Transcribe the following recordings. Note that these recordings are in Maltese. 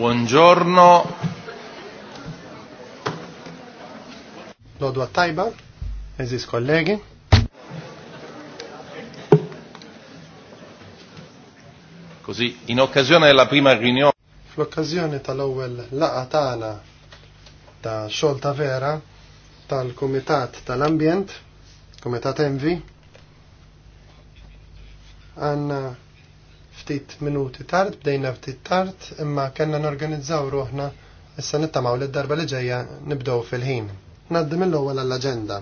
Buongiorno. Lodwa tajba, eżis kollegi. Così, in occasione della prima riunione. Fl'occasione tal-ewwel laqa tagħna ta' Xolta vera tal-Kumitat tal-Ambjent, Kumitat Envi, għanna ftit minuti tard, bdejna ftit tard, imma kellna norganizzaw ruħna issa nittamaw li darba li ġejja nibdew fil-ħin. Naddim mill-ewwel għall-aġenda.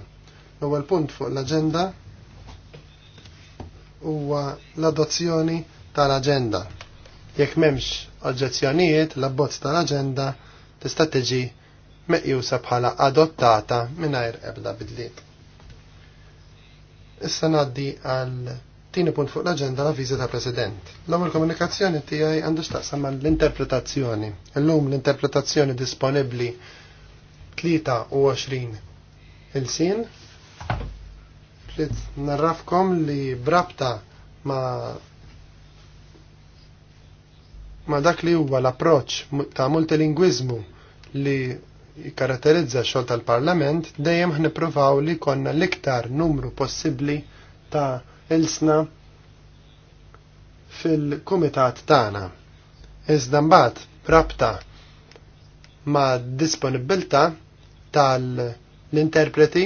L-ewwel punt fuq l-aġenda huwa l-adozzjoni tal-aġenda. Jekk m'hemmx oġġezzjonijiet, l-abbozz tal-aġenda tista' tiġi meqjusa bħala adottata mingħajr ebda bidliet. Issa ngħaddi għal Tini punt fuq l-agenda la viża ta' president. L-ewwel komunikazzjoni tiegħi għandu x'taqsam mal-interpretazzjoni. L-lum l-interpretazzjoni disponibbli 23 il-sin. Rrid narrafkom li brabta ma' ma' dak li huwa l-approċċ ta' multilingwiżmu li karatterizza x-xogħol tal-Parlament dejjem ħnippruvaw li konna l-iktar numru possibbli ta' Il il-sna fil-kumitat tagħna. Iżda mbagħad rabta ma' disponibilità tal-interpreti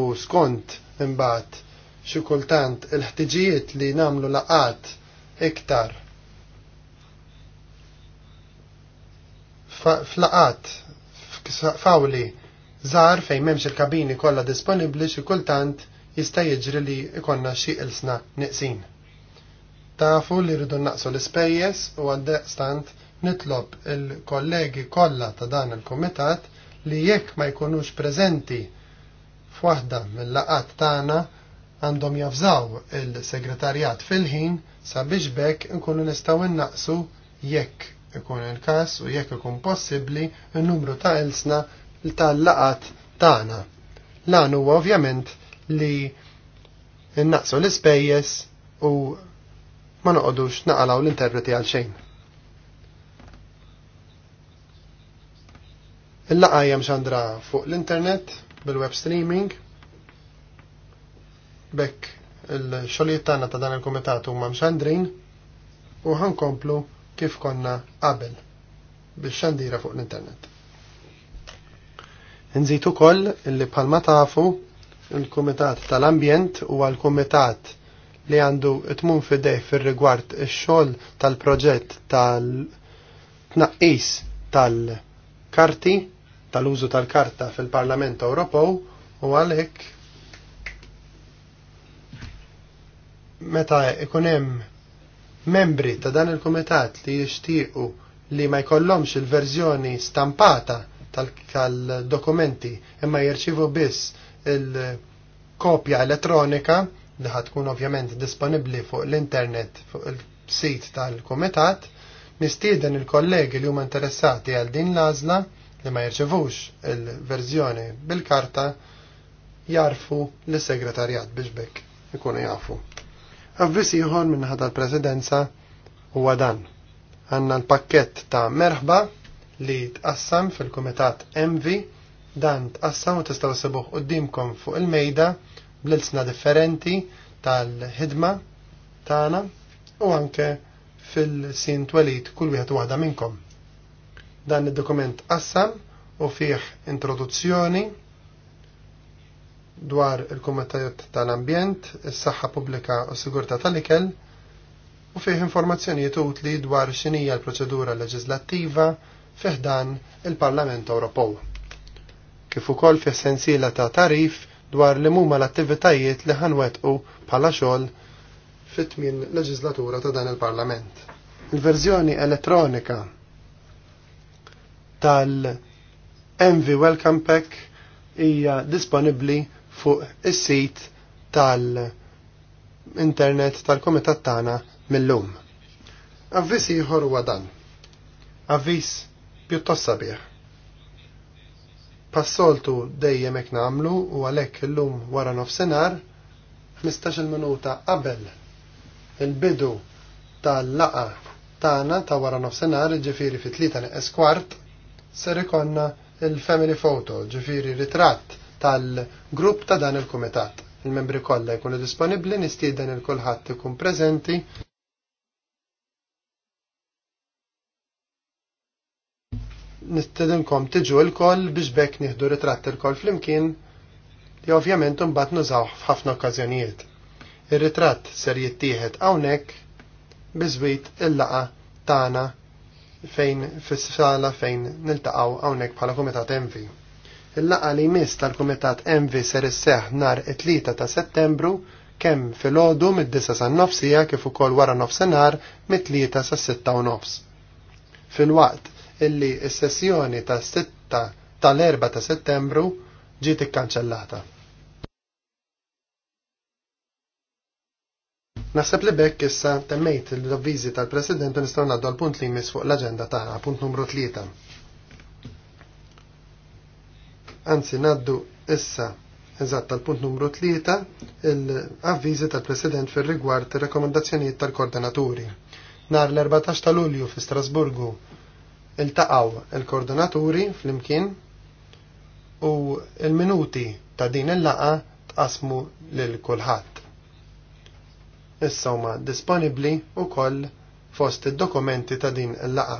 u skont imbagħad xi kultant il-ħtiġijiet li nagħmlu laqat iktar flaqat fawli żgħar fejn m'hemmx il-kabini kollha disponibbli xi kultant jista' jiġri li ikonna xi ilsna niqsin. Tafu li rridu naqsu l-ispejjeż u għaldaqstant nitlob il-kollegi kollha ta' dan il-kumitat li jekk ma jkunux preżenti f'waħda mill-laqat tagħna għandhom jafżaw il-segretarjat fil-ħin sabiex bekk nkunu nistgħu innaqsu jekk ikun il-każ u jekk ikun possibbli n-numru ta' ilsna tal-laqat tagħna. Lan huwa ovvjament li naqsu l-ispejjeż u ma noqodux naqalaw l-interpreti għal xejn. Il-laqa x'andra fuq l-internet bil-web streaming bekk il-xogħlijiet tagħna ta' dan il-kumitat huma mxandrin u ħankomplu kif konna qabel biex xandira fuq l-internet. Nżid ukoll li bħalma tafu il-Kumitat tal-Ambjent u għal-Kumitat li għandu tmun fidej fil-rigward ix-xogħol tal-proġett tal-tnaqqis tal-karti tal-użu tal-karta fil-Parlament Ewropew u għalhekk meta ikun hemm membri ta' dan il-kumitat li jixtiequ li ma jkollhomx il-verżjoni stampata tal-dokumenti imma jirċivu biss il-kopja elettronika li ħatkun ovvjament disponibli fuq l-internet fuq il-sit tal-Kumitat nistieden il-kollegi li huma interessati għal din l-għażla li ma jirċevux il-verżjoni bil-karta jarfu l-segretarjat biex bekk ikunu jafu. Avvis ieħor minnaħa tal-Presidenza huwa dan. Għanna l-pakkett ta' merħba li tqassam fil-Kumitat MV Dan tqassam u tistgħu sebuh qudiemkom fuq il-mejda bl-ilsna differenti tal-ħidma tagħna u anke fil-sin twelid kull wieħed waħda minnkom. Dan id-dokument qassam u fih introduzzjoni dwar il kumitajiet tal-Ambjent, is-Saħħa Pubblika u Sigurtà tal-Ikel u fih informazzjonijiet utli dwar x'inhija l-proċedura leġislattiva fih dan il-Parlament Ewropew kif ukoll fi sensiela ta' tarif dwar li huma l-attivitajiet li ħanwetqu bħala xogħol fit-tmien leġislatura ta' dan il-Parlament. Il-verżjoni elettronika tal-MV Welcome Pack hija disponibbli fuq is-sit tal-internet tal-Komitat tagħna mill-lum. Avvis ieħor huwa dan. Avvis pjuttost sabiħ Passoltu dejjem hekk nagħmlu u għalhekk illum wara nofsinhar 15-il minuta qabel il-bidu tal-laqa tagħna ta' wara nofsinhar, ġifieri fi tlieta neqes kwart, ser ikonna il-family photo, ġifieri ritratt tal-grupp ta' dan il-kumitat. Il-membri kollha jkunu disponibbli nistieden il kulħadd ikun preżenti. nistedinkom tiġu l-koll biex bekk nieħdu ritratt il-koll flimkien li ovvjament mbagħad nużaw f'ħafna okkażjonijiet. Ir-ritratt ser jittieħed hawnhekk biżwit il-laqa tagħna fejn fis-sala fejn niltaqgħu hawnhekk bħala Kumitat Envi. Il-laqa li jmiss tal-Kumitat Envi ser isseħ nhar it tlieta ta' Settembru kemm fil-ħodu mid disa sa' nofsija kif ukoll wara nofsinhar mit tlieta sa' sitta u nofs. Fil-waqt illi s-sessjoni ta' 6 tal-4 ta' settembru ġiet ikkanċellata. Naħseb li bekk issa temmejt l-avviżi tal-President nistgħu ngħaddu għal punt li jmiss fuq l-aġenda tagħna, punt numru 3. Anzi, ngħaddu issa eżatt tal-punt numru 3 l-avviżi tal-President fir rigward ir rakkomandazzjonijiet tal-koordinaturi. Nar l-14 ta' Lulju fi Strasburgu Iltaqgħu il-koordinaturi flimkien u il-minuti ta' din il-laqa tqasmu lil kulħadd. Issa huma disponibbli wkoll fost id-dokumenti ta' din il-laqa.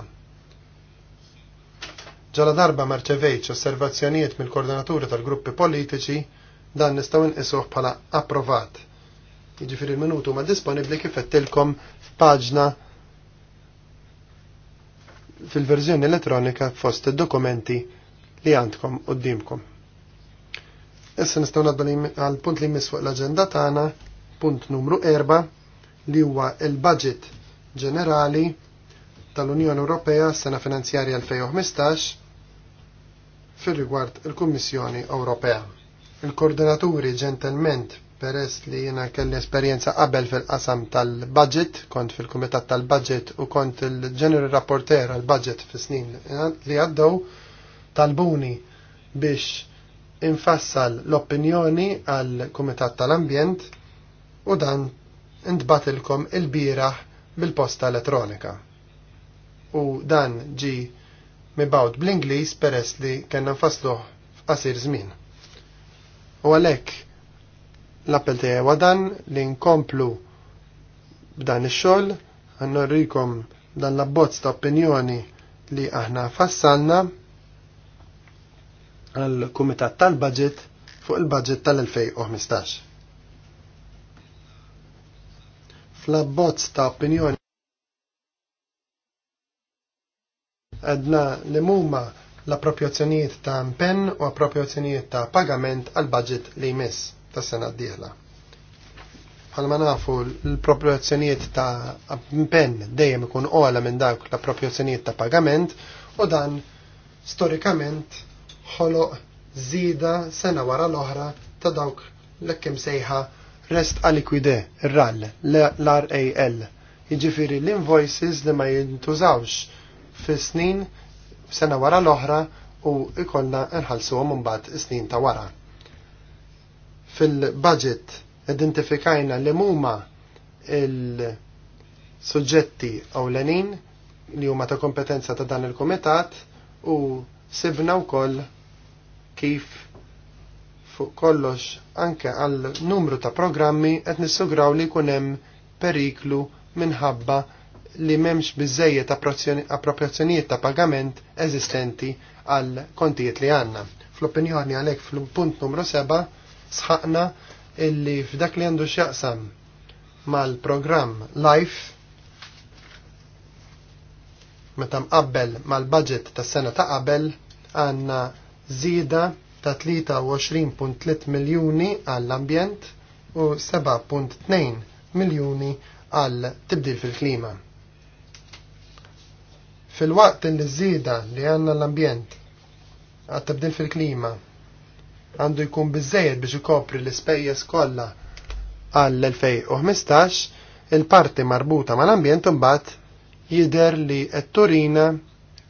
Ġala darba marċevejċ osservazzjonijiet mill-koordinaturi tal-gruppi politiċi dan nistgħu nqisuh bħala approvat. Jiġifieri il-minutu ma disponibbli kif qedtilkom f'paġna fil-verżjoni elettronika fost id-dokumenti li għandkom d-dimkom. Issa nistgħu naddu għal punt li jmiss fuq l-aġenda tagħna, punt numru 4 li huwa il-budget ġenerali tal-Unjoni Ewropea sena finanzjarja 2015 fir rigward il-Kummissjoni Ewropea. Il-koordinaturi ġentelment peress li jena kelli esperienza qabel fil-qasam tal-budget, kont fil-kumitat tal-budget u kont il-general rapporter għal-budget fis-snin li għaddew talbuni biex infassal l-opinjoni għal-kumitat tal-ambjent u dan intbatilkom il-biraħ bil-posta elettronika. U dan ġi mibawt bl-Inglis peress li kena nfasluħ f'qasir żmien. U għalhekk l appel tiegħi huwa dan li nkomplu b'dan ix-xogħol, għannorrikom dan l-abbozz ta' opinjoni li aħna fassalna għal kumitat tal-budget fuq il-budget tal-2015. Fl-abbozz ta' opinjoni għedna li mumma l-appropjazzjonijiet ta' mpen u appropjazzjonijiet ta' pagament għal budget li jmiss ta' sena d-dieħla. Għalma nafu l-proporzjonijiet ta' impenn dejjem ikun ola minn dawk la' proporzjonijiet ta' pagament u dan storikament ħoloq zida sena wara l-oħra ta' dawk l-ekkim sejħa rest aliquide, RAL, l-RAL. Iġifiri l-invoices li ma jintużawx fi snin sena wara l-oħra u ikolna nħalsuhom mbagħad snin ta' wara. Fil-budget identifikajna li huma il-suġġetti ewlenin li huma ta' kompetenza ta' dan il-komitat u sibna wkoll kif fuq kollox anke għal numru ta' programmi qed nissugraw li jkun hemm periklu minħabba li memx bizzejiet appropriazzjonijiet ta' pagament eżistenti għal kontijiet li għanna. Fl-opinjoni għalek fl-punt numru 7 sħaqna illi f'dak li għandu x'jaqsam mal-programm LIFE meta mqabbel mal-budget tas-sena ta' qabel għandna żieda ta' 23.3 miljuni għall-ambjent u 7.2 miljuni għal tibdil fil-klima. Fil-waqt il żieda li għandna l-ambjent għat tibdil fil-klima għandu jkun bizzejed biex ikopri l-ispejjeż kollha għall-2015 il-parti marbuta mal-ambjent imbagħad jidher li qed-Turina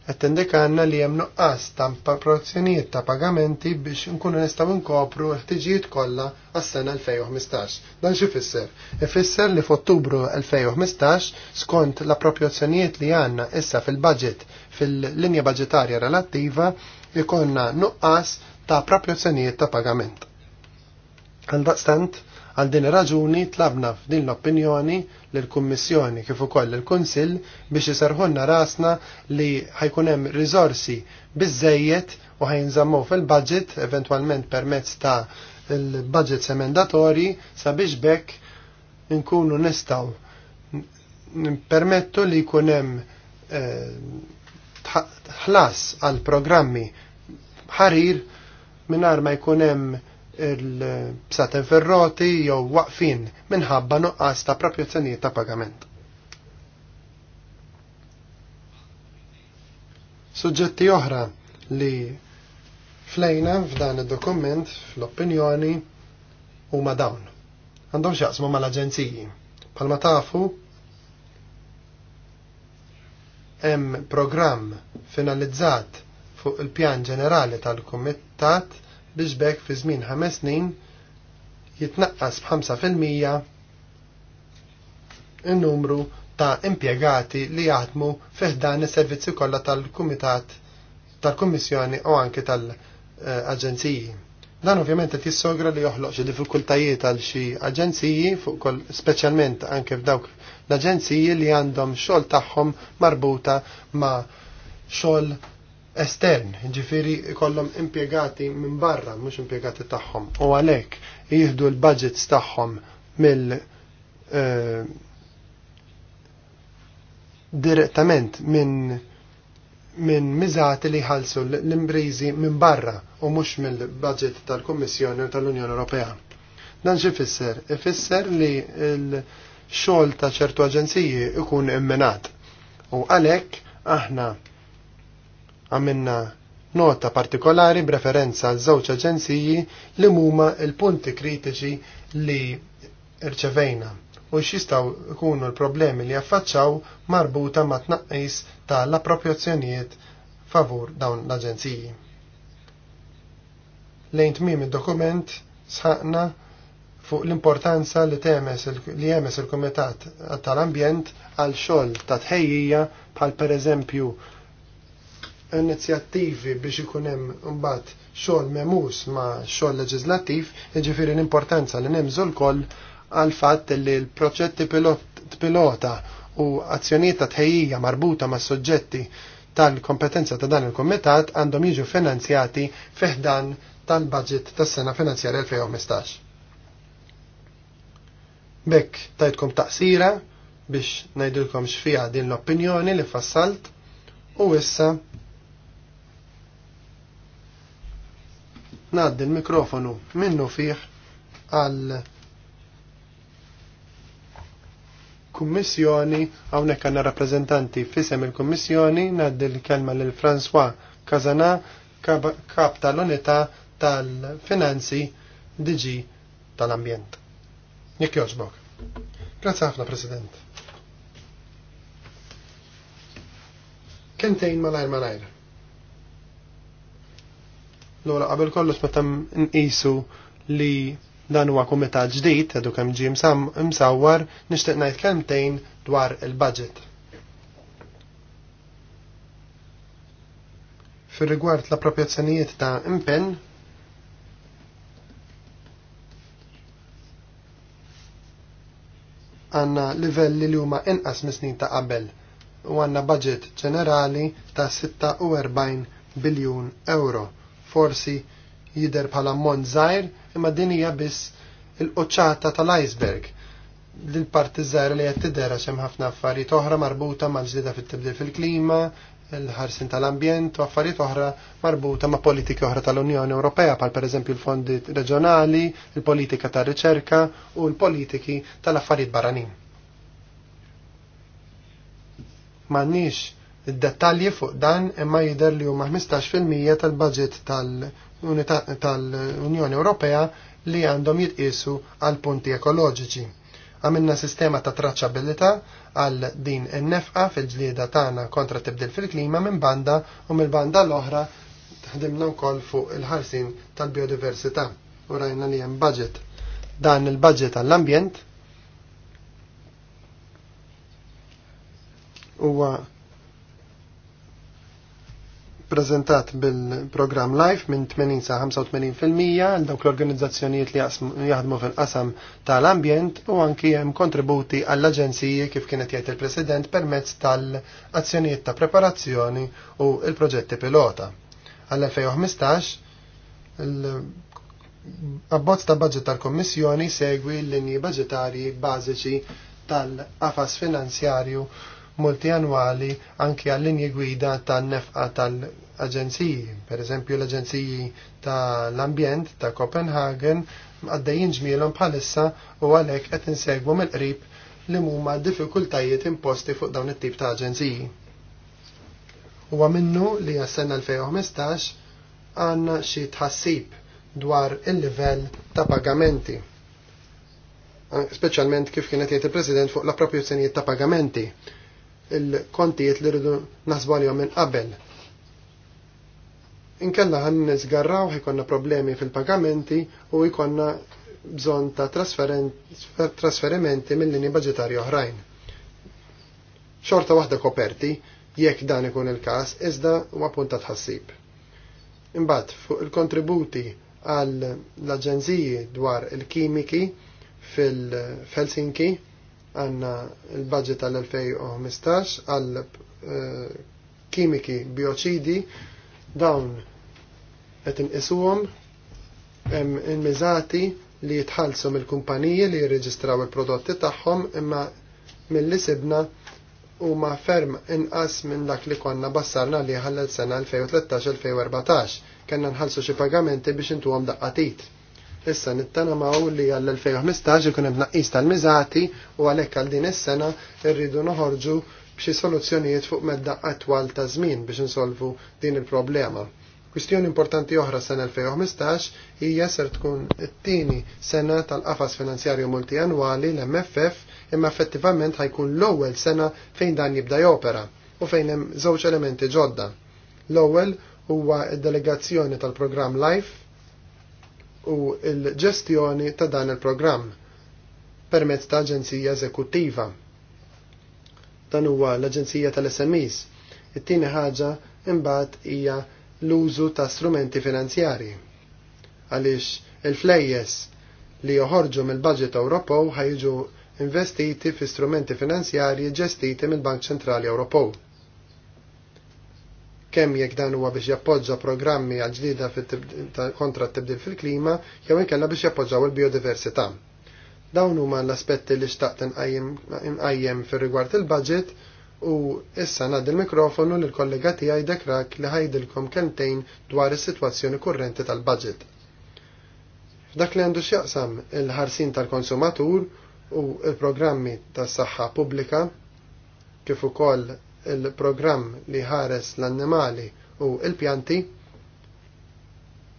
qed tindikanna li hemm nuqqas ta' proporzjonijiet ta' pagamenti biex nkunu nistgħu nkopru l-ħtiġijiet kollha għas-sena 2015. Dan xi fisser? Ifisser li f'Ottubru 2015 skont l-appropriazzjonijiet li għandna issa fil-budget fil-linja budgetarja relattiva ikonna nuqqas ta' proporzjonijiet ta' pagament. Għaldaqstant, għal din raġuni tlabna f'din l-opinjoni l-Kummissjoni kif ukoll il-Kunsill biex iserħunna rasna li ħajkun hemm riżorsi biżejjed u ħajnżammu fil-budget eventwalment permezz ta' il-budget semendatori sabiex bekk nkunu nistaw permettu li jkun hemm Tħlas għal programmi ħarir minar ma jkun hemm il psaten ferroti jew waqfin minħabba nuqqas ta' propjozzjonijiet ta' pagament. Suġġetti oħra li flejna f'dan id-dokument, fl-opinjoni, huma dawn. Għandhom xaqsmu mal-aġenziji. Palma tafu, hemm programm finalizzat fuq il-pjan ġenerali tal-Kumitat biex bekk fi żmien ħames snin jitnaqqas b'5% in-numru ta' impjegati li jaħdmu fiħdan is-servizzi kollha tal-Kumitat tal-Kummissjoni u anke tal-Aġenziji. Dan ovvjament qed jissogra li joħloq xi diffikultajiet għal xi aġenziji fuq speċjalment anke f'dawk l-aġenziji li għandhom xogħol tagħhom marbuta ma' xogħol estern, ġifiri kollom impiegati minn barra, mhux impiegati tagħhom. U għalhekk jieħdu l-budgets tagħhom mill eh, direttament minn minn miżati li ħalsu l-imbrizi minn barra u mhux mill-budget tal-Kummissjoni u tal-Unjoni Ewropea. Dan x'ifisser, Ifisser li l- xogħol ta' ċertu aġenziji ikun immenat. U għalhekk aħna għamilna nota partikolari b'referenza għal żewġ aġenziji li huma l-punti kritiċi li rċevejna u xistaw jkunu l-problemi li affaċċaw marbuta ma' tnaqqis tal-appropjazzjonijiet favur dawn l-aġenziji. Lejn tmiem id-dokument sħaqna fuq l-importanza li temes li jemes il-Kumitat tal-Ambjent għal xogħol ta' tħejjija bħal pereżempju inizjattivi biex ikun hemm imbagħad xogħol memus ma' xogħol leġislattiv, jiġifieri l-importanza li nemżu l-koll għal fatt li l-proġetti pilota u azzjonijiet ta' tħejjija marbuta ma' soġġetti tal-kompetenza ta' dan il-Kumitat għandhom jiġu finanzjati fiħdan tal-budget tas-sena finanzjarja 2015. Bekk tajtkom taqsira biex najdilkom xfija din l-opinjoni li fassalt u issa naddi l-mikrofonu minnu fiħ għal kummissjoni għawnek għanna rappresentanti fisem il-kummissjoni naddi l-kelma l-François Kazana kap tal-unità tal-finanzi DG tal-ambjent. Jekk joġbok. Grazzi ħafna, President. Kentejn malajr malajr. Lora, qabel kollox meta nqisu li dan huwa kumitat ġdid għadu kemm ġie msawwar nixtieq ngħid kentejn dwar il-budget. Fir-rigward l-appropriazzjonijiet ta' impenn għanna livelli li huma inqas mis-snin ta' qabel u għanna budget ġenerali ta' 46 biljun euro. Forsi jider bħala mont żgħir imma din hija biss il-qoċċata tal-iceberg l-parti żgħira li qed tidher għax hemm ħafna affarijiet oħra marbuta mal-ġdida fit-tibdil fil-klima, il-ħarsin tal-ambjent u affarijiet oħra marbuta ma' politiki oħra tal-Unjoni Ewropea, pal pereżempju l-fondi reġjonali, il-politika tar riċerka u l-politiki tal-affarijiet barranin. M'għandniex id-dettalji fuq dan imma jidher li huma 15% tal-budget tal-Unjoni Ewropea li għandhom jitqisu għal punti ekoloġiċi. Għamilna sistema ta' traċċabilità għal din in-nefqa fil-ġlieda tagħna kontra tibdil fil-klima minn banda u mill-banda l-oħra ħdimna wkoll fuq il-ħarsin tal-biodiversità u rajna li hemm budget. Dan il-budget għall-ambjent huwa prezentat bil-program Life minn 80 sa 85% għal dawk l-organizzazzjonijiet li jaħdmu fil-qasam tal-ambjent u anki hemm kontributi għall-aġenziji kif kienet jgħid il-President permezz tal-azzjonijiet ta' preparazzjoni u il-proġetti pilota. Għall-2015 l-abbozz ta' budget tal-Kommissjoni segwi l-linji budgetarji bażiċi tal-qafas finanzjarju multianwali anki għall-linji gwida tan-nefqa tal-aġenziji, per eżempju l-aġenziji tal-ambjent ta' Copenhagen għaddejjin ġmielhom bħalissa u għalhekk qed insegwu mill-qrib li huma diffikultajiet imposti fuq dawn it-tip ta' aġenziji. Huwa minnu li għas-sena 2015 għandna xi tħassib dwar il-livell ta' pagamenti specialment kif kienet jgħid il-President fuq la appropriazzjonijiet ta' pagamenti il-kontijiet li rridu nasbu għalihom minn qabel. Inkella ħan nizgarraw ħikonna problemi fil-pagamenti u jkonna bżon ta' trasferimenti mill-lini budgetari oħrajn. Xorta waħda koperti, jekk dan ikun il-kas, iżda huwa punta tħassib. Imbagħad fuq il-kontributi għall aġenziji dwar il-kimiki fil-Helsinki, għanna il-budget tal-2015 għal eh, kimiki bioċidi dawn qed inqisuhom hemm il li jitħallsu mill-kumpaniji li jirreġistraw il-prodotti tagħhom imma mill-li sibna huma ferm inqas minn dak li konna bassarna li ħallel sena 2013-2014 kellna nħallsu xi pagamenti biex intuhom daqqatit. Issa nittanamaw li għall-2015 ikun hemm naqis tal-miżati u għalhekk għal din is-sena rridu noħorġu b'xi soluzzjonijiet fuq medda attwal ta' żmien biex insolvu din il-problema. Kwistjoni importanti oħra sen 2015 hija ser tkun it-tieni sena tal-qafas finanzjarju multianwali l-MFF imma effettivament ħajkun l-ewwel sena fejn dan jibda jopera u fejn hemm żewġ elementi ġodda. L-ewwel huwa d-delegazzjoni tal-programm LIFE u l-ġestjoni ta' dan il-programm permezz ta' aġenzija eżekuttiva. Dan huwa l-Aġenzija tal-SMEs. It-tieni ħaġa imbagħad hija l-użu ta' strumenti finanzjarji. Għaliex il-flejjes li joħorġu mill-Budget Ewropew ħajġu investiti fi strumenti finanzjarji ġestiti mill-Bank Ċentrali Ewropew kemm jekk dan huwa biex jappoġġa programmi għal ġdida kontra t-tibdil fil-klima jew inkella biex jappoġġaw il-biodiversità. Dawn huma l-aspetti li xtaqt imqajjem fir-rigward il-budget u issa nad il mikrofonu lil kollega tiegħi dekrak li ħajdilkom kemmtejn dwar is-sitwazzjoni kurrenti tal-budget. F'dak li għandu x'jaqsam il-ħarsin tal-konsumatur u il-programmi tas-saħħa pubblika kif ukoll il-programm li ħares l-annimali u il-pjanti,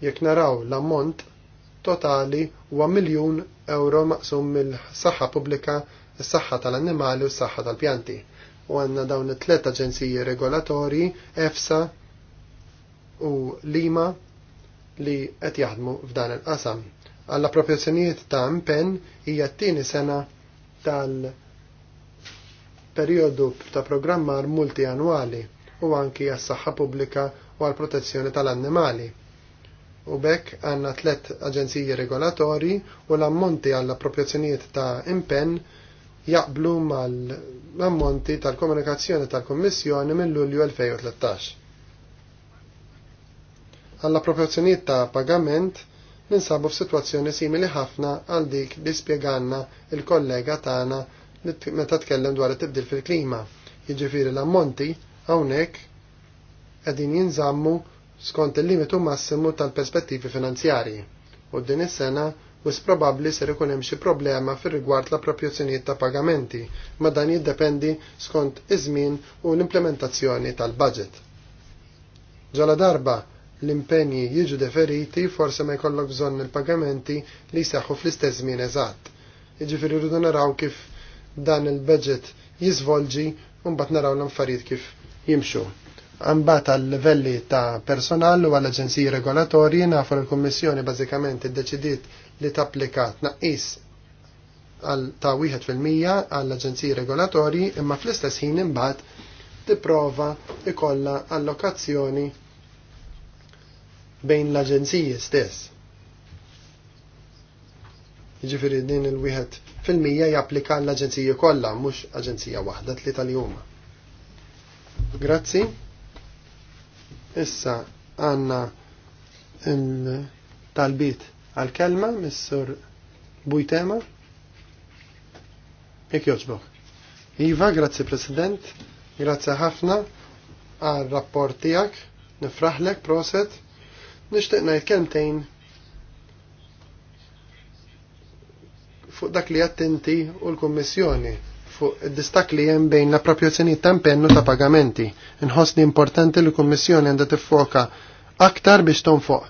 jekk naraw l-ammont totali huwa miljun euro maqsum mill-saħħa pubblika, s saħħa tal-annimali u s-saħħa tal-pjanti. U għanna dawn it-tlet aġenziji regolatori, EFSA u Lima li qed jaħdmu f'dan il-qasam. Alla professjonijiet ta' impenn hija t-tieni sena tal- periodu ta' programmar multianwali u anki għas saħħa pubblika u għal protezzjoni tal-annimali. U bekk għanna tlet aġenziji regolatori u l-ammonti għall appropriazzjonijiet ta' impenn jaqblu mal-ammonti tal-komunikazzjoni tal-Kommissjoni minn Lulju 2013. Għall appropriazzjonijiet ta' pagament ninsabu f'sitwazzjoni simili ħafna għal dik li spjeganna il-kollega tagħna meta tkellem dwar it-tibdil fil-klima. Jiġifieri l-ammonti hawnhekk qegħdin jinżammu skont il-limitu massimu tal-perspettivi finanzjarji. U din is-sena wis probabbli ser ikun hemm xi problema fir-rigward l-appropjazzjonijiet ta' pagamenti, ma dan jiddependi skont iż-żmien u l-implementazzjoni tal-budget. Ġala darba l-impenji jiġu deferiti forse ma jkollok bżonn il-pagamenti li jseħħu fl-istess żmien eżatt. Jiġifieri rridu naraw kif dan il-budget jizvolġi un bat naraw l-affarijiet kif jimxu. Ambat għal livelli ta' personal u għal aġenziji regolatorji nafu l-Kommissjoni bażikament iddeċidiet li tapplika tnaqqis għal ta' 1% għall aġenziji regolatorji imma fl-istess ħin imbagħad tipprova ikollha allokazzjoni bejn l-aġenziji stess Jiġifieri din il-wieħed fil-mija japplika l-aġenzija kollha mhux aġenzija waħda tlieta li huma. Grazzi. Issa għandna il-talbit għal-kelma mis-sur Bujtema. Jekk joġbok. Iva, grazzi President, grazzi ħafna għal rapport tijak, nifraħlek, proset, nishtiqna jitkelmtejn fuq dak li attenti u l-Kommissjoni fuq id-distak li hemm bejn l-appropjazzjoni ta' impennu ta' pagamenti. Inħossni importanti li l-Kummissjoni għandha tiffoka aktar biex tonfoq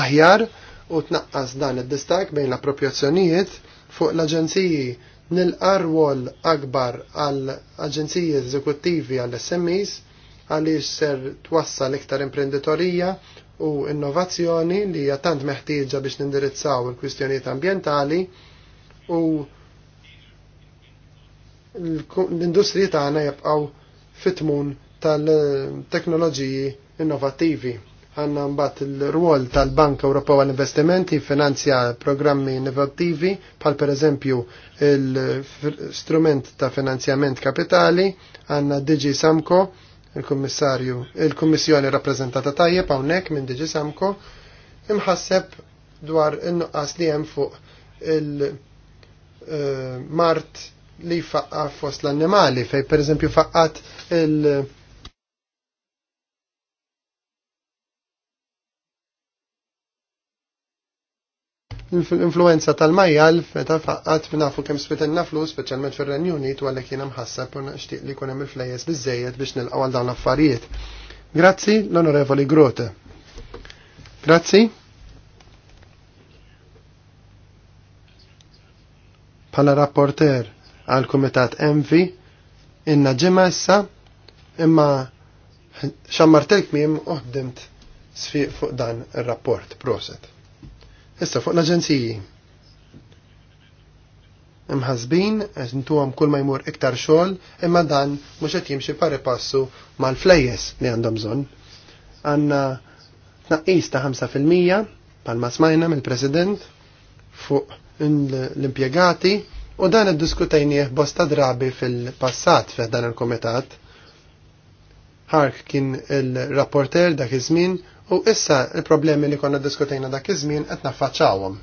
aħjar u tnaqqas dan id-distak bejn l-appropjazzjonijiet fuq l-aġenziji nil wol akbar għal aġenziji eżekuttivi għall SMEs għaliex ser twassal iktar imprenditorija u innovazzjoni li hija tant meħtieġa biex nindirizzaw il-kwistjonijiet ambjentali u l-industriji tagħna jibqgħu fitmun tal-teknoloġiji innovattivi. Għanna mbagħad il-rwol tal-Bank Ewropew għall-Investimenti finanzja programmi innovattivi bħal pereżempju l-strument ta' finanzjament kapitali, għandna Digi Samco il-Kummissarju, il-Kummissjoni rappreżentata tajjeb hawnhekk minn Diġi Samko imħasseb dwar in-nuqqas li hemm fuq il-mart eh, li faqqa fost l-annimali fej pereżempju faqqat il- l influenza tal-majjal feta faqqat nafu kemm spitenna flus, speċjalment fir-Renju Unit u għalhekk jiena mħassab u nixtieq li jkun hemm il-flejjes biżejjed biex nilqgħu għal dawn l-affarijiet. Grazzi l-Onorevoli Grote. Grazzi. Pala rapporter għal Kumitat Envi, inna ġemma issa imma xammartelk miem uħdimt sfiq fuq dan ir-rapport. Proset. Issa fuq l-aġenziji. Imħazbin, ntuhom kull ma jmur iktar xogħol, imma dan mhux qed jimxi pari passu mal-flejjes li għandhom bżonn. Għandna tnaqqis ta' 5% palma smajna mill-President fuq l-impjegati u dan id diskutajni bosta drabi fil-passat fil dan il-komitat. Hark kien il-rapporter dak iż-żmien U issa il-problemi li konna diskutejna dak iż-żmien qed naffaċċawhom.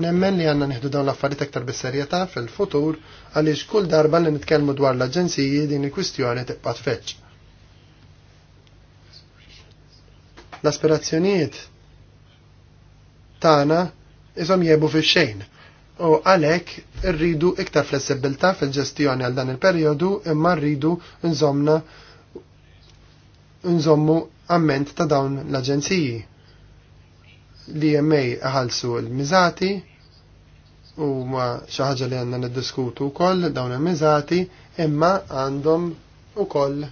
Nemmen li għanna nieħdu dawn l-affarijiet aktar bis-serjetà fil-futur għaliex kull darba li nitkellmu dwar l-aġenziji din il-kwistjoni tibqa' tfeċċ. L-aspirazzjonijiet tagħna isom jebu fi xejn u għalhekk irridu iktar flessibilità fil-ġestjoni għal dan il-perjodu imma rridu nżomna nżommu amment ta' dawn l-aġenziji. l jemmej ħalsu l-mizati u ma xaħġa li għanna niddiskutu koll dawn il-mizati imma għandhom u koll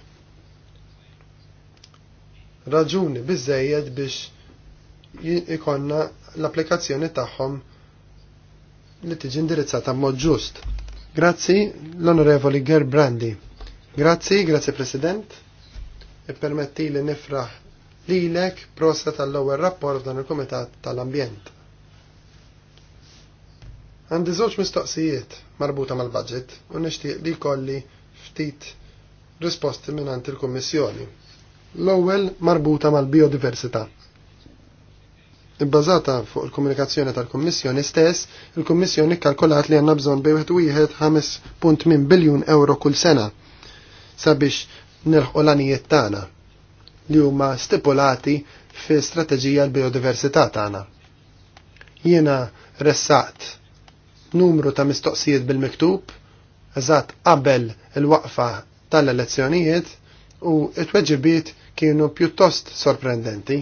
raġuni bizzejed biex ikonna l-applikazzjoni tagħhom li tiġi indirizzata mod ġust. Grazzi l-Onorevoli Gerbrandi. Grazzi, grazzi President ippermetti li nifraħ lilek prosa tal-ewwel rapport f'dan il-Kumitat tal-Ambjent. Għandi żewġ mistoqsijiet marbuta mal-budget u nixtieq li jkolli ftit risposti mingħand il-Kummissjoni. L-ewwel marbuta mal-biodiversità. Ibbażata fuq il-komunikazzjoni tal-Kummissjoni stess, il-Kummissjoni kkalkulat li għandna bżonn bejn wieħed 5.8 biljun euro kull sena sabiex nilħqu l-anijiet tagħna li huma stipulati fi strateġija l-biodiversità tagħna. Jiena ressaqt numru ta' mistoqsijiet bil-miktub eżatt qabel il-waqfa tal-elezzjonijiet u it-tweġibiet kienu pjuttost sorprendenti.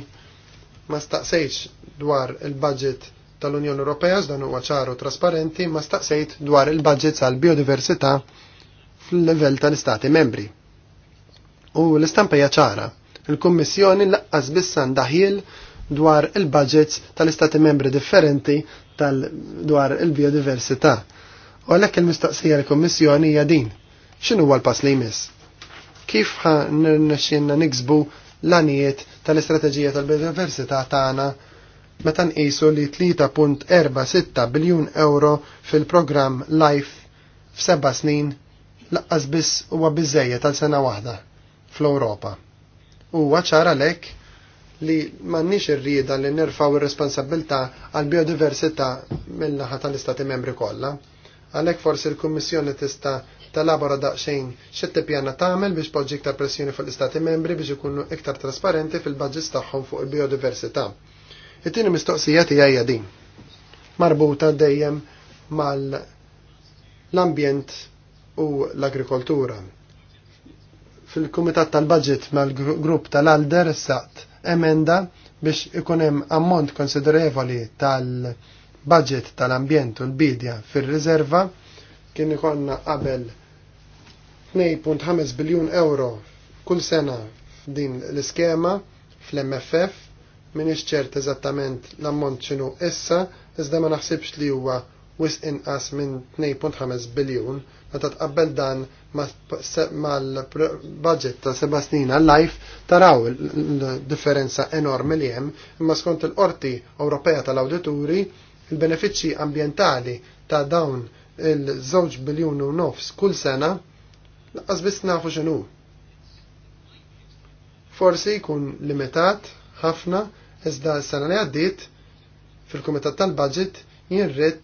Ma staqsejx dwar il-budget tal-Unjoni Ewropea dan huwa ċaru trasparenti, ma staqsejt dwar il-budget tal biodiversità fil-level tal-Istati membri. U l-istampa hija ċara. Il-Kummissjoni laqqas bissan daħil dwar il-budgets tal-istati membri differenti tal dwar il-biodiversità. U għalhekk il-mistoqsija l-Kummissjoni hija din. X'inhu huwa l-pass li jmiss? Kif ħanna niksbu l-anijiet tal-istrateġija tal-biodiversità tagħna meta nqisu li 3.46 biljun euro fil-programm LIFE f'seba' snin laqqas biss huwa biżejjed tal sena waħda fl-Ewropa. U għacħara lek li m'għandniex irrieda li nerfaw ir-responsabilità għal biodiversità mill-naħa tal-Istati membri kollha. Għalhekk forsi l-Kummissjoni tista' talabora daqsxejn xette pjana tagħmel biex poġġi iktar pressjoni fuq l-Istati membri biex ikunu iktar trasparenti fil-budgets tagħhom fuq il-biodiversità. It-tieni mistoqsija tiegħi din. Marbuta dejjem mal l-ambjent u l-agrikoltura fil-Kumitat tal-Budget mal-Grupp tal-Alder saqt emenda biex ikunem ammont konsiderevoli tal-budget tal-ambjent u l-bidja fil-rizerva kien ikonna qabel 2.5 biljun euro kull sena f'din l-iskema fl-MFF m'in ċert eżattament l-ammont ċinu issa iżda ma naħsibx li huwa wis inqas minn 2.5 biljun meta tqabbel dan mal-budget ta' seba' snin għal-life taraw l-differenza enormi li hemm imma skont il-Qorti Ewropea tal-Awdituri il-benefiċċji ambjentali ta' dawn il-żewġ biljun u nofs kull sena laqqas biss nafu x'inhu. Forsi jkun limitat ħafna iżda s-sena li għaddiet fil-Kumitat tal-Budget jinrid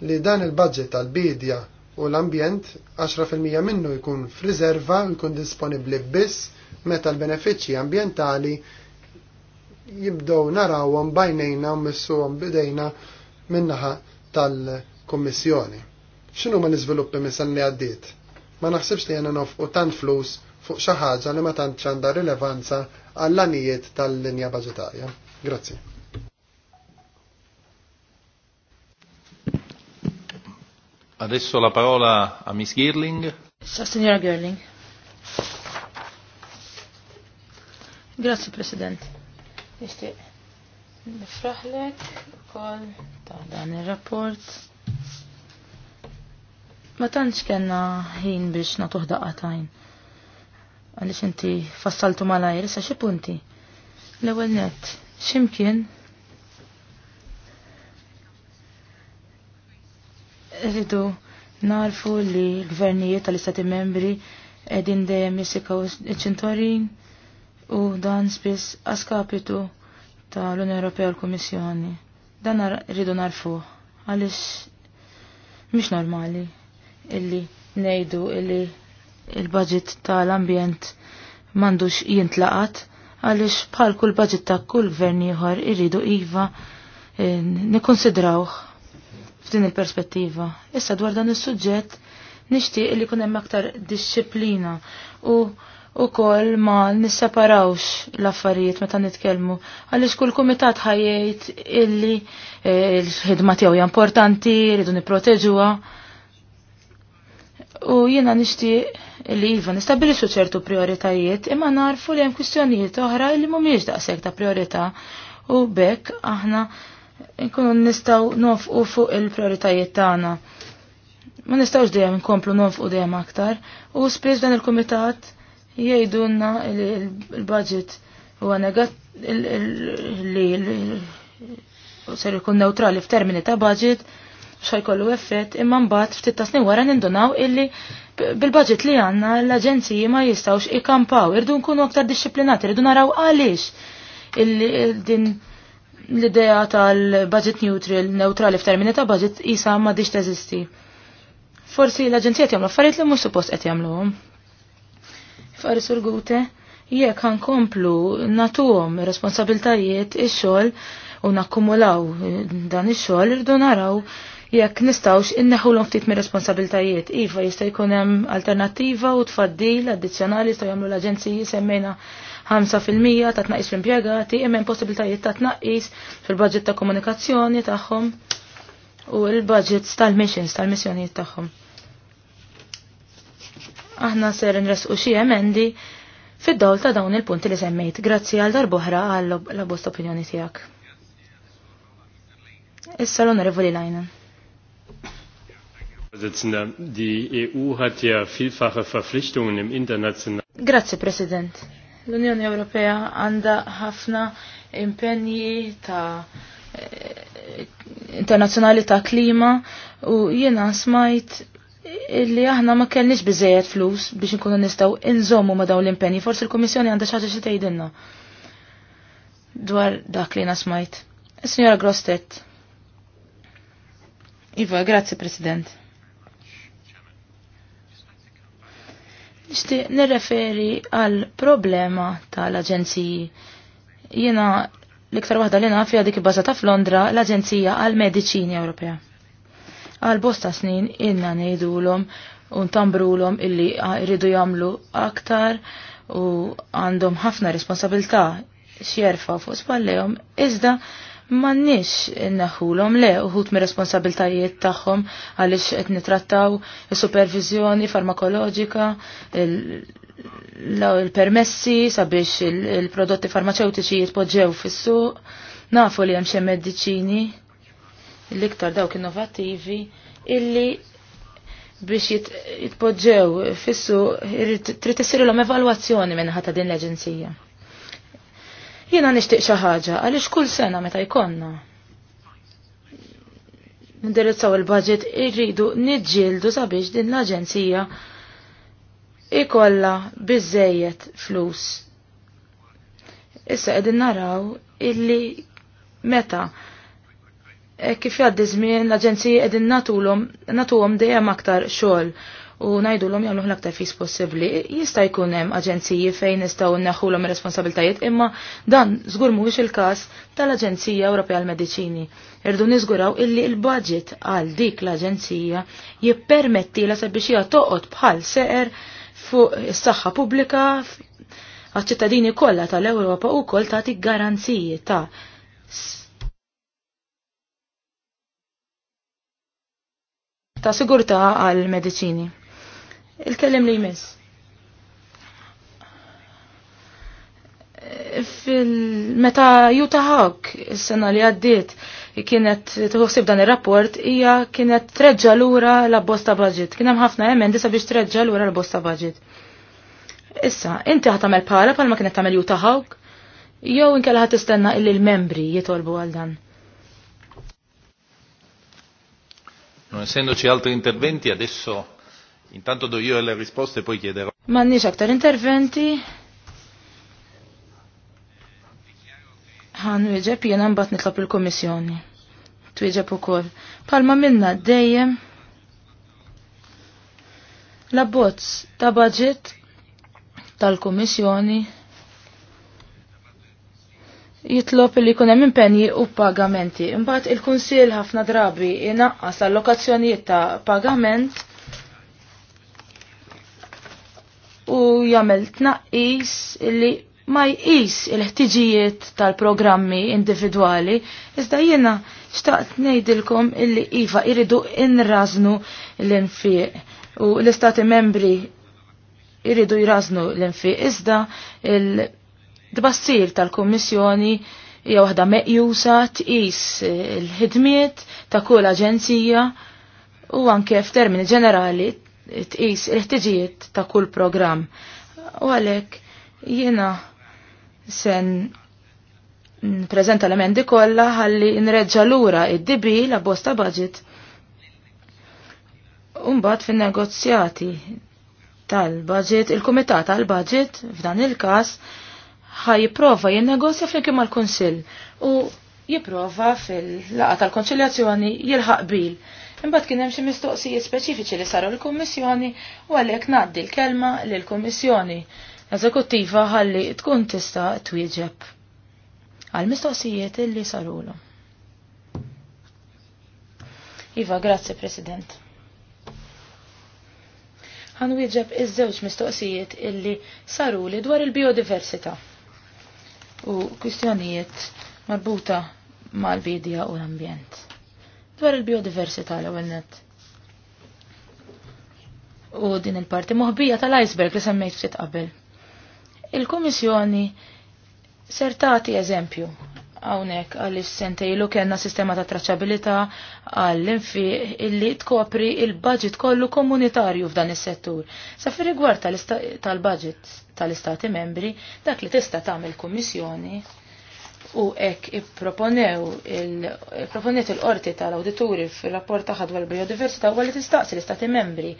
li dan il-budget tal-bidja u l-ambjent 10% minnu jkun f'riserva jkun disponibli biss meta l-benefiċċji ambjentali jibdow narawhom bajnejna u missuhom bidejna minnaħa tal-Kummissjoni. X'inhu ma l-iżviluppi misal li għaddiet? Ma naħsibx li jena nofqu tant flus fuq xi ħaġa li ma tant għandha rilevanza għall-anijiet tal-linja baġitarja. Grazzi. Adesso la parola a Miss Girling. Sa signora Girling. Grazie President. Este nifraħlek ukoll ta' dan ir-rapport. Ma tantx kellna ħin biex nagħtuh daqatajn. Għaliex inti fassaltu malajr sa xi punti. L-ewwel nett, x'imkien Rridu narfu li l-gvernijiet tal-istati membri edin dejjem jisikaw iċ-ċintorin u dan spiss askapitu tal-Unjoni Ewropea l-Kummissjoni. Dan rridu narfu għaliex mhix normali illi ngħidu illi il-budget tal-ambjent m'għandux jintlaqat għaliex bħal kull budget ta' kull gvern ieħor irridu iva eh, nikkonsidrawh f'din il-perspettiva. Issa dwar dan is-suġġett nixtieq li kun hemm aktar disċiplina u wkoll ma nisseparawx l-affarijiet meta nitkellmu għaliex kull kumitat ħajjejt illi eh, l-ħidma tiegħu hija importanti, rridu nipproteġuha. U jiena nixtieq li iva nistabilixu ċertu prioritajiet imma narfu li hemm kwistjonijiet oħra li mhumiex daqshekk ta' priorità u bekk aħna nkunu nistaw nofqu fuq il-prioritajiet tagħna. Ma nistawx dejjem inkomplu nofqu dejjem aktar u spiss dan il-kumitat jgħidulna il-budget huwa negat li ser ikun neutrali f'termini ta' budget xajkollu effett imma mbagħad ftit ta' snin wara nindunaw illi bil-budget li għanna l-aġenziji ma jistawx ikampaw, irdu nkunu aktar disciplinati irdu naraw għaliex din l-idea tal-budget neutral, neutrali f'termini ta' budget jisa ma diċ teżisti. Forsi l-Aġenzija jagħmlu affarijiet li mhux suppost qed jagħmluhom. Fari surgute, jekk jekk ħankomplu natuhom responsabiltajiet ix-xogħol u nakkumulaw eh, dan ix-xogħol irdu naraw jekk nistawx inneħu l ftit mir responsabiltajiet. Iva jista' jkun hemm alternattiva u tfaddil addizzjonali jistgħu jagħmlu l-aġenziji semmejna 5% ta' tnaqis fl-impjegati, imma possibilitajiet ta' tnaqis fil-budget ta' komunikazzjoni tagħhom u l-budgets tal-missions, tal-missjonijiet tagħhom. Aħna ser nresqu xi emendi fid-dawl ta' dawn il-punti li semmejt. Grazzi għal darbohra għal la bost opinjoni tiegħek. Issa l-onorevoli Lajnen. Die EU hat ja vielfache Verpflichtungen im internationalen. Grazie, Präsident. L-Unjoni Ewropea għandha ħafna impenji ta' eh, internazzjonali ta' klima u jiena smajt illi aħna ma kellniex biżejjed flus biex nkunu nistgħu inżommu ma dawn l-impenji. Forsi l-Kummissjoni għandha xi ħaġa xi tgħidilna dwar dak li smajt. Signora Grostet. Iva, grazzi President. Nisti nirreferi għal problema tal-aġenziji. Jiena l-iktar waħda li nafja dik ibbażata f'Londra l-Aġenzija għal Mediċini Ewropea. Għal bosta snin inna ngħidulhom u ntambrulhom illi rridu jagħmlu aktar u għandhom ħafna responsabilità xjerfa fuq spallejom iżda mannix naħulom le uħut mir responsabiltajiet tagħhom għaliex qed nitrattaw is-supervizjoni farmakoloġika, il-permessi sabiex il-prodotti farmaceutiċi jitpoġġew fis-suq, nafu li hemm xi mediċini l-iktar dawk innovattivi illi biex jitpoġġew fissu trid tissir l-om evalwazzjoni minn ħata din l eġenzija Jiena nixtieq xaħġa, għalix għaliex kull sena meta jkollna. Nindirizzaw il-budget irridu niġġieldu sabiex din l-aġenzija ikolla biżejjed flus. Issa qegħdin naraw illi meta eh, kif jgħaddi żmien l agenzija qegħdin natulhom natuhom dejjem aktar xogħol u najdu l-om jgħamlu l-aktar fis possibli. Jista' jkun hemm aġenziji fejn nistgħu naħulhom ir-responsabiltajiet imma dan żgur mhuwiex il-każ tal-Aġenzija Ewropea għall-Mediċini. Irdu niżguraw illi l-budget għal dik l-aġenzija jippermettilha sabiex hija toqgħod bħal seqer fuq is-saħħa pubblika għaċ-ċittadini kollha tal-Ewropa wkoll tagħti garanziji ta' ta' sigurta għal medicini. Il-kellem li jmiss. Fil-meta Juta Hawk, s-sena li għaddiet, kienet tuħsib dan il-rapport, hija kienet treġġa lura l-abbosta budget. Kien hemm ħafna emendi sabiex treġġa lura l-abbosta budget. Issa, inti ħat tagħmel bħala bħalma kienet tagħmel Juta Hawk, jew inkella ħat tistenna illi l-membri jitolbu għal dan. Non essendoci altri interventi, adesso Intanto do io le risposte poi chiederò. Mannix aktar interventi. Ħan wieġeb jiena mbagħad nitlob il-Kummissjoni. Twieġeb ukoll. Palma minna dejjem l-abbozz ta' budget tal-Kummissjoni jitlob li jkun hemm impenji u pagamenti. Imbagħad il kunsil ħafna drabi inaqqas l-allokazzjonijiet ta' pagament u jagħmel tnaqqis li ma jqis il-ħtiġijiet tal-programmi individwali, iżda jiena xtaqt ngħidilkom illi iva jridu inraznu l-infiq u l-istati membri iridu jraznu l-infiq iżda il-dbassir tal-Kummissjoni hija waħda meqjusa tqis il-ħidmiet ta' kull aġenzija u anke f'termini ġenerali tqis il-ħtiġijiet ta' kull programm. U għalhekk jiena sen prezenta l-emendi kollha ħalli nreġġa lura id-dibi la bosta budget Umbat fin negozjati tal-budget, il-komitat tal-budget f'dan il-kas ħaj jipprova jinnegozja fl-imkien mal-Kunsill u jipprova fil-laqa tal-konċiljazzjoni jilħaq bil Imbagħad kien hemm xi mistoqsijiet speċifiċi li saru l-Kummissjoni u għalhekk ngħaddi l-kelma lill-Kummissjoni Eżekuttiva ħalli tkun tista' twieġeb għal mistoqsijiet li sarulu. Iva, grazzi President. Għan wieġeb iż-żewġ mistoqsijiet illi saruli dwar il-biodiversità u kwistjonijiet marbuta mal-bidja u l-ambjent dwar il-biodiversità l għennet. U din il-parti moħbija tal-iceberg li semmejt ftit qabel. Il-Kummissjoni ser tagħti eżempju għawnek għalix sentejlu kena sistema ta' traċabilita għall-infi illi tkopri il-budget kollu komunitarju f'dan is-settur. Sa' fi rigward tal-budget tal-istati membri, dak li tista' tagħmel kummissjoni u ek proponew il-proponiet il-qorti tal-awdituri fil-rapport taħad dwar biodiversita u li tistaqsi l-istati membri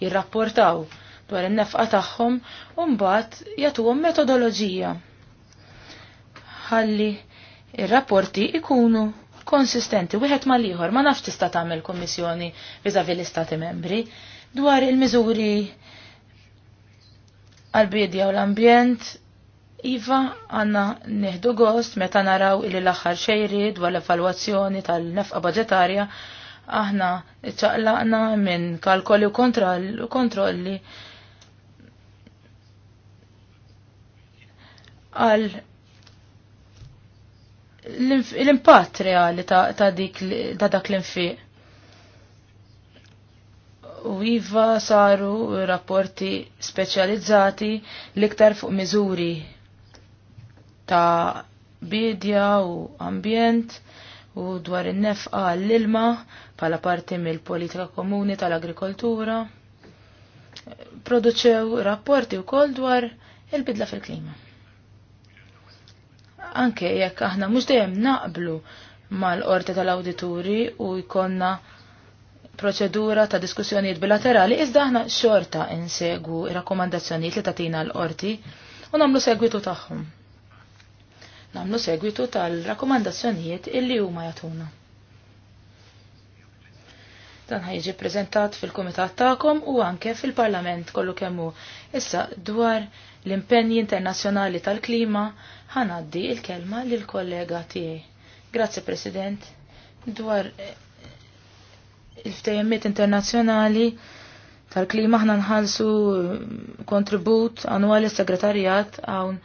jirrapportaw dwar in-nefqa tagħhom u mbagħad jagħtuhom metodoloġija ħalli il rapporti ikunu konsistenti wieħed mal liħor ma nafx tista' tagħmel kummissjoni viżavi l-istati membri dwar il-miżuri għal-bidja u l-ambjent Iva, għanna neħdu gost meta naraw illi l aħħar xejrid dwar l-evalwazzjoni tal-nefqa budgetarja, aħna ċaqlaqna minn kalkoli u kontrolli għal l-impatt reali ta' ta' dak l-infiq. U iva saru rapporti speċjalizzati l-iktar fuq miżuri ta' bidja u ambjent u dwar in-nefqa l-ilma pala parti mill-politika komuni tal-agrikoltura. Produċew rapporti wkoll dwar il-bidla fil-klima. Anke jekk aħna mhux dejjem naqblu mal-qorti tal-awdituri u jkonna proċedura ta' diskussjonijiet bilaterali, iżda aħna xorta insegu ir rakkomandazzjonijiet li tatina l-qorti u nagħmlu segwitu tagħhom namlu segwitu tal-rakkomandazzjonijiet illi huma jagħtuna. Dan ħajġi prezentat fil-Kumitat tagħkom u anke fil-Parlament kollu kemmu. Issa dwar l-impenji internazzjonali tal-klima ħanaddi il-kelma lil kollega tiegħi. Grazzi President dwar eh, il-ftejjemiet internazzjonali tal-klima ħna nħallsu eh, kontribut annwali segretarjat hawn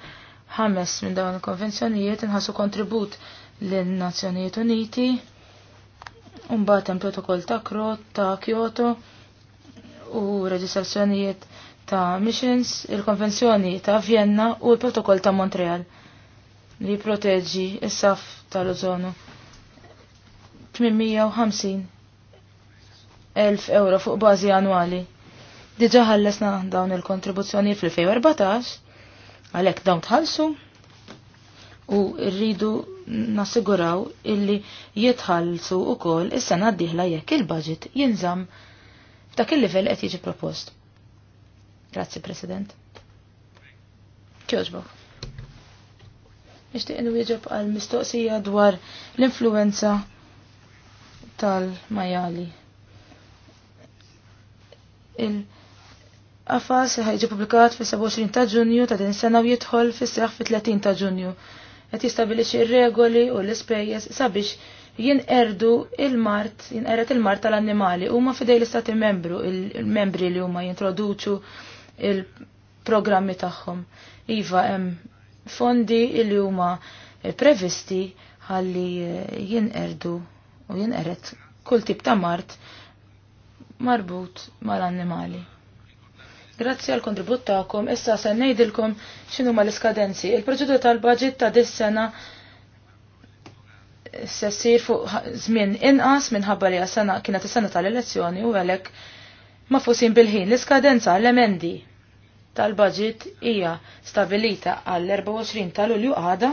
ħames minn dawn il-konvenzjonijiet inħassu kontribut l-Nazzjonijiet Uniti, mbagħad hemm protokoll ta' Krot ta' Kyoto u reġistrazzjonijiet ta' missions, il-konvenzjoni ta' Vienna u l-protokoll ta' Montreal li proteġġi s-saf tal-ozonu. 850 elf euro fuq bażi annwali. Diġa ħallesna dawn il-kontribuzzjoni fl-2014 Għalek dawn tħalsu u rridu nassiguraw illi jitħallsu u kol is-sena d jekk il-budget jinżam ta' il-livell qed jiġi propost. Grazzi, President. Ġoġbok. Nishtiq nwieġeb għal mistoqsija dwar l-influenza tal-majali. Il- Għafas ħajġi publikat fi 27 ta' ġunju ta' din sena u jidħol fi seħ fi 30 ta' ġunju. Għet jistabilixxi r-regoli u l-ispejjeż sabiex jinqerdu il-mart, jinqeret il-mart tal-annimali huma fidej l-istati membru, il-membri li huma jintroduċu il-programmi tagħhom. Iva hemm fondi li huma previsti ħalli jinqerdu u jinqeret kull tip ta' mart marbut mal-annimali. Grazzi għal kontribut ta'kom, issa se ngħidilkom xinu ma l-iskadenzi. Il-proċedura tal-budget ta' dis-sena se ssir fuq żmien inqas minħabba li sena kienet is-sena tal-elezzjoni u għalhekk ma fusin bil-ħin l-iskadenza l-emendi tal-budget hija stabilita għall-24 ta' Lulju għada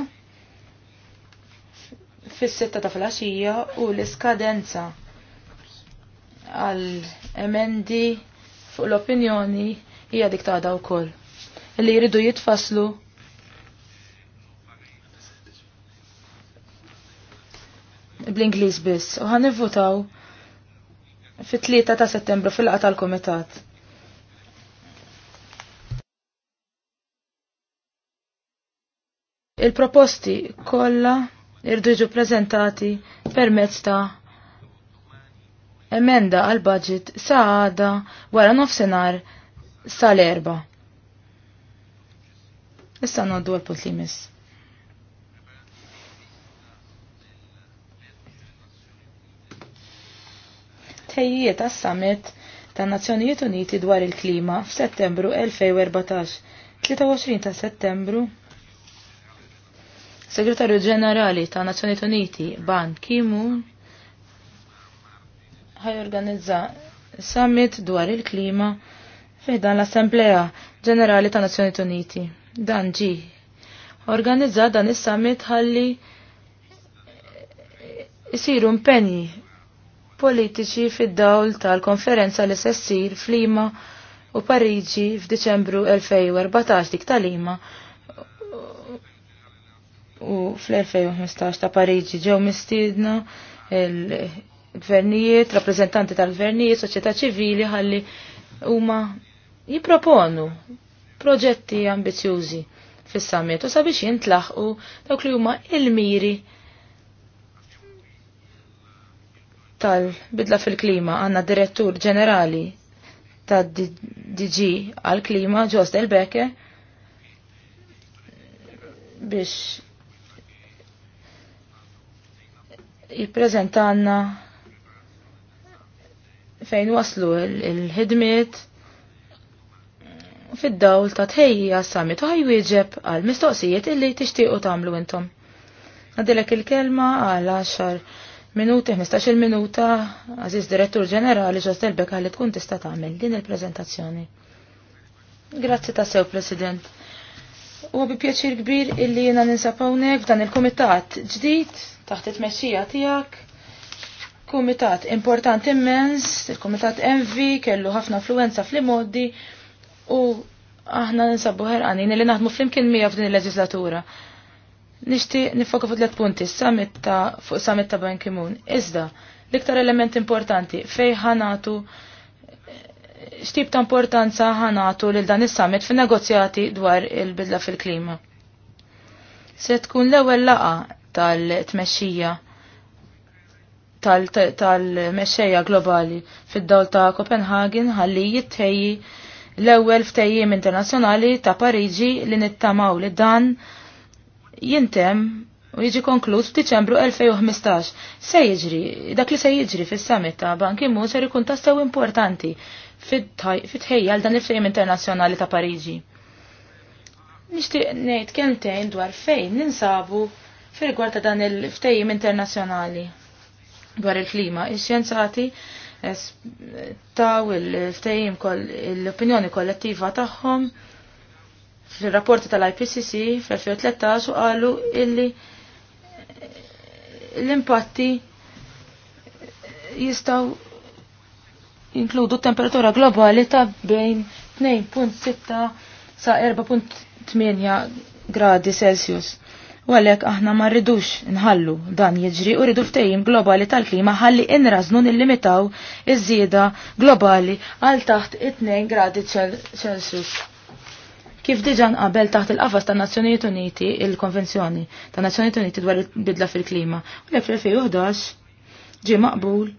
fis-sitta ta' filgħaxija u l-iskadenza għall-emendi fuq l-opinjoni hija dik ta' daw kol. Li jridu jitfaslu bl-Ingliż biss u ħan nivvutaw fit-3 ta' Settembru fil-qa tal-Kumitat. Il-proposti kollha irdu jiġu prezentati permezz ta' emenda għal budget sa' għada wara nofsinhar sal-erba. Issa noddu għal-punt li mis. Tejjiet għas summit ta' Nazzjonijiet Uniti dwar il-klima f'Settembru 2014, 23 ta' Settembru. Segretarju Ġenerali ta' Nazzjonijiet Uniti Ban Ki-moon ħajorganizza summit dwar il-klima Fidan l-Assemblea Ġenerali ta' Nazzjoni Uniti. Dan ġi. Organizza dan is-summit ħalli jisiru impenji politiċi fid-dawl tal-konferenza li sessir f'Lima u Pariġi f'Diċembru 2014 dik ta' Lima u fl-2015 ta' Pariġi ġew mistiedna il-gvernijiet, rappreżentanti tal-gvernijiet, soċjetà ċivili ħalli huma jiproponu proġetti ambizjużi fis-summit u sabiex jintlaħqu dawk li huma il-miri tal-bidla fil-klima għanna direttur ġenerali ta' DG għal-klima ġos Del Beke biex jiprezentanna fejn waslu il-ħidmiet il ħidmiet fid-dawl ta' tħejja sammit u ħajwieġeb għal mistoqsijiet illi tixtiequ tagħmlu intom. Għadilek il-kelma għal 10 minuti, 15 minuta, għaziz direttur ġenerali ġostel Beka li tkun tista' tagħmel din il-preżentazzjoni. Grazzi ta' sew, President. U bi pjaċir kbir illi jena ninsapawnek f'dan il-komitat ġdid taħt it-mexxija tiegħek kumitat importanti immens, il-kumitat MV kellu ħafna affluenza fl-imoddi, U aħna ninsabu ħerqanin li naħdmu flimkien mija f'din il-leġislatura. Nishti nifoka fuq tliet punti, summit ta' fuq summit ta' Ban Ki-moon. Iżda, l-iktar element importanti fej ħanatu xtib ta' importanza ħanatu lil dan is-summit fin-negozjati dwar il-bidla fil-klima. Se tkun l-ewwel laqa tal-tmexxija tal-mexxejja globali fid-dawl ta' Copenhagen ħalli jittejji l-ewwel ftejjim internazzjonali ta' Pariġi li nittamaw li dan jintem u jiġi konkluż f'Diċembru 2015. Se jiġri, dak li se jiġri fis-summit ta' Ban Ki-moon ser ikun tassew importanti fit-tħejja għal dan il-ftejjim internazzjonali ta' Pariġi. Nixtieq ngħid kemmtejn dwar fejn ninsabu fir-rigward ta' dan il-ftejjim internazzjonali dwar il-klima. Ix-xjenzati il klima ix xjenzati taw il-ftejim l-opinjoni kollettiva tagħhom fil-rapporti tal-IPCC fl-2013 u qalu illi l-impatti jistaw inkludu temperatura globali ta' bejn 2.6 sa' 4.8 gradi Celsius. U għalhekk aħna ma rridux nħallu dan jiġri u rridu ftejim globali tal-klima ħalli inrażnu nillimitaw iż-żieda globali għal taħt 2 gradi Celsius. Kif diġan qabel taħt il-qafas ta' Nazzjonijiet Uniti il-Konvenzjoni ta' Nazzjonijiet Uniti dwar il-bidla fil-klima. U l 2011 ġie maqbul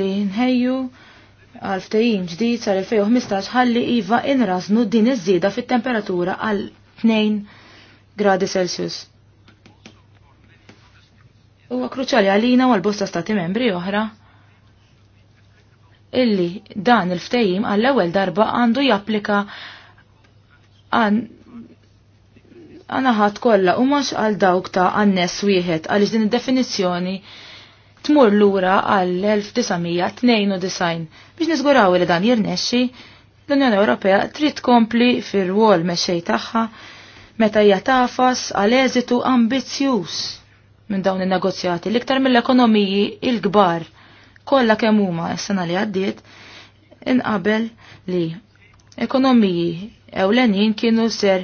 li nħejju għal ftehim ġdid sar 2015 ħalli iva inrasnu din iż-żieda fit-temperatura għal 2 gradi Celsius. Huwa kruċali għalina u għall bosta stati membri oħra illi dan il-ftehim għall-ewwel darba għandu japplika għan għanaħat kollha u mux għal dawk ta' għannes wieħed għaliex din id definizzjoni tmur lura għall-1992 biex nizguraw li dan jirnexxi l-Unjoni Ewropea trid tkompli fir-rwol mexej tagħha meta hija tafas għal eżitu ambizzjuż minn dawn in-negozjati l-iktar mill-ekonomiji il-kbar kollha kemm huma s-sena li għaddiet inqabel li ekonomiji ewlenin kienu ser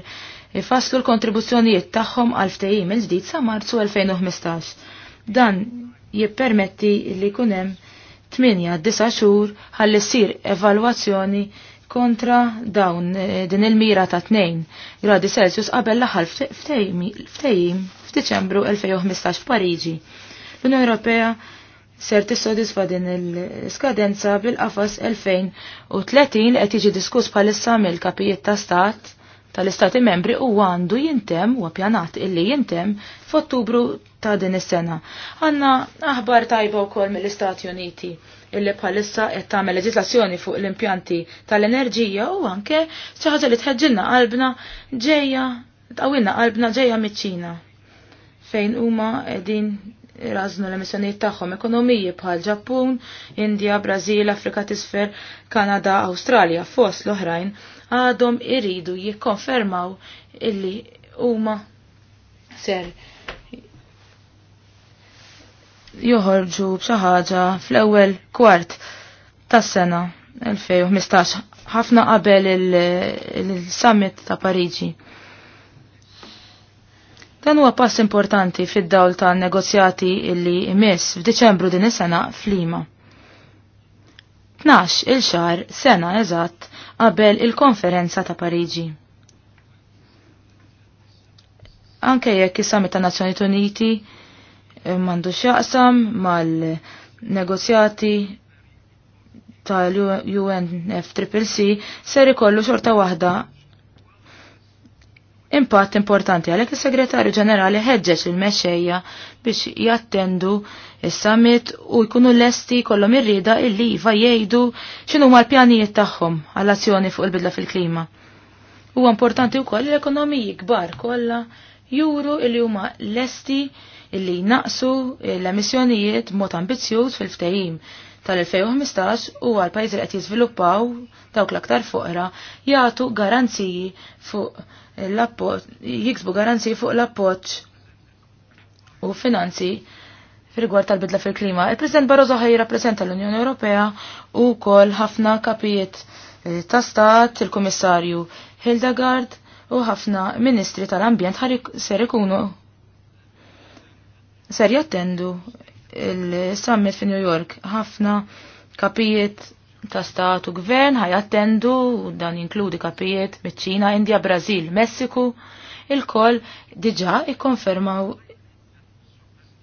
ifasslu l-kontribuzzjonijiet tagħhom għal ftehim il-ġdid sa Marzu 2015. Dan jippermetti li kunem 8-9 xhur ħalli sir evalwazzjoni kontra dawn eh, din il-mira ta' 2 gradi Celsius qabel laħal ftejim ftejjim f'Diċembru 2015 f'Pariġi. L-Unjoni Ewropea ser tissodisfa din il-skadenza bil-qafas 2030 qed jiġi diskuss bħalissa mill-kapijiet ta' stat tal-Istati membri u għandu jintem u pjanat illi jintem f'Ottubru ta' din is-sena. Għanna aħbar tajba wkoll mill-Istati Uniti illi bħalissa qed tagħmel leġislazzjoni fuq l-impjanti tal-enerġija u anke xi ħaġa li tħeġġilna qalbna ġejja tqawilna qalbna ġejja miċ-Ċina fejn huma qegħdin raznu l-emissjonijiet tagħhom ekonomiji bħal Ġappun, Indja, Brażil, Afrika t'isfer, Kanada, Awstralja, fost l-oħrajn għadhom iridu jikkonfermaw illi huma ser joħorġu b'xi ħaġa fl-ewwel kwart tas-sena 2015 ħafna qabel il-summit ta' Pariġi. Dan huwa pass importanti fid-dawl ta' negozjati illi imiss f'Diċembru din is-sena f'Lima. 12 il-xar sena eżatt qabel il-konferenza ta' Pariġi. Anke jekk is-Summit ta' Nazzjonijiet Uniti eh, m'għandu x'jaqsam mal-negozjati tal-UNFCCC ser ikollu xorta waħda impatt importanti għalhekk is-Segretarju Ġenerali ħeġġeġ il-mexxejja biex jattendu is-summit u jkunu lesti kollhom ir-rieda illi iva jgħidu x'inhu l-pjanijiet tagħhom għall azzjoni fuq il-bidla fil-klima. Huwa importanti wkoll l-ekonomiji kbar kollha juru illi huma lesti illi naqsu l-emissjonijiet mod ambizzjuż fil-ftehim tal-2015 u għal pajzi qed jiżviluppaw dawk l-aktar foqra jagħtu garanziji fuq l-appoġġ jiksbu garanziji fuq l-appoġġ u finanzi rigward tal-bidla fil-klima. Il-President Barroso ħaj jirrappreżenta l-Unjoni Ewropea u kol ħafna kapijiet eh, ta' stat, il-Kummissarju Hildegard u ħafna ministri tal-ambjent ħar ser ikunu ser jattendu il-summit fi New York ħafna kapijiet ta' statu gvern ħajattendu u dan jinkludi kapijiet miċ-Ċina, Indja, Brażil, Messiku, il-koll diġà ikkonfermaw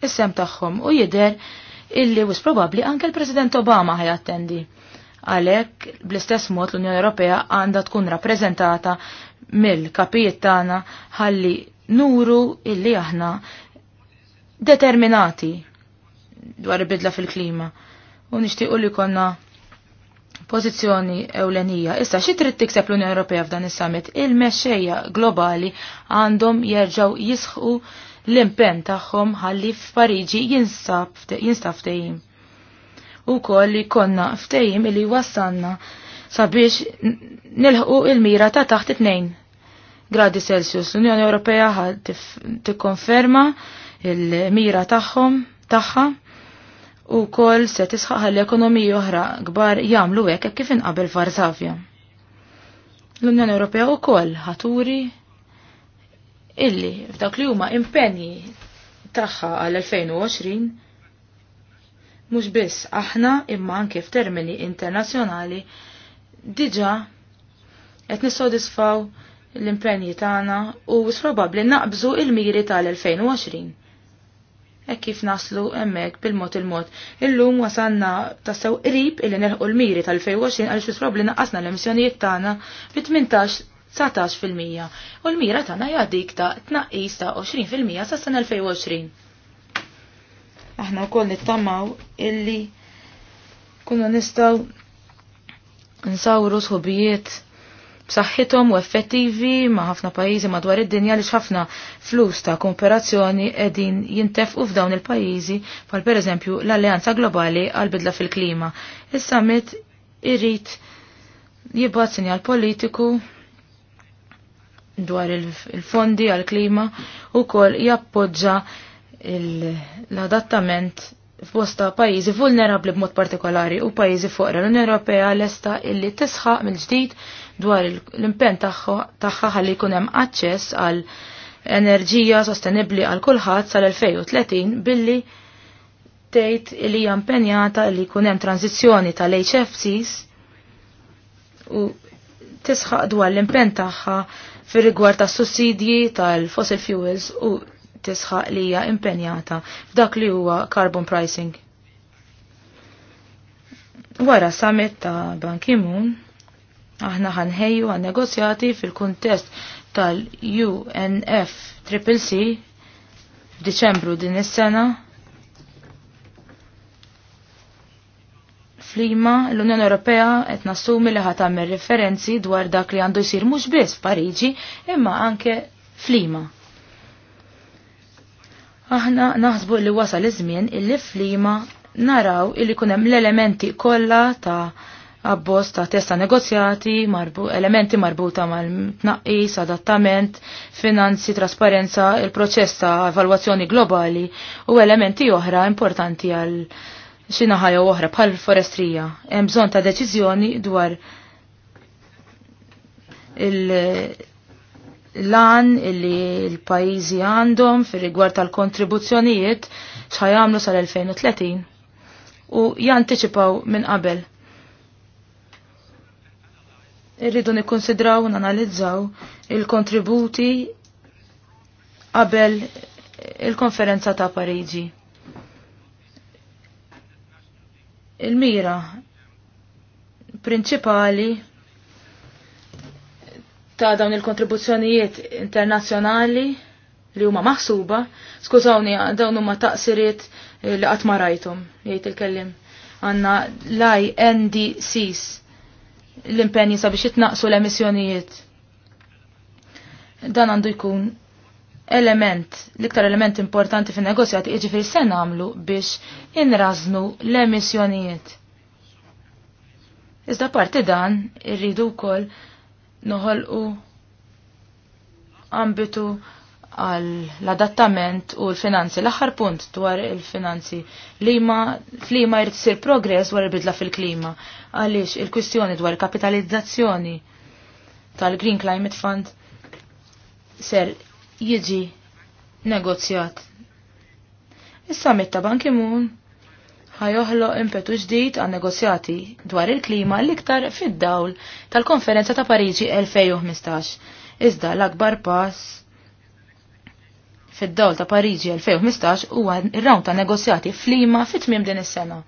is-sem tagħhom u jidher illi wis probabbli anke l-President Obama attendi. Għalhekk bl-istess mod l-Unjoni Ewropea għandha tkun rappreżentata mill-kapijiet tagħna ħalli nuru illi aħna determinati dwar bidla fil-klima. U nixtiequ li konna pożizzjoni ewlenija. Issa xi trid tikseb l-Unjoni Ewropea f'dan is-summit? Il-mexxejja globali għandhom jerġgħu jisħu l-impenn tagħhom ħalli f'Pariġi jinstab ftehim. U li konna ftehim li wassanna sabiex nilħu il-mira ta' taħt 2 gradi Celsius. L-Unjoni Ewropea tikkonferma il-mira tagħhom tagħha u kol se tisħaħ l-ekonomiji oħra kbar jagħmlu hekk kif inqabel Varsavja. L-Unjoni Ewropea wkoll ħaturi illi f'dak li huma impenji tagħha għal 2020 mhux biss aħna imma anke f'termini internazzjonali diġà qed nissodisfaw l-impenji tagħna u probabbli naqbżu il-miri tal-2020 e kif naslu emmek bil-mod il-mod. Illum wasanna ta' sew qrib illi nerħu l-miri tal-2020 għal xis probli naqasna l-emissjonijiet tagħna bi 18-19% u l-mira tagħna hija dik ta' tnaqqis ta' 20% sa' sena 2020. Aħna wkoll nittamaw illi kuna nistgħu nsawru sħubijiet b'saħħithom u effettivi ma' ħafna pajjiżi madwar id-dinja li ħafna flus ta' kooperazzjoni qegħdin jintefqu f'dawn il-pajjiżi bħal pereżempju l-Alleanza Globali għal bidla fil-klima. Is-summit irrid jibgħat sinjal politiku dwar il-fondi għal klima u kol jappoġġa l-adattament f'bosta pajjiżi vulnerabli b'mod partikolari u pajjiżi fuq l-Unjoni Ewropea lesta illi tisħaq mill-ġdid dwar l-impenn tagħha għalli jkun hemm aċċess għal enerġija sostenibbli għal kulħadd sal-2030 billi tgħid li hija impenjata li jkun hemm tranzizzjoni tal-HFCs u tisħaq dwar l-impenn tagħha fir-rigward tas-sussidji tal-fossil fuels u tisħaq li hija impenjata f'dak li huwa carbon pricing. Wara summit ta' Ban Ki-moon, Aħna ħanħejju għan negozjati fil-kuntest tal-UNF Triple C f'Diċembru din is-sena. Flima l-Unjoni Ewropea qed nassumi li ħadd tagħmel referenzi dwar dak li għandu jsir mhux biss f'Pariġi imma anke flima. Aħna naħsbu li wasal iż-żmien illi flima naraw illi hemm l-elementi kollha ta' abbost ta' testa negozjati, marbu, elementi marbuta mal-tnaqqis, adattament, finanzi, trasparenza, il-proċess ta' evalwazzjoni globali u elementi oħra importanti għal xina jew oħra bħal forestrija. Hemm bżonn ta' deċiżjoni dwar il- lan illi l-pajizi għandhom fir rigward tal-kontribuzzjonijiet ċħajamlu sal-2030 u jantiċipaw minn qabel irridu nikkonsidraw nanalizzaw il-kontributi qabel il-konferenza ta' Pariġi. Il-mira prinċipali ta' dawn il-kontribuzzjonijiet internazzjonali li huma maħsuba, skużawni dawn huma taqsiriet li qatt ma rajtum, jgħid il-kellim. Għandna l-INDCs l-impenji sabiex jitnaqsu l-emissjonijiet. Dan għandu jkun element, l-iktar element importanti fin negozjati fil se għamlu biex jinraznu l-emissjonijiet. Iżda parti dan irridu wkoll noħolqu ambitu għal l-adattament u l-finanzi. L-aħħar punt dwar il-finanzi. Lima, flima jrid sir progress dwar il-bidla fil-klima. Għaliex il-kwistjoni dwar kapitalizzazzjoni tal-Green Climate Fund ser jiġi negozjat. Issa summit ta' Ban Ki-moon impetu ġdid għan negozjati dwar il-klima l-iktar fid-dawl tal-konferenza ta' Pariġi 2015. Iżda l-akbar pass fid-dawl ta' Pariġi 2015 huwa r-rawn ta' negozjati flima fit-tmiem din is-sena.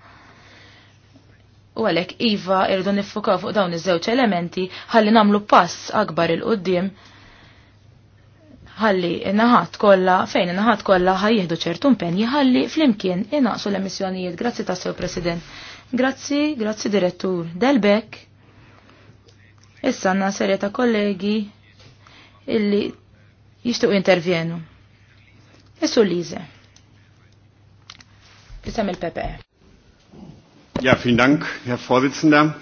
U għalhekk iva irridu niffukaw fuq dawn iż-żewġ elementi ħalli nagħmlu pass akbar il qoddim ħalli naħat kollha fejn naħat kollha ħajjeħdu ċertu impenji ħalli flimkien inaqsu l-emissjonijiet. Grazzi ta' sew President. Grazzi, grazzi Direttur Delbek. Issa għandna serje ta' kollegi illi jixtuq intervjenu. Isu lize. Isem il-PPE. Ja, vielen Dank, Herr Vorsitzender.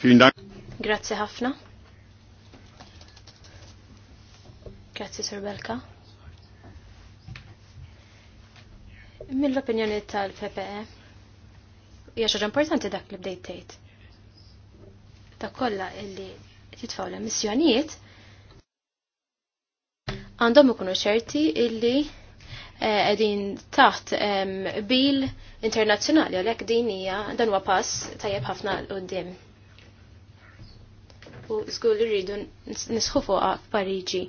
Vielen Dank. Grazie ħafna. Grazie, Sir Belka. Mill-opinjoni tal-PPE, hija xaġa importanti dak li bdejt tgħid. Dak kollha illi titfaw l-emissjonijiet għandhom ikunu ċerti illi qegħdin eh, taħt bil internazzjonali għalhekk din hija dan huwa pass tajjeb ħafna l qudiem U żgur li rridu nisħu fuqha f'Pariġi.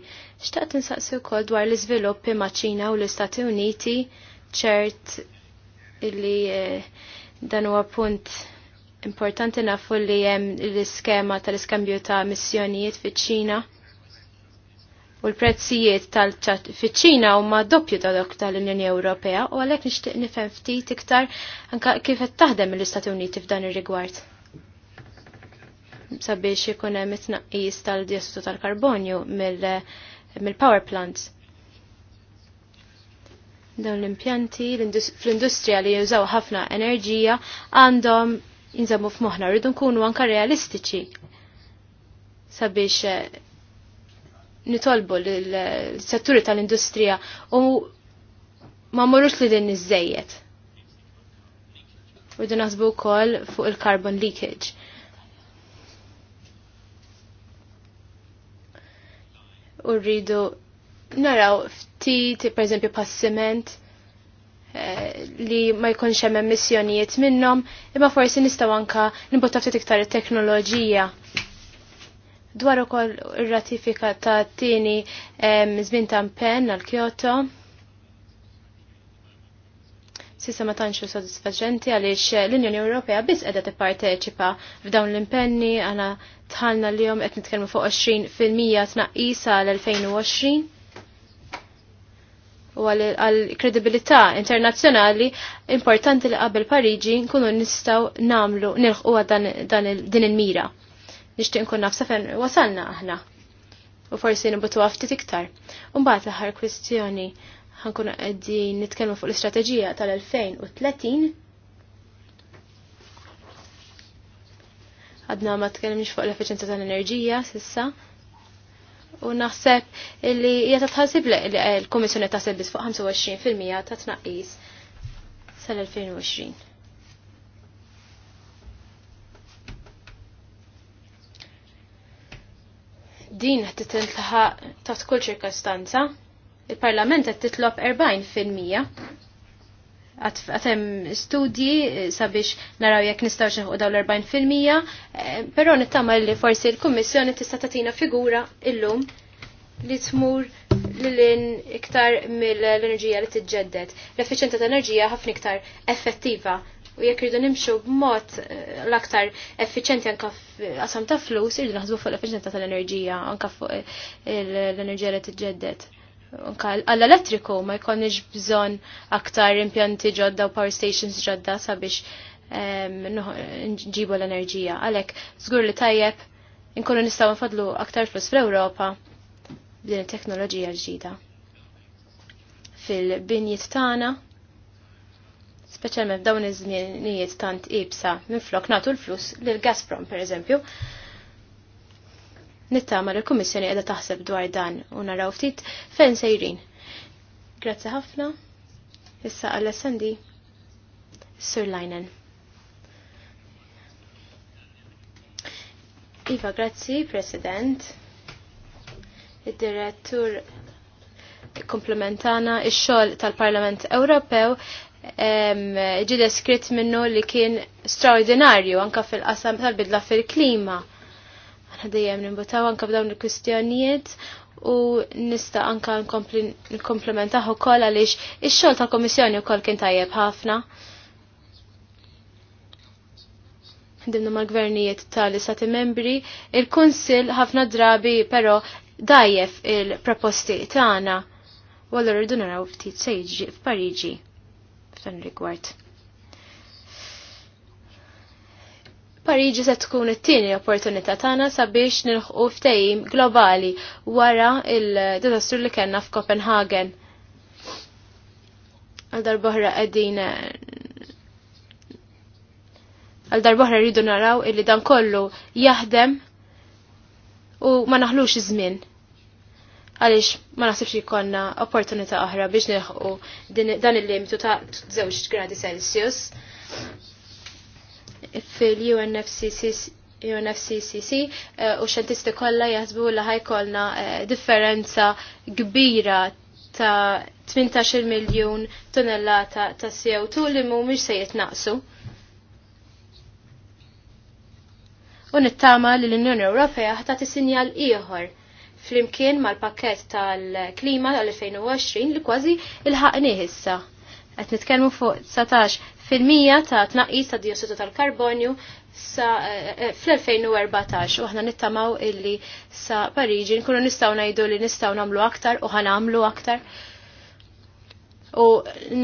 Xtaqt insaqsi wkoll dwar l-iżviluppi ma' Ċina u l-Istati Uniti ċert illi eh, dan huwa punt importanti nafu li hemm l-iskema tal-iskambju ta' missjonijiet fiċ-Ċina u l-prezzijiet tal-ċina ċat u ma doppju ta' dok tal-Unjoni Ewropea u għalek nishtiq nifem ftit iktar anka kif qed taħdem l-Istati Uniti f'dan ir-rigward. Sabiex ikun hemm it-tnaqqis tal-dijossidu tal-karbonju mill-power plants. Dawn l-impjanti fl-industrija li jużaw ħafna enerġija għandhom jinżammu f'moħħna rridu nkunu anka realistiċi sabiex eh, nitolbu l-setturi tal-industrija u ma morrux li din iż U din naħsbu wkoll fuq il-carbon leakage. U rridu naraw ftit, per eżempju, passiment eh, li ma jkunx hemm emissjonijiet minnhom, imma forsi nistgħu anka nibotta ftit iktar it-teknoloġija Dwar ukoll ir-ratifika ta' tieni żmien ta' pen għal Kyoto. Sissa ma tantxu sodisfaċenti għaliex l-Unjoni Ewropea biss qiegħda tipparteċipa f'dawn l-impenni għala tħallna l-jom qed nitkellmu fuq 20% tnaqqisa għal 2020 u għal kredibilità internazzjonali importanti li qabel Pariġi nkunu nistgħu nagħmlu nilħqu dan, din il-mira nishtiq nkun nafsa fejn wasalna aħna. U forsi nibutu ftit iktar. Umbagħad l-aħħar kwistjoni ħankun qegħdin nitkellmu fuq l-istrateġija tal-2030 għadna ma tkellimx fuq l-efficienza tal-enerġija sissa. U naħseb li hija ta' li l-Kummissjoni taħseb biss fuq 25% ta' tnaqqis sal-2020. din qed titlaħa taħt kull ċirkostanza. Il-Parlament qed titlob 40 fil-mija. Għatem studji eh, sabiex naraw jekk nistgħu xeħu daw l-40 fil-mija, eh, però nittama li forsi l-Kummissjoni tista' tagħtina figura illum li tmur lilin iktar mill-enerġija li t-ġeddet. l efficienta ta' enerġija ħafna iktar effettiva u jekk jridu nimxu b'mod eh, l-aktar effiċenti anka f'qasam ta' flus, irridu naħsbu fuq l-effiċenza tal-enerġija anka fuq eh, l-enerġija li tiġġedded. Anka għall-elettriku ma jkollniex bżonn aktar impjanti ġodda u power stations ġodda sabiex nġibu l-enerġija. Għalhekk żgur li tajjeb inkunu nistgħu nfadlu aktar flus fl-Ewropa b'din it-teknoloġija ġdida fil-binjiet tagħna specialment f'dawn iż-żminijiet tant ibsa minflok nagħtu l-flus lil Gazprom pereżempju. Nittama li l-Kummissjoni qiegħda taħseb dwar dan u naraw ftit fejn sejrin. Grazzi ħafna. Issa għall sandi Sir Linen. Iva, grazzi, President. Id-direttur komplementana ix-xogħol tal-Parlament Ewropew ġi deskritt minnu li kien straordinarju anka fil-qasam tal-bidla fil-klima. Għana dejjem nimbutaw anka b'dawn il-kwistjonijiet u nista anka nkomplementaħu kol għalix il-xol ta' komissjoni u kol kien tajjeb ħafna. Dimnu mal-gvernijiet tal-istati membri, il-Kunsil ħafna drabi pero dajjef il-proposti tagħna. Wallu rridu naraw ftit sejġi f'Pariġi f'dan rigward. Pariġi se tkun it-tieni opportunità tagħna sabiex nilħqu ftehim globali wara il-disastru li kellna f'Copenhagen. Għal darbohra qegħdin għal darbohra rridu naraw illi dan kollu jaħdem u ma naħlux iż-żmien għaliex ma naħsibx jkollna opportunità oħra biex neħu dan il-limitu ta' 2 gradi Celsius. Fil-UNFCCC u eh, xentisti kollha jaħsbu li ħajkolna eh, differenza kbira ta' 18 miljun tonnellata ta' CO2 li mhumiex se jitnaqsu. U nittama li l-Unjoni Ewropea ħatat sinjal ieħor flimkien mal-pakket tal-klima tal-2020 li kważi il-ħaqni issa. Qed nitkellmu fuq 19 fil-mija ta' tnaqqis ta' diossidu tal-karbonju sa eh, eh, fl-2014 u aħna nittamaw illi sa Parigi nkunu nistgħu ngħidu li nistgħu nagħmlu aktar u ħanamlu aktar u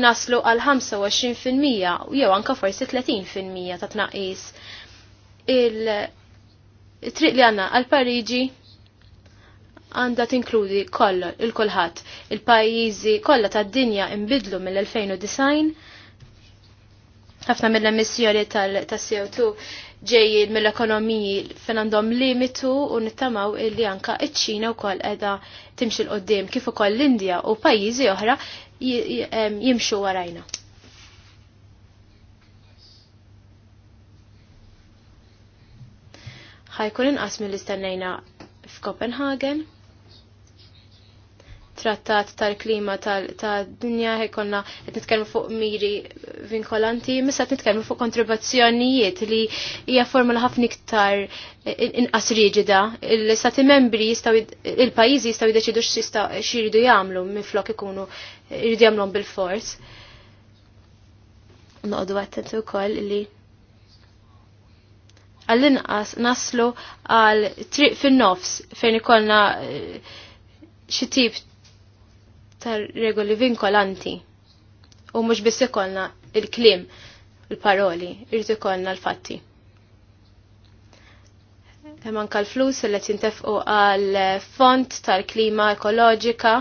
naslu għal 25% u jew anka forsi 30% ta' tnaqqis. Il-triq li għanna għal Pariġi għanda tinkludi koll il kulħadd. Il-pajjiżi kollha tad-dinja imbidlu mill-2009 ħafna mill-emissjoni tal-CO2 ġejjin mill-ekonomiji fejn għandhom limitu u nittamaw illi anka iċ-Ċina wkoll qiegħda timxi l qoddim kif ukoll l-Indja u pajjiżi oħra jimxu warajna. ħajkun inqas mill-istennejna f'Copenhagen trattat tal-klima tal-dinja ta ħekonna qed nitkellmu fuq miri vinkolanti, missa qed nitkellmu fuq kontribuzzjonijiet li hija formula ħafna iktar inqas riġida. Il-stati membri jistgħu il-pajjiżi jistgħu jiddeċidu x'jridu jagħmlu minflok ikunu jridu jagħmluhom bil-fors. Noqdu attenti wkoll li għall-inqas naslu għal triq fin-nofs fejn ikollna eh, xi tip ta' regoli vinkolanti. U mhux biss ikollna il-kliem, il-paroli, irrid ikollna l-fatti. Hemm anke l-flus li qed jintefqu għal font tal-klima ekoloġika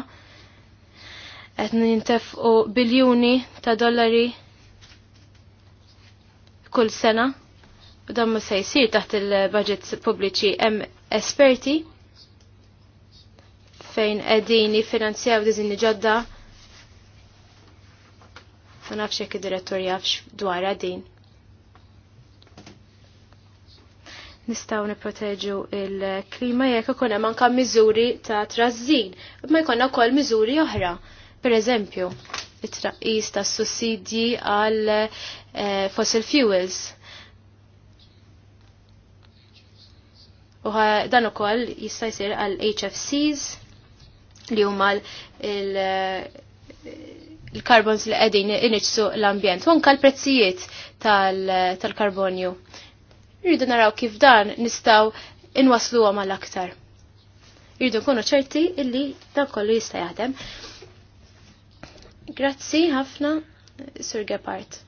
qed nintefqu biljuni ta' dollari kull sena u dan ma se jsir taħt il-budgets pubbliċi hemm esperti fejn qegħdin jiffinanzjaw dizin ġodda. Ma nafx jekk id-direttur jafx dwar din. Nistaw nipproteġu il-klima jekk ikun hemm anke miżuri ta' trażżin, ma jkollna wkoll miżuri oħra. Pereżempju, it-tnaqqis tas sussidji għal eh, fossil fuels. U dan ukoll jista' jsir għal HFCs li huma il-karbons li qegħdin iniġsu l-ambjent. Unka l-prezzijiet tal-karbonju. Rridu naraw kif dan nistgħu inwaslu għal aktar. Rridu nkunu ċerti illi dan kollu jista' jaħdem. Grazzi ħafna, Sur Gepard.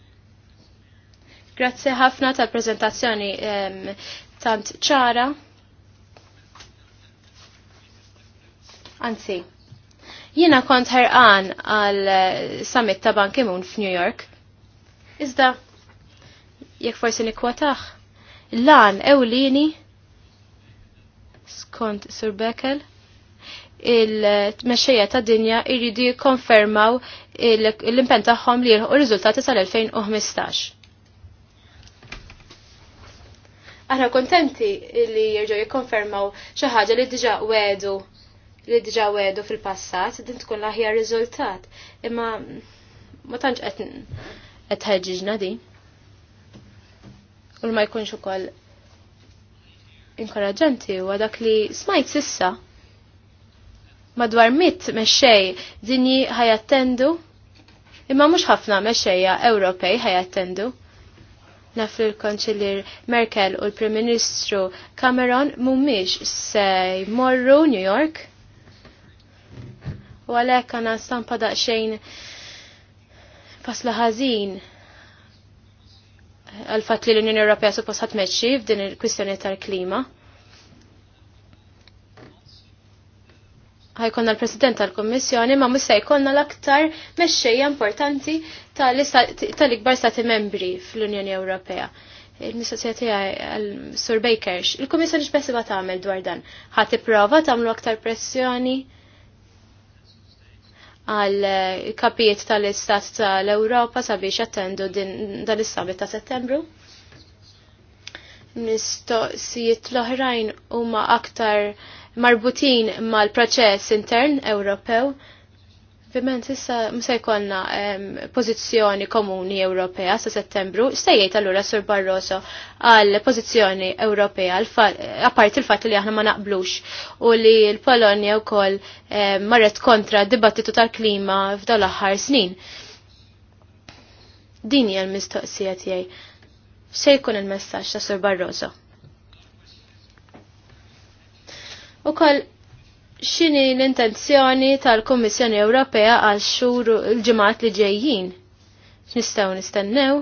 Grazzi ħafna tal-prezentazzjoni tant ċara. Anzi, jiena kont ħerqan għal eh, summit ta' Ban Ki-moon f'New York. Iżda, jekk forsi nikkwataħ, lan ewlini skont Sur Bekel il-tmexxejja ta' dinja jridu jikkonfermaw l-impen tagħhom li jirħu r-riżultati sal-2015. Aħna kontenti li jirġgħu jikkonfermaw xi ħaġa li diġà wedu li diġa għedu fil-passat, din tkun laħja riżultat. Imma ma tantx qed qed di. U ma jkunx ukoll inkoraġanti huwa dak li smajt sissa madwar mit mexxej dinji ħajattendu imma mhux ħafna mexxejja Ewropej ħajattendu naf il konċillir Merkel u l-Prim Ministru Cameron mumiex se jmorru New York u għalhekk għana stampa daqsxejn fasla ħażin għal fatt li l-Unjoni Ewropea suppost ħadd meċċi f'din il-kwistjoni tal-klima. ħajkonna l-President tal-Kommissjoni ma musa jkonna l-aktar mexxejja importanti tal-ikbar stati membri fl-Unjoni Ewropea. Il-mistoqsija tiegħi għal-Sur Bakerx, il-Kummissjoni x'besiba tagħmel dwar dan? Ħadd tipprova tagħmlu aktar pressjoni għal kapijiet tal-Istat tal-Ewropa sabiex attendu din dal-Istabit ta' Settembru. Mistoqsijiet l-oħrajn huma aktar marbutin mal-proċess intern Ewropew probabilment issa mse jkollna pożizzjoni komuni Ewropea sa' settembru, jgħid allura Sur Barroso għal pożizzjoni Ewropea, apparti il-fatt li aħna ma naqblux u li l-Polonja wkoll marret kontra dibattitu tal-klima f'dal l-aħħar snin. Din hija l-mistoqsija tiegħi. Se jkun il-messaġġ ta' Sur Barroso? U xini l-intenzjoni tal-Kommissjoni Ewropea għal xhur l-ġimgħat li ġejjin? X'nistgħu nistennew?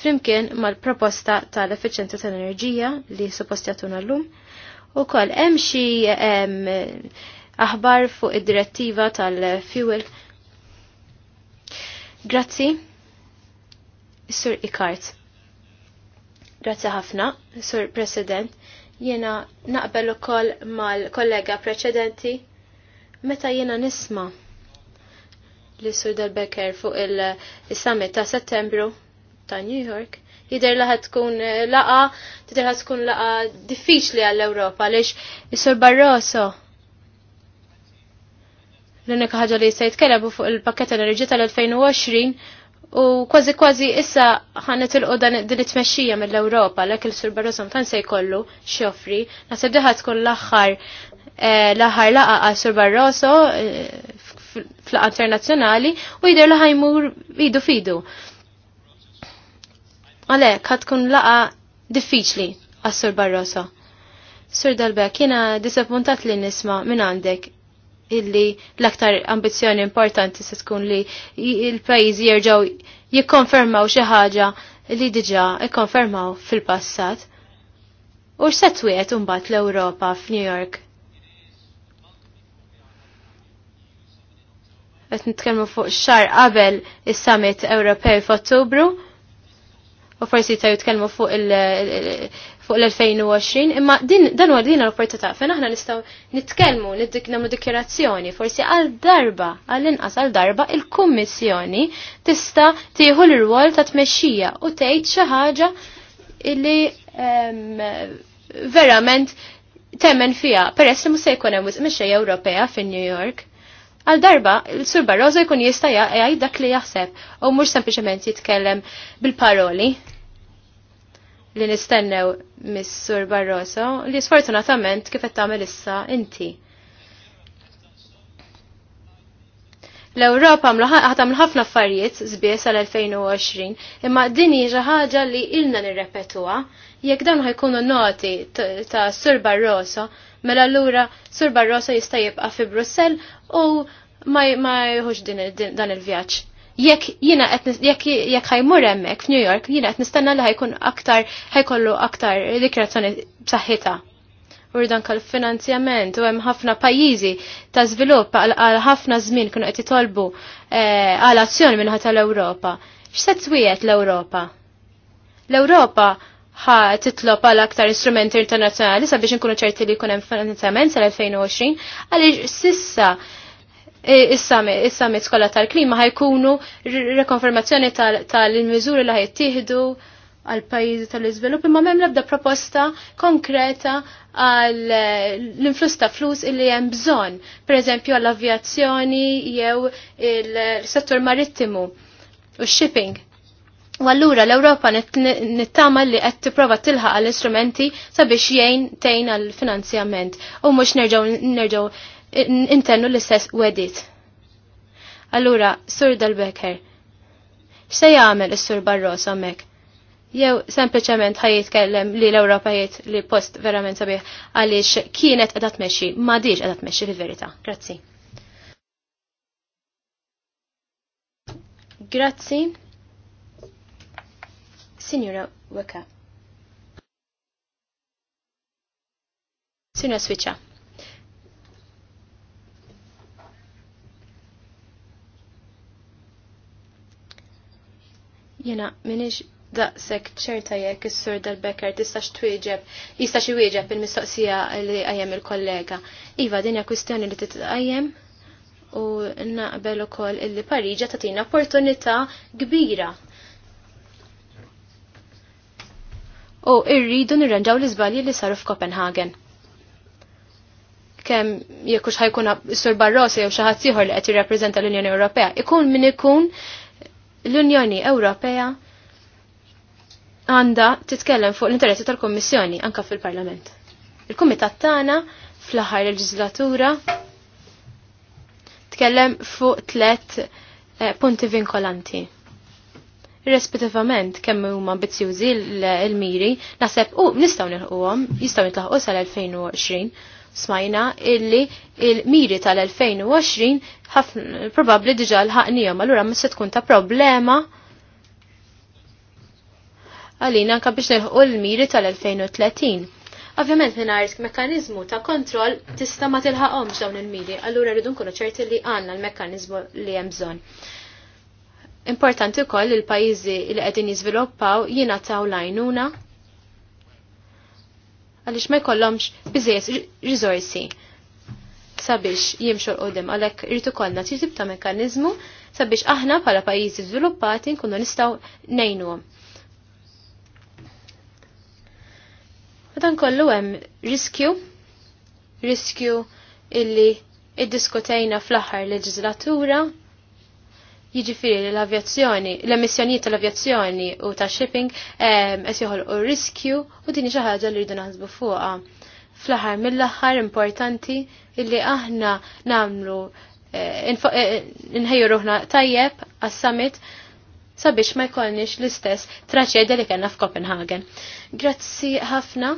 Flimkien mal-proposta tal-effiċenza tal-enerġija li suppost jagħtuna llum, ukoll hemm xi aħbar fuq id-direttiva tal-fuel. Grazzi, Sur Ikart. Grazzi ħafna, Sur President Jena naqbel ukoll mal-kollega preċedenti meta jena nisma li Sudal Becker fuq il-summit ta' settembru ta' New York jider laħat tkun eh, laqa, tider laħat tkun laqa diffiċli għall-Europa, lix jisur Barroso. L-unika ħagġa li jista' jitkellem fuq il-pakket enerġija tal-2020 U kważi kważi issa ħanet il dan din it-tmexxija mill-Ewropa l il-Sur Barroso fan se jkollu xofri, naħseb diħa tkun l-aħħar eh, l-aħħar laqa għal Sur Barroso eh, fl-laqa internazzjonali u jidher li ħajmur idu fidu. Għalhekk ħad tkun laqa diffiċli għas Sur Barroso. Sur Dalbek, jiena disappuntat li nisma' minn għandek illi l-aktar ambizjoni importanti se tkun li il-pajjiżi jerġgħu jikkonfermaw xi ħaġa li diġà ikkonfermaw fil-passat. U se twiet imbagħad l-Ewropa f'New York. Qed nitkellmu fuq xar qabel is-Summit Ewropej f'Ottubru u forsi ta' jitkellmu fuq l-2020, imma din dan huwa din l-opportunità fejn aħna nistgħu nitkellmu namlu dikjerazzjoni, forsi għal darba, għal inqas għal darba il-Kummissjoni tista' tieħu l-rwol ta' tmexxija u tgħid xi ħaġa illi verament temmen fija peress li mhux jkun hemm wisq Ewropea fin-New York. Għal darba, il-Sur Barroso jkun jista' jgħid dak li jaħseb u mhux sempliċement jitkellem bil-paroli li nistennew mis-Sur Barroso li sfortunatament kif qed tagħmel issa inti. L-Ewropa għatamlu ħafna affarijiet żbies għal-2020, imma din hija ħaġa li ilna nirrepetuha jekk dawn ħajkunu noti ta' Sur Barroso Mela allura Sur Barroso jista' jibqa' fi Brussell u ma jħux dan il-vjaġġ. Jekk jekk ħajmur hemmhekk f'New York, jiena qed nistenna li ħajkun aktar ħajkollu aktar dikrazzjoni b'saħħitha u dan kal finanzjament u hemm ħafna pajjiżi ta' żvilupp għal ħafna żmien kienu qed jitolbu eh, għal azzjoni minnħata l-Ewropa. X'se twiet l-Ewropa? L-Ewropa ħa titlob għal aktar instrumenti internazzjonali sabiex inkunu ċerti li jkun hemm finanzjament sal-2020 għaliex sissa e, is-summit kollha tal-klima ħajkunu rekonfermazzjoni tal-miżuri li ħajtieħdu għal pajjiżi tal-iżvilupp imma m'hemm l-ebda proposta konkreta għal e, l-influss ta' flus illi hemm bżonn, pereżempju għall avjazzjoni jew il-settur marittimu u shipping U allura l-Ewropa nittama li qed tipprova tilħaq għall istrumenti sabiex jgħin tgħin għall finanzjament u mhux nerġgħu nerġgħu intennu l-istess wedit. Allura, Sur dal x'se jagħmel is-Sur Barroso hemmhekk? Jew sempliċement ħaj jitkellem li l-Ewropa jgħid li post verament sabiħ għaliex kienet qiegħda tmexxi, ma diġ tmexxi fil-verità. Grazzi. Grazzi. Signora Weka. Signora Switcha. Jena, minix daqsek ċerta jekk is-sur dal-Becker tistax twieġeb, jistax iwieġeb il-mistoqsija li qajjem il-kollega. Iva, din hija kwistjoni li titqajjem u naqbel ukoll illi Pariġa tatina opportunità kbira u irridu nirranġaw l-iżbalji li saru f'Kopenhagen. Kem jekk hux s Sur Barroso jew xi ħadd ieħor li qed jirrappreżenta l-Unjoni Ewropea, ikun min ikun l-Unjoni Ewropea għandha titkellem fuq l-interessi tal-Kommissjoni anka fil-Parlament. Il-Kumitat tagħna fl-aħħar leġislatura tkellem fuq tlet eh, punti vinkolanti rispettivament kemm huma ambizzjużi l-miri, naħseb u nistgħu nilħuhom, jistgħu nitlaħqu sal-2020. Smajna illi il-miri tal-2020 probabbli diġà l-ħaqnijom, allura ma se tkun ta' problema għalina anka biex nilħu l-miri tal-2030. Ovvjament minn risk mekanizmu ta' kontroll tista' ma tilħaqhomx dawn il-miri, allura rridu nkunu ċerti li għandna l-mekanizmu li hemm bżonn. Importanti koll il-pajizi li qegħdin jiżviluppaw jingħataw lajnuna għaliex ma jkollhomx biżejjed riżorsi sabiex jimxu l-qodem għalhekk irid ikollna titib ta' mekkaniżmu sabiex aħna bħala pajjiżi żviluppati nkunu nistgħu ngħinuhom. Madan kollu hemm riskju, riskju illi iddiskutejna fl-aħħar leġislatura Jiġifieri l-avjazzjoni, l-emissjonijiet tal-avjazzjoni u tax-shipping qed joħolqu riskju u din xi ħaġa li rridu naħsbu fuqha. Fl-aħħar mill-aħħar importanti illi aħna nagħmlu e, inħejju e, ruħna tajjeb għas-summit sabiex ma jkollniex l-istess traċedja li kellna f'Copenhagen. Grazzi ħafna.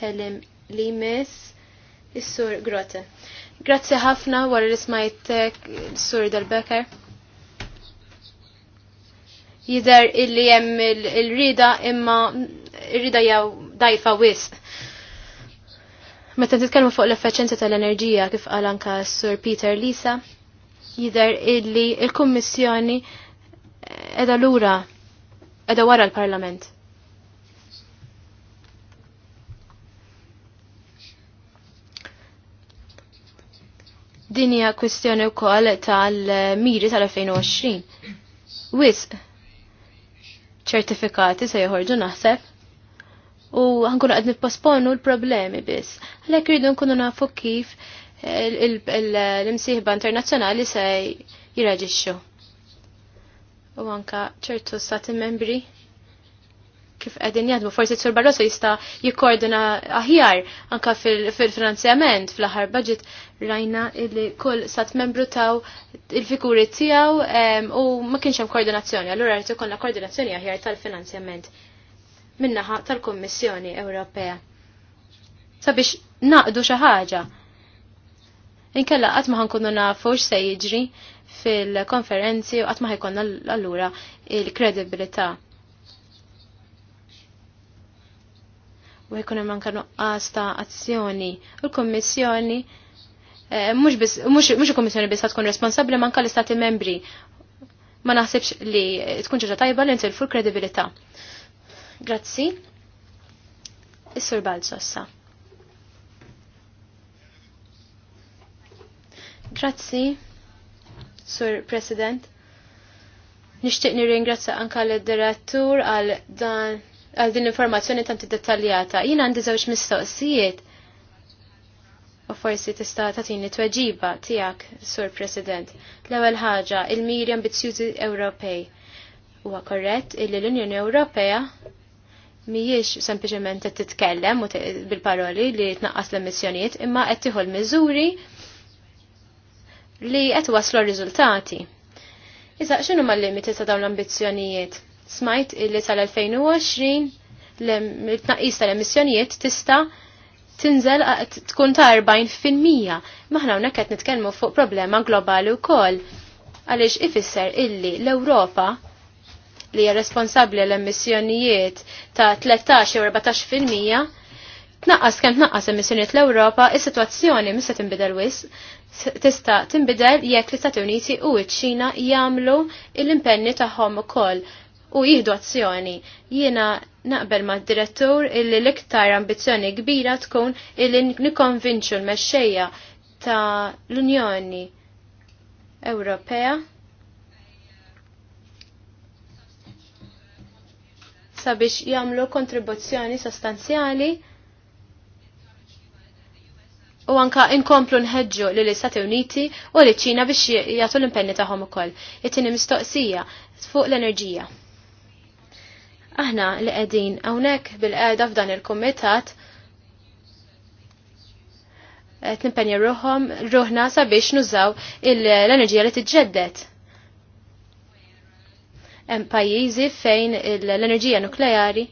Kellim li miss is-sur Grote. Grazzi ħafna wara li smajt eh, sur Del becker Jider illi hemm il-rida imma ir-rida jew dajfa wisq. Meta titkellmu fuq l-effiċenza tal-enerġija kif qal anka sur Peter Lisa, jider illi il-Kummissjoni eh, edha lura edha wara l-Parlament. Din hija kwistjoni wkoll tal-miri tal-2020. Wisq ċertifikati se joħorġu naħseb u ħankunu qed nipposponu l-problemi biss. Għalhekk irridu nkunu nafu kif l-imsieħba internazzjonali se jiraġixxu. U anka ċertu stati membri kif qegħdin jadmu, forsi Sur Barroso jista' jikkordina aħjar anka fil-finanzjament fl-aħħar budget rajna illi kull sat membru taw il-figuri tiegħu u ma kienx hemm koordinazzjoni, allura qed ikollna koordinazzjoni aħjar tal-finanzjament minnaħa tal-Kummissjoni Ewropea. Sabiex naqdu xi ħaġa. Inkella qatt ma ħankunu nafux se jiġri fil-konferenzi u qatt ma ħajkonna allura il-kredibilità. u jkun hemm anke nuqqas ta' azzjoni. U l-Kummissjoni eh, mhux il-Kummissjoni biss tkun responsabbli manka l-Istati membri. Ma naħsibx li tkun ġeġa tajba li ntilfu l-kredibilità. Grazzi. Is-Sur Balzossa. Grazzi, Sur President. Nixtieq nirringrazzja anke l-direttur għal dan għal din l-informazzjoni tanti dettaljata. Jina għandi żewġ mistoqsijiet u forsi tista' tatini tweġiba tiegħek, Sur President. L-ewwel ħaġa, il-miri ambizzjużi Ewropej. Huwa korrett illi l-Unjoni Ewropea mhijiex sempliċement qed titkellem bil-paroli li tnaqqas l-emissjonijiet imma qed tieħu l-miżuri li qed waslu r-riżultati. Iżda x'inhuma l limiti ta' dawn l-ambizzjonijiet? smajt illi tal-2020 l-tnaqis tal-emissjonijiet tista' tinżel tkun ta' 40%. Maħna hawnhekk qed nitkellmu fuq problema globali wkoll. Għaliex ifisser illi l-Ewropa li hija responsabbli l-emissjonijiet ta' 13 u 14% tnaqqas kemm tnaqqas emissjonijiet l-Ewropa, is-sitwazzjoni mista tinbidel wis tista' tinbidel jekk l-Istati Uniti u ċ-Ċina jagħmlu l-impenni tagħhom ukoll u jihdu azzjoni. Jiena naqbel ma' direttur illi l-iktar ambizjoni kbira tkun illi nikonvinċu l-mexxejja ta' l-Unjoni Ewropea sabiex jagħmlu kontribuzzjoni sostanzjali u anka inkomplu nħedġu l-Istati Uniti u l ċina biex jagħtu l-impenni tagħhom ukoll. It-tieni mistoqsija fuq l-enerġija. Aħna li qegħdin hawnhekk bil-qiegħda f'dan il-kumitat qed nimpenja ruħhom ruħna sabiex nużaw l-enerġija li tiġġedded. Hemm pajjiżi fejn l-enerġija nukleari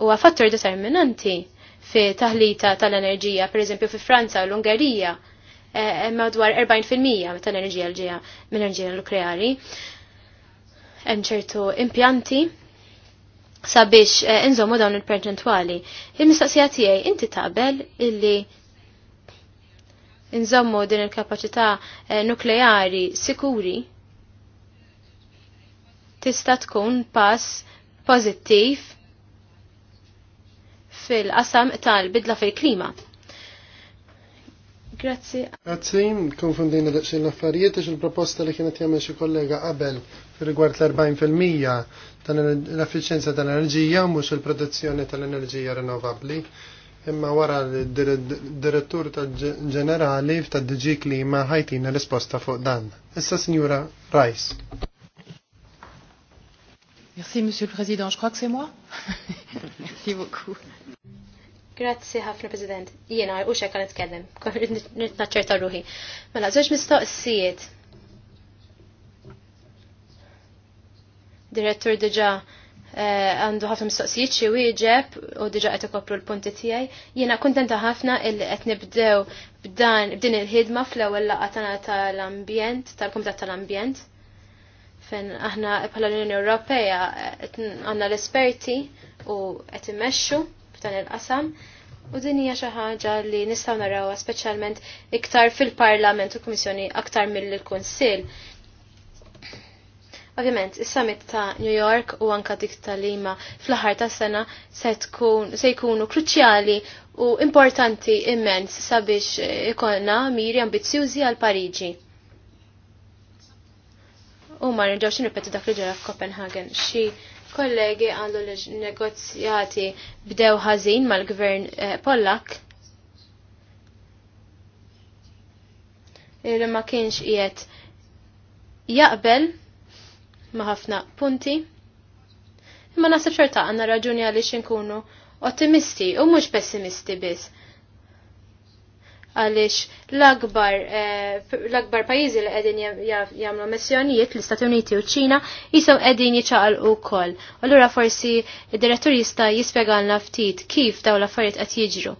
huwa fattur determinanti fi taħlita tal-enerġija, pereżempju fi Franza u l-Ungerija, hemm eh, madwar 40% tal-enerġija l-ġija mill-enerġija nukleari hemm ċertu impjanti sabiex eh, inżommu dawn il-perċentwali. Il-mistaqsija tiegħi inti taqbel illi inżommu din il-kapaċità eh, nukleari sikuri tista' tkun pass pożittiv fil-qasam tal-bidla fil-klima. Grazzi. Grazie, konfundina daqsin l-affarijiet, il-proposta li kienet jagħmel xi kollega qabel rigward l-40% ta' l-efficienza tal-enerġija mhux il-produzzjoni tal-enerġija rinnovabbli. Imma wara l-direttur tal-ġenerali f'tad DG Klima ħajtina risposta fuq dan. Issa Signora Rice. Merci Monsieur le Président, je crois que c'est moi. Merci beaucoup. Grazie, ħafna President. Jena, u xekka nitkellem, nitnaċċerta ruħi. Mela, żewġ mistoqsijiet direttur diġa eh, għandu ħafna mistoqsijiet xi wieġeb u diġa qed ikopru l-punti tiegħi. Jiena kuntenta ħafna illi qed nibdew b'dan b'din il-ħidma fl-ewwel laqgħa tagħna tal-ambjent, tal-Kumitat tal-Ambjent. Fejn aħna bħala l-Unjoni Ewropea għandna l-esperti u qed immexxu f'dan il-qasam. U din hija xi ħaġa li nistgħu narawha speċjalment iktar fil-Parlament u Kummissjoni aktar mill-Kunsill Ovvjament, is-summit ta' New York u anka dik ta' Lima fl-aħħar ta' sena se jkunu kruċjali u importanti immens sabiex ikollna miri ambizzjużi għal Pariġi u ma nirġawx nirrepetu dak li ġara f'Copenhagen. Xi kollegi għandu negozjati bdew ħażin mal-gvern eh, Pollak li ma kienx qiegħed jaqbel ma' ħafna punti. Imma nasib xorta għanna raġuni għaliex inkunu ottimisti u mhux pessimisti biss. Għaliex l-akbar pajizi eh, pajjiżi li qegħdin jagħmlu missjonijiet l-Istati Uniti u ċina, ċina għedin qegħdin u wkoll. Allura forsi id-direttur jista' jispjegalna ftit kif dawn l-affarijiet qed jiġru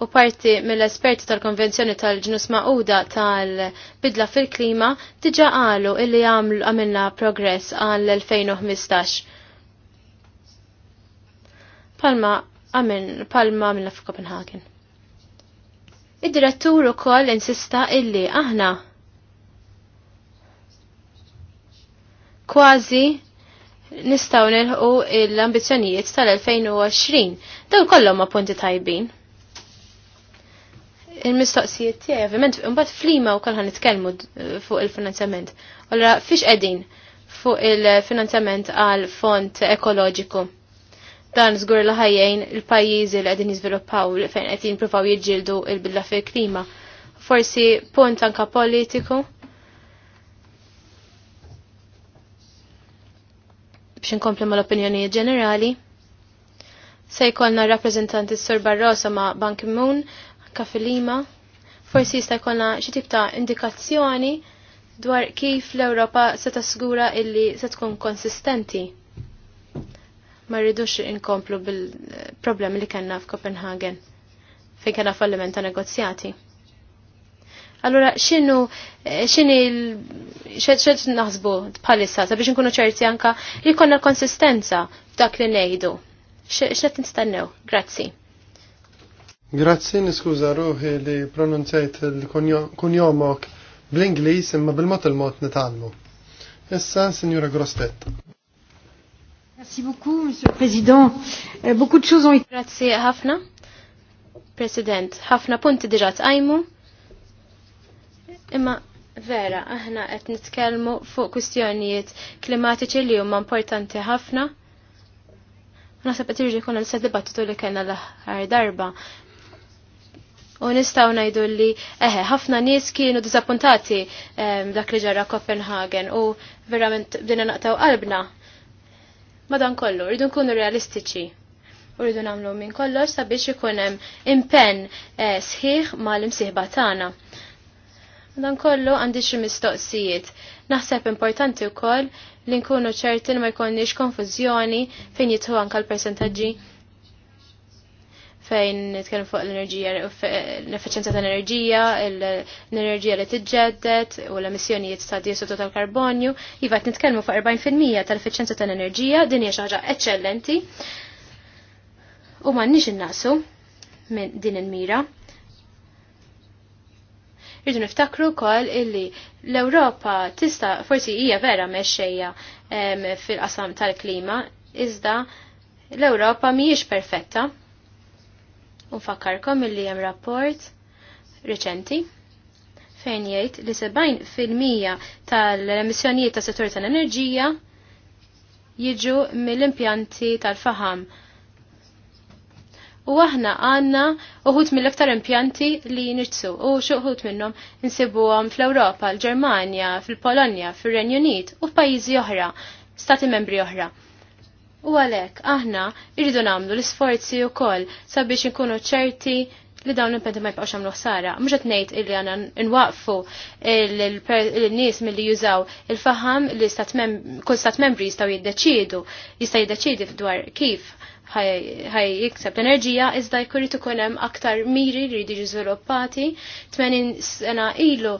u parti mill-esperti tal-Konvenzjoni tal-ġnus maquda tal-bidla fil-klima diġa qalu illi għamlu għamilna progress għal-2015. Palma għamil, palma għamilna f'Kopenhagen. Id-direttur u koll insista illi aħna kważi nistaw nilħu l-ambizjonijiet tal-2020. Daw kollhom punti tajbin il-mistoqsijiet tiegħi ovvjament imbagħad flima wkoll ħan nitkellmu fuq il-finanzjament. Allura fiex qegħdin fuq il-finanzjament għal font ekoloġiku. Dan żgur l ħajjejn il-pajjiżi li qegħdin jiżviluppaw fejn qed jippruvaw jiġġieldu l-billa fil-klima. Forsi punt anka politiku. biex inkompli mal-opinjoni ġenerali. Se jkollna rappreżentanti s-Sur Barroso ma' Bank moon kafilima, forsi jista' jkollna xi tip ta' indikazzjoni dwar kif l-Ewropa se tasgura illi se tkun konsistenti. Ma rridux inkomplu bil-problemi li kellna f'Copenhagen fejn kellna falliment ta' negozjati. Allora, xinu, xini xed xed naħsbu bħalissa, sabiex nkunu ċerti anka li konna konsistenza f'dak li nejdu. Xed nistennew, grazzi. Grazzi, niskuża ruħi li pronunzjajt il-kunjomok bl-Inglis imma bil-mot il-mot nitalmu. Issa, Signora Grostet. Merci beaucoup, Monsieur le Président. Euh, beaucoup de choses ont été... Grazie, ħafna. President, ħafna punti diġa tqajmu. Imma vera, aħna qed nitkellmu fuq kwistjonijiet klimatiċi li huma importanti ħafna. Naħseb qed irġi kuna l-sa dibattitu li kellna l darba U nistaw najdu li eħe, ħafna nies kienu dizappuntati dak li ġara Copenhagen u verament bdina naqtaw qalbna. Madan kollu, rridu nkunu realistiċi. U rridu namlu minn kollox sabiex ikun hemm impenn e, sħiħ mal-imsieħba tagħna. Madan kollu għandi xi mistoqsijiet. Naħseb importanti wkoll li nkunu ċertin ma jkunniex konfużjoni fejn jitħu anke l-persentaġġi fejn nitkellmu fuq l-enerġija, l-efficienza ta' enerġija, l-enerġija li tiġġedded u l-emissjonijiet ta' dioxidu tal-karbonju, iva qed nitkellmu fuq 40% tal-efficienza ta' enerġija, din hija xi ħaġa eċċellenti. U m'għandniex innaqsu minn din il-mira. Irridu niftakru wkoll illi l-Ewropa tista' forsi hija vera mexxejja fil-qasam tal-klima, iżda l-Ewropa mhijiex perfetta Unfakkarkom illi hemm rapport riċenti fejn jgħid li 70% tal-emissjonijiet ta' settur tal-enerġija jiġu mill-impjanti tal-faham. U aħna għanna uħut mill-aktar impjanti li nirtsu u xuħut minnom insibuhom fl-Ewropa, l-Ġermanja, fil-Polonja, fil-Renju Unit u f'pajjiżi oħra, stati membri oħra. U għalek, aħna irridu namlu l-sforzi u koll sabiex nkunu ċerti li dawn l-impenti ma jibqawx għamlu ħsara. Mux għatnejt illi għana nwaqfu l-nis mill-li jużaw il-faham li kull stat membri jistaw jiddeċidu, jistaw jiddeċidu dwar kif ħaj jikseb l-enerġija, iżda jkurrit ikun hemm aktar miri li jridu żviluppati, 80 sena ilu,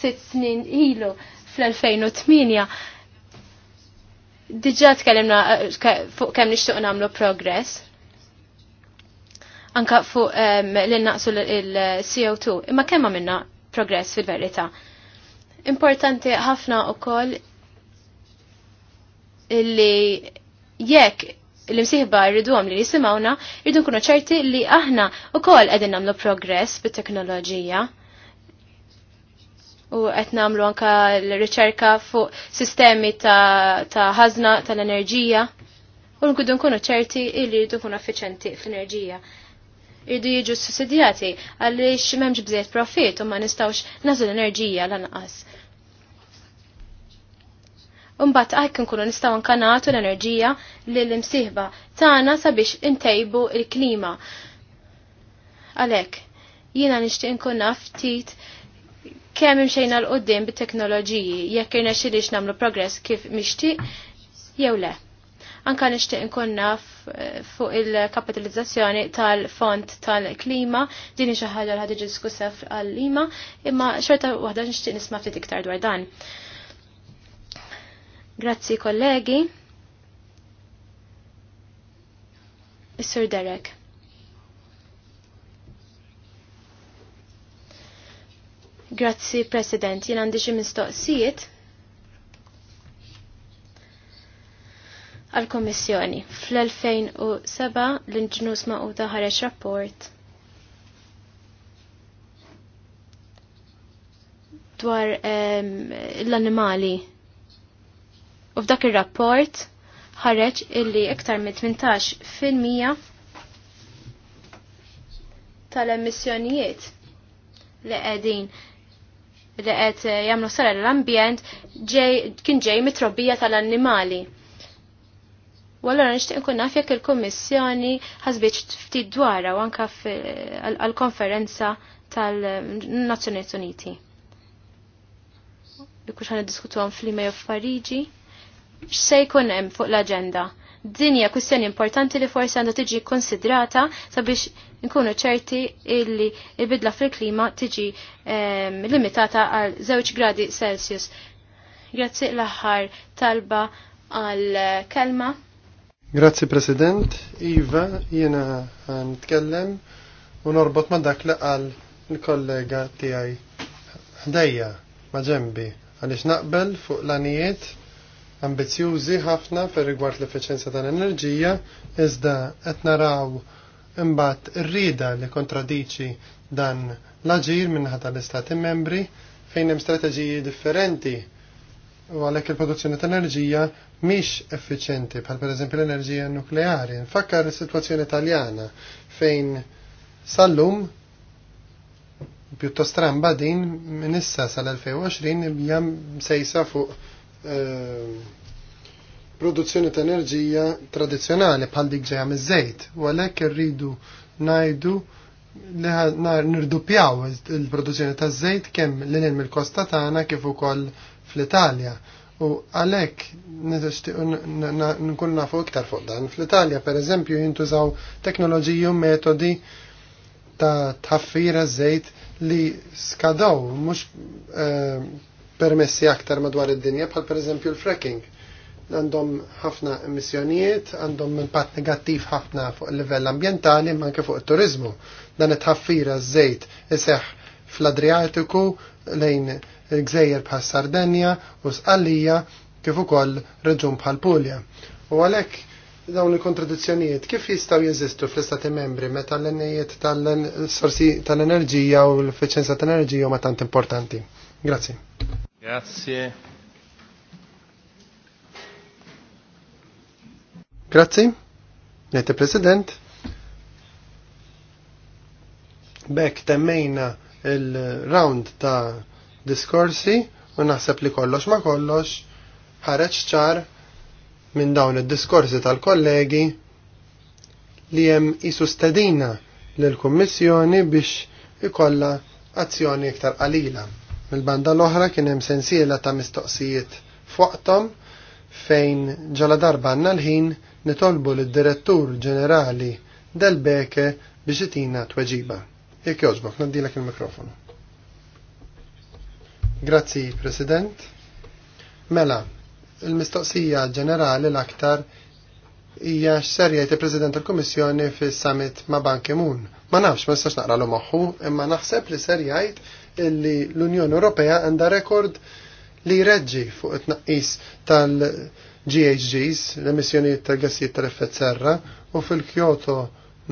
6 snin ilu fl-2008 Diġa tkellimna eh, fuq kemm nixtieq nagħmlu progress. Anka fuq li naqsu il-CO2. Imma kemm għamilna progress fil-verità. Importanti ħafna wkoll li jekk l-imsiħba rriduhom li jisimawna, rridu nkunu ċerti li aħna wkoll qegħdin nagħmlu progress bit-teknoloġija u qed nagħmlu anke l-riċerka fuq sistemi ta' ħażna tal-enerġija u nkunu nkunu ċerti li jridu nkunu effiċenti fl-enerġija. Irdu jiġu sussidjati għaliex m'hemmx bżejjed profit u ma nistgħux nażlu l-enerġija lanqas. Umbat għajk nkunu nistaw nkanatu l-enerġija li l-imsiħba tagħna sabiex intejbu il-klima. Għalek, jina nishtiq nkun naftit kemm imxejna l-qoddim bit-teknoloġiji jekk irna xiliex namlu progress kif mixtieq jew le. Anka nixtieq nkun naf eh, fuq il-kapitalizzazzjoni tal-font tal-klima din xi ħaġa li ħadd diskussa għall-lima, imma xorta waħda nixtieq nisma' ftit iktar dwar dan. Grazzi kollegi. Is-Sur Derek. Grazzi, President. Jien għandi xi mistoqsijiet għal-Komissjoni. Fl-2007 l-inġnus maquta ħareġ rapport dwar l-annimali. U f'dak ir-rapport ħareġ illi iktar minn 18 fil-mija tal-emissjonijiet li qegħdin li qed eh, jagħmlu sara l-ambjent kien ġej mit-trobbija tal-annimali. U allora nixtieq nkun naf jekk il-Kummissjoni ħasbiċ ftit dwarha u anke għall-konferenza tal-Nazzjonijiet Uniti. Jekk hux ħaniddiskutuhom fl-Imej of Pariġi, x'se jkun hemm fuq l agenda din hija kwistjoni importanti li forsi għandha tiġi konsidrata sabiex nkunu ċerti illi il-bidla fil-klima tiġi ehm, limitata għal 0 gradi Celsius. Grazzi l-aħħar talba għal kelma. Grazzi President, Iva, jena nitkellem u norbot ma dak li qal il-kollega tiegħi ħdejja ma ġembi għaliex naqbel fuq l-anijiet ambizjużi ħafna per rigward l-efficienza tal-enerġija, iżda qed naraw imbagħad ir-rida li kontradiċi dan l-aġir minnaħa tal-Istati membri fejn hemm strateġiji differenti u għalhekk il-produzzjoni ta' enerġija mhix effiċjenti bħal pereżempju l-enerġija nukleari. Nfakkar is-sitwazzjoni Taljana fejn sallum pjuttost ramba din minissa issa sal-2020 jam sejsa fuq Eh, produzzjoni ta' enerġija tradizzjonali bħal dik ġejja miż-żejt, u għalhekk irridu ngħidu li nirdupjaw il-produzzjoni ta' żejt kemm lil hemm il-kosta tagħna kif ukoll fl-Italja. U għalhekk nkun nafu iktar fuq dan. Fl-Italja pereżempju jintużaw teknoloġiji u metodi ta' tħaffira żejt li skadaw mhux eh, permessi aktar madwar id-dinja bħal pereżempju l-fracking. Għandhom ħafna emissjonijiet, għandhom impatt negattiv ħafna fuq il-livell ambjentali ma anke fuq it-turizmu. Dan it-ħaffira żejt iseħħ fl-Adriatiku lejn gżejjer bħal Sardenja u Sqallija kif ukoll reġun bħal Pulja. U għalhekk dawn il-kontradizzjonijiet kif jistgħu jeżistu fl-istati membri meta l-ennejiet tal-sorsi tal-enerġija u l effiċjenza tal-enerġija huma tant importanti? Grazie. Grazie. Grazie. Nete President. Bek temmejna il-round ta' diskorsi u naħseb li kollox ma kollox ħareġ ċar minn dawn id-diskorsi tal-kollegi li jem jisustedina l-Kummissjoni biex ikolla azzjoni iktar qalila. Mill-banda l-oħra kien hemm sensiela ta' mistoqsijiet fuqtom fejn ġala darba għandna l-ħin nitolbu lid-Direttur Ġenerali Del Beke biex itina tweġiba. Jekk jogħġbok, nadilek il-mikrofonu. Grazzi, President. Mela, il-mistoqsija ġenerali l-aktar hija x'serjet il-President tal-Kummissjoni fis-summit ma' Banki Mun. Ma nafx ma nistax naqra l moħħu, imma naħseb li ser jgħid illi l-Unjoni Ewropea għandha rekord li reġġi fuq it-tnaqqis tal-GHGs, l-emissjonijiet tal-gassijiet tal-effett serra, u fil-Kyoto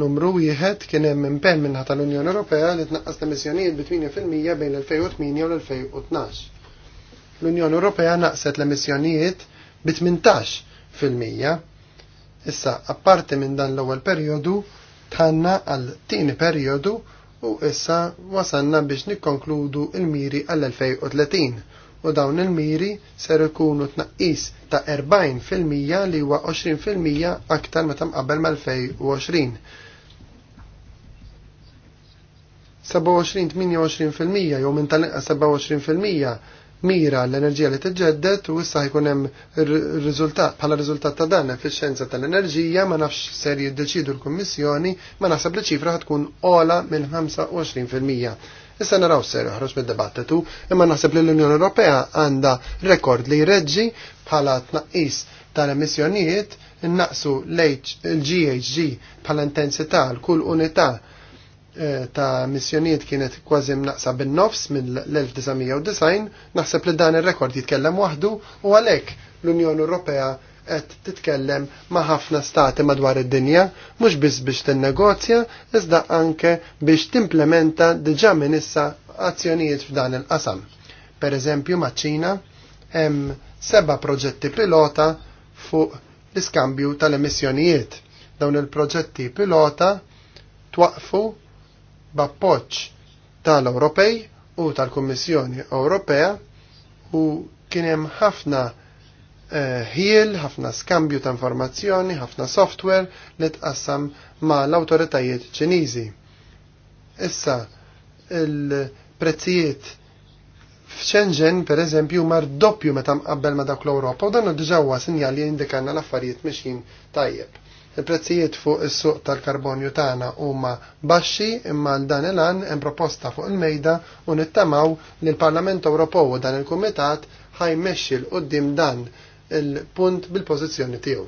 numru wieħed kien hemm impenn minnha tal-Unjoni Ewropea li tnaqqas l-emissjonijiet bi 8% bejn l-2008 u l-2012. L-Unjoni Ewropea naqset l-emissjonijiet bi 18%. Issa, apparti minn dan l-ewwel perjodu, tħanna għal tieni perjodu u issa wasanna biex nikkonkludu il-miri għall-2030 u dawn il-miri ser ikunu tnaqqis ta' 40% li huwa 20% aktar meta mqabbel mal-2020. 27-28% jew minn tal-27% mira l-enerġija li tiġġedded u issa jkun hemm riżultat bħala riżultat ta' dan effiċjenza tal-enerġija ma nafx ser jiddeċidu l-Kummissjoni ma naħseb li ċifra tkun ola minn 25%. Issa naraw ser ħroġ mid-dibattitu, imma naħseb li l-Unjoni Ewropea għandha rekord li jreġġi bħala tnaqqis tal-emissjonijiet innaqsu l-GHG bħala intensità l-kull unità Eh, ta' missjoniet kienet kważi mnaqsa bin-nofs mill-1990, naħseb li dan ir-rekord jitkellem waħdu u għalhekk l-Unjoni Ewropea qed titkellem ma' ħafna stati madwar id-dinja, mhux biss biex tinnegozja, iżda anke biex timplementa diġà minn issa azzjonijiet f'dan il-qasam. Per eżempju ma' Ċina hemm seba' proġetti pilota fuq l-iskambju tal-emissjonijiet. Dawn il-proġetti pilota twaqfu b'appoġġ tal-Ewropej u tal-Kummissjoni Ewropea u kien hemm ħafna eh, ħiel, ħafna skambju ta' informazzjoni, ħafna software li tqassam ma' l-autoritajiet ċiniżi. Issa, il-prezzijiet f'Shenzhen, per eżempju, mar doppju meta mqabbel ma' dak l-Ewropa u dan diġa huwa sinjal li indikanna l-affarijiet mexjin tajjeb il-prezzijiet fuq is-suq tal-karbonju tagħna huma baxxi imma dan il-għan hemm proposta fuq il-mejda u nittamaw li l-Parlament Ewropew u dan il-Kumitat ħajmexxi l qudiem dan il-punt bil-pożizzjoni tiegħu.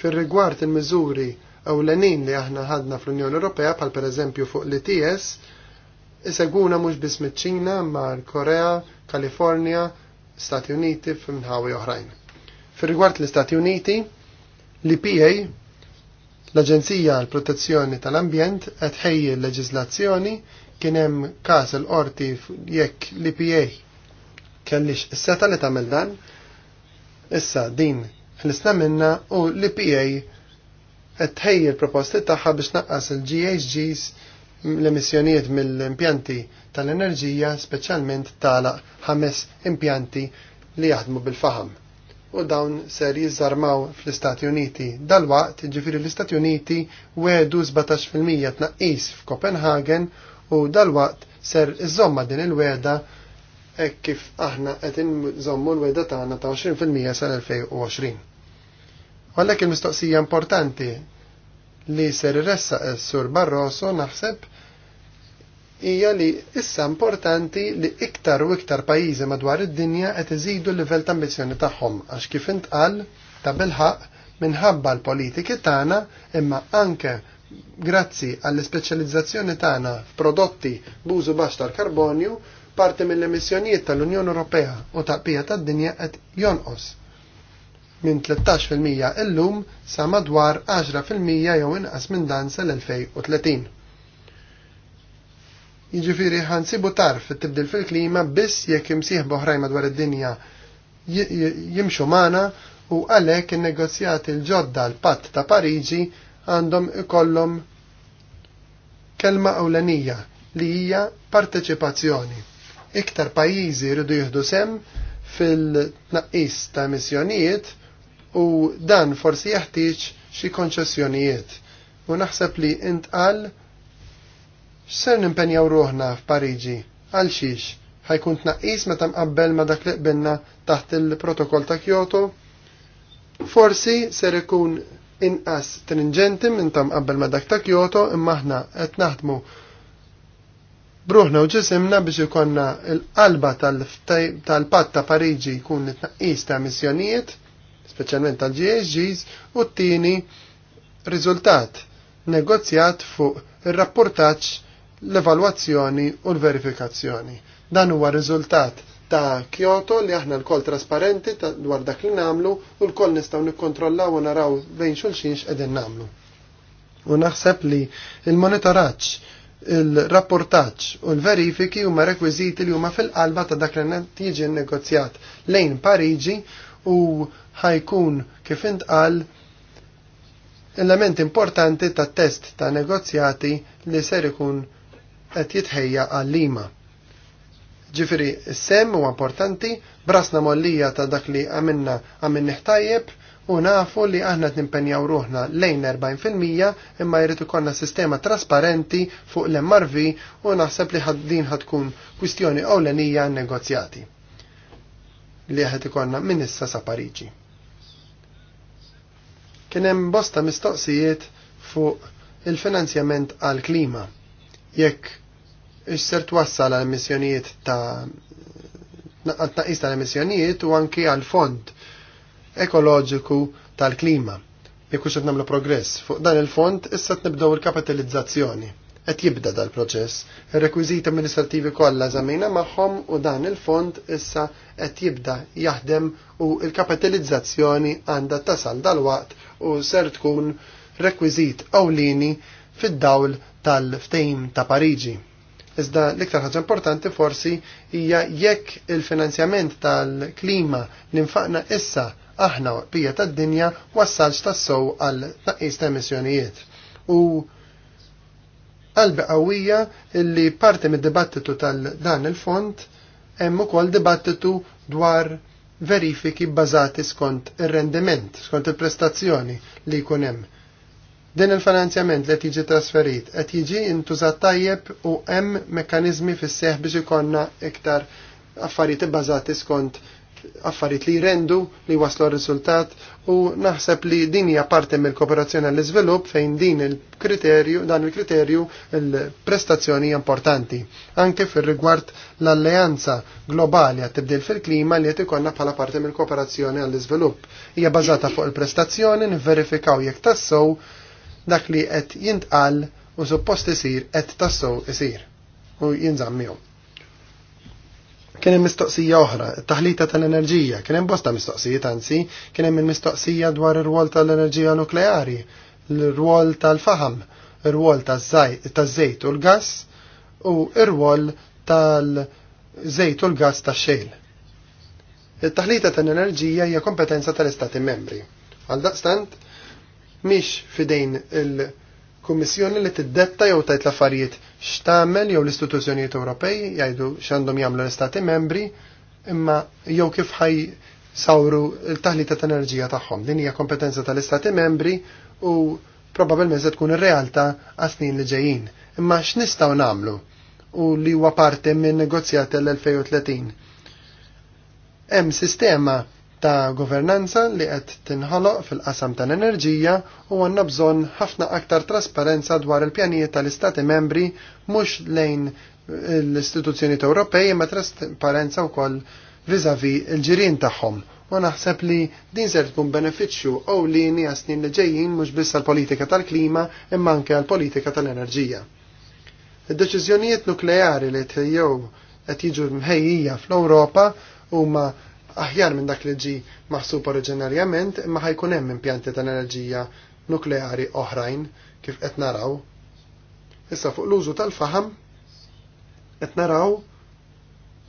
Fir-rigward il-miżuri ewlenin li aħna ħadna fl-Unjoni Ewropea bħal pereżempju fuq l-ITS, iseguna mhux biss miċ-Ċina ma' l-Korea, Kalifornja, Stati Uniti f'imħawi oħrajn. Fir-rigward l-Istati Uniti, l-IPA L-Aġenzija għal protezzjoni tal-Ambjent qed ħejji l-leġiżlazzjoni kien hemm każ il-qorti jekk l-IPA kellix is-seta li tagħmel dan, issa din ħlisna minna u l-IPA qed tħejji l-proposti tagħha biex naqqas il-GHGs l-emissjonijiet mill-impjanti tal-enerġija speċjalment tala ħames impjanti li jaħdmu bil-faham u dawn ser jizzarmaw fl-Istati Uniti. Dal-waqt, ġifiri l-Istati Uniti għedu 17% tnaqqis f'Kopenhagen u dal-waqt ser iżomma din il-weda e kif aħna qed inżommu l-weda tagħna ta' 20% sal-2020. Għallek il-mistoqsija importanti li ser irressa s-Sur Barroso naħseb hija li issa importanti li iktar u iktar pajjiżi madwar id-dinja qed iżidu l-livell ta' ambizzjoni tagħhom għax kif intqal ta' bilħaq minħabba l-politiki tagħna imma anke grazzi għall-ispeċjalizzazzjoni tagħna f'prodotti b'użu baxx tal-karbonju parti mill-emissjonijiet tal-Unjoni Ewropea u ta' pija tad-dinja qed jonqos minn 13% illum sa madwar 10% jew inqas minn dan sal-2030 Jiġifieri ħansibu tarf it-tibdil fil-klima biss jekk imsieħ boħrajn madwar id-dinja jimxu magħna u għalhekk in-negozjati l-ġodda l-Patt ta' Pariġi għandhom ikollhom kelma ewlenija li hija parteċipazzjoni. Iktar pajjiżi jridu jieħdu sem fil-tnaqqis ta' emissjonijiet u dan forsi jeħtieġ xi konċessjonijiet. U naħseb li intqal Ser nimpenjaw ruħna f'Pariġi, għal xiex, ħajkun tnaqqis meta mqabbel ma dak li taħt il-protokoll ta' Kyoto? Forsi ser ikun inqas tringenti minn ta' mqabbel ma dak ta' Kyoto imma aħna qed naħdmu Bruħna u ġisimna biex ikonna l-qalba tal-pat ta' Pariġi jkun it-tnaqqis ta' missjonijiet, speċjalment tal-GSGs, u t-tieni riżultat negozjat fuq ir-rapportaċ l-evalwazzjoni u l-verifikazzjoni. Dan huwa riżultat ta' Kyoto li aħna l koll trasparenti dwar dak li namlu u l koll nistaw nikkontrollaw u naraw bejn xulxinx edin namlu. U naħseb li il-monitoraċ, il-rapportaċ u l-verifiki huma rekwiziti li huma fil-qalba ta' dak li tiġi negozjat lejn Pariġi u ħajkun kif intqal element importanti ta' test ta' negozjati li ser ikun qed jitħejja għal Lima. Ġifiri, sem u importanti, brasna mollija ta' dak li għamilna għamil niħtajjeb u nafu li aħna t-nimpenjaw ruħna lejn 40% imma jritu konna sistema trasparenti fuq l-MRV u naħseb li ħaddin ħadkun kwistjoni ewlenija negozjati li ħed ikonna minn issa sa Pariġi. Kien hemm bosta mistoqsijiet fuq il-finanzjament għal klima. Jekk isser twassal għal emissjonijiet ta' tnaqis tal-emissjonijiet u anki għal fond ekoloġiku tal-klima. Jekk qed nagħmlu progress fuq dan il-fond issa t-nibdow il-kapitalizzazzjoni. Qed jibda dal-proċess. Ir-rekwiżiti amministrativi kollha zamina magħhom u dan il-fond issa qed jibda jaħdem u l-kapitalizzazzjoni għandha tasal dal-waqt u ser tkun rekwiżit ewlieni fid-dawl tal-ftejm ta' Pariġi Iżda l-iktar ħaġa importanti forsi hija jekk il-finanzjament tal-klima li nfaqna issa aħna bija tad-dinja wassalx tas-sow għal tnaqqis ta' emissjonijiet. U qalbi qawwija li parti mid-dibattitu tal-dan il-fond hemm ukoll dibattitu dwar verifiki bbażati skont ir-rendiment, skont il-prestazzjoni li jkun hemm Din il-finanzjament li tiġi trasferit qed jiġi intużat tajjeb u hemm mekkaniżmi fis-seħ biex ikonna iktar affarijiet ibbażati skont affarijiet li jrendu li waslu r-riżultat u naħseb li din hija parti mill-kooperazzjoni għall iżvilupp fejn din il-kriterju dan il-kriterju il-prestazzjoni importanti anke fir-rigward l-alleanza globali għat tibdil fil-klima li qed ikollna bħala parti mill-kooperazzjoni għall iżvilupp hija bażata fuq il-prestazzjoni nivverifikaw jekk tassew dak li qed jintqal u suppost isir qed tassu isir u jinżammihom. Kien hemm mistoqsija oħra, taħlita tal-enerġija, kien hemm bosta mistoqsijiet anzi, kien hemm mistoqsija dwar ir-rwol tal-enerġija nukleari, l-rwol tal-faham, ir-rwol taż-żejt u l-gass u ir-rwol tal-żejt u l-gass tax-xejl. it taħlita tal-enerġija hija kompetenza tal-Istati membri. Għal daqstant, mhix fidejn il-Kummissjoni li tiddetta jew tajt l-affarijiet x'tagħmel jew l-istituzzjonijiet Ewropej jgħidu x'għandhom jagħmlu l-Istati membri imma jew kif ħaj sawru l-taħlita ta' enerġija tagħhom. Din hija kompetenza tal-Istati membri u probabbilment se tkun ir-realtà għas-snin li ġejjin. Imma x'nistgħu nagħmlu u li huwa parti minn negozjat l-2030. Hemm sistema ta' governanza li qed tinħoloq fil-qasam tal-enerġija u għandna bżonn ħafna aktar trasparenza dwar il-pjanijiet tal-Istati membri mhux lejn l-istituzzjonijiet Ewropej imma trasparenza wkoll viżavi l-ġirien tagħhom. U naħseb li din ser tkun benefiċċju ewlieni għas snin li ġejjin mhux biss għall-politika tal-klima imma anke għall-politika tal-enerġija. Id-deċiżjonijiet nukleari li tħejjew qed jiġu mħejjija fl-Ewropa huma aħjar minn dak li ġi maħsub oriġinarjament imma ħajkun hemm impjanti ta' enerġija nukleari oħrajn kif qed naraw. Issa fuq l-użu tal-faham qed naraw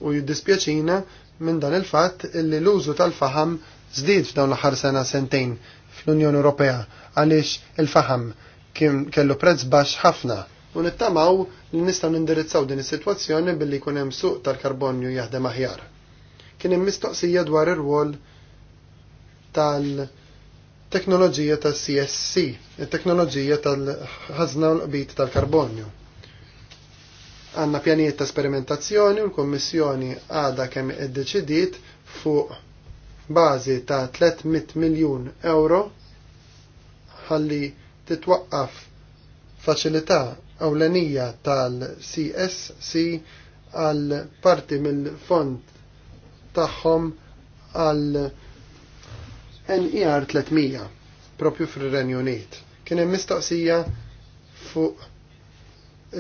u jiddispjaċina minn dan il-fatt illi l-użu tal-faham żdied f'dawn l-aħħar sena sentejn fl-Unjoni Ewropea għaliex il-faham kien kellu prezz baxx ħafna u nittamaw li nistgħu nindirizzaw din is-sitwazzjoni billi jkun hemm suq tal-karbonju jaħdem aħjar kien hemm mistoqsija dwar ir-rwol tal-teknoloġija tas-CSC, it-teknoloġija tal-ħażna u l-qbit tal-karbonju. Għanna pjanijiet ta' sperimentazzjoni u l-Kommissjoni għada kemm iddeċidiet fuq bażi ta' 300 miljun euro ħalli titwaqqaf faċilità ewlenija tal-CSC għal parti mill-fond taħħom għal NER 300 propju fir-Renju Unit. Kien hemm mistoqsija fuq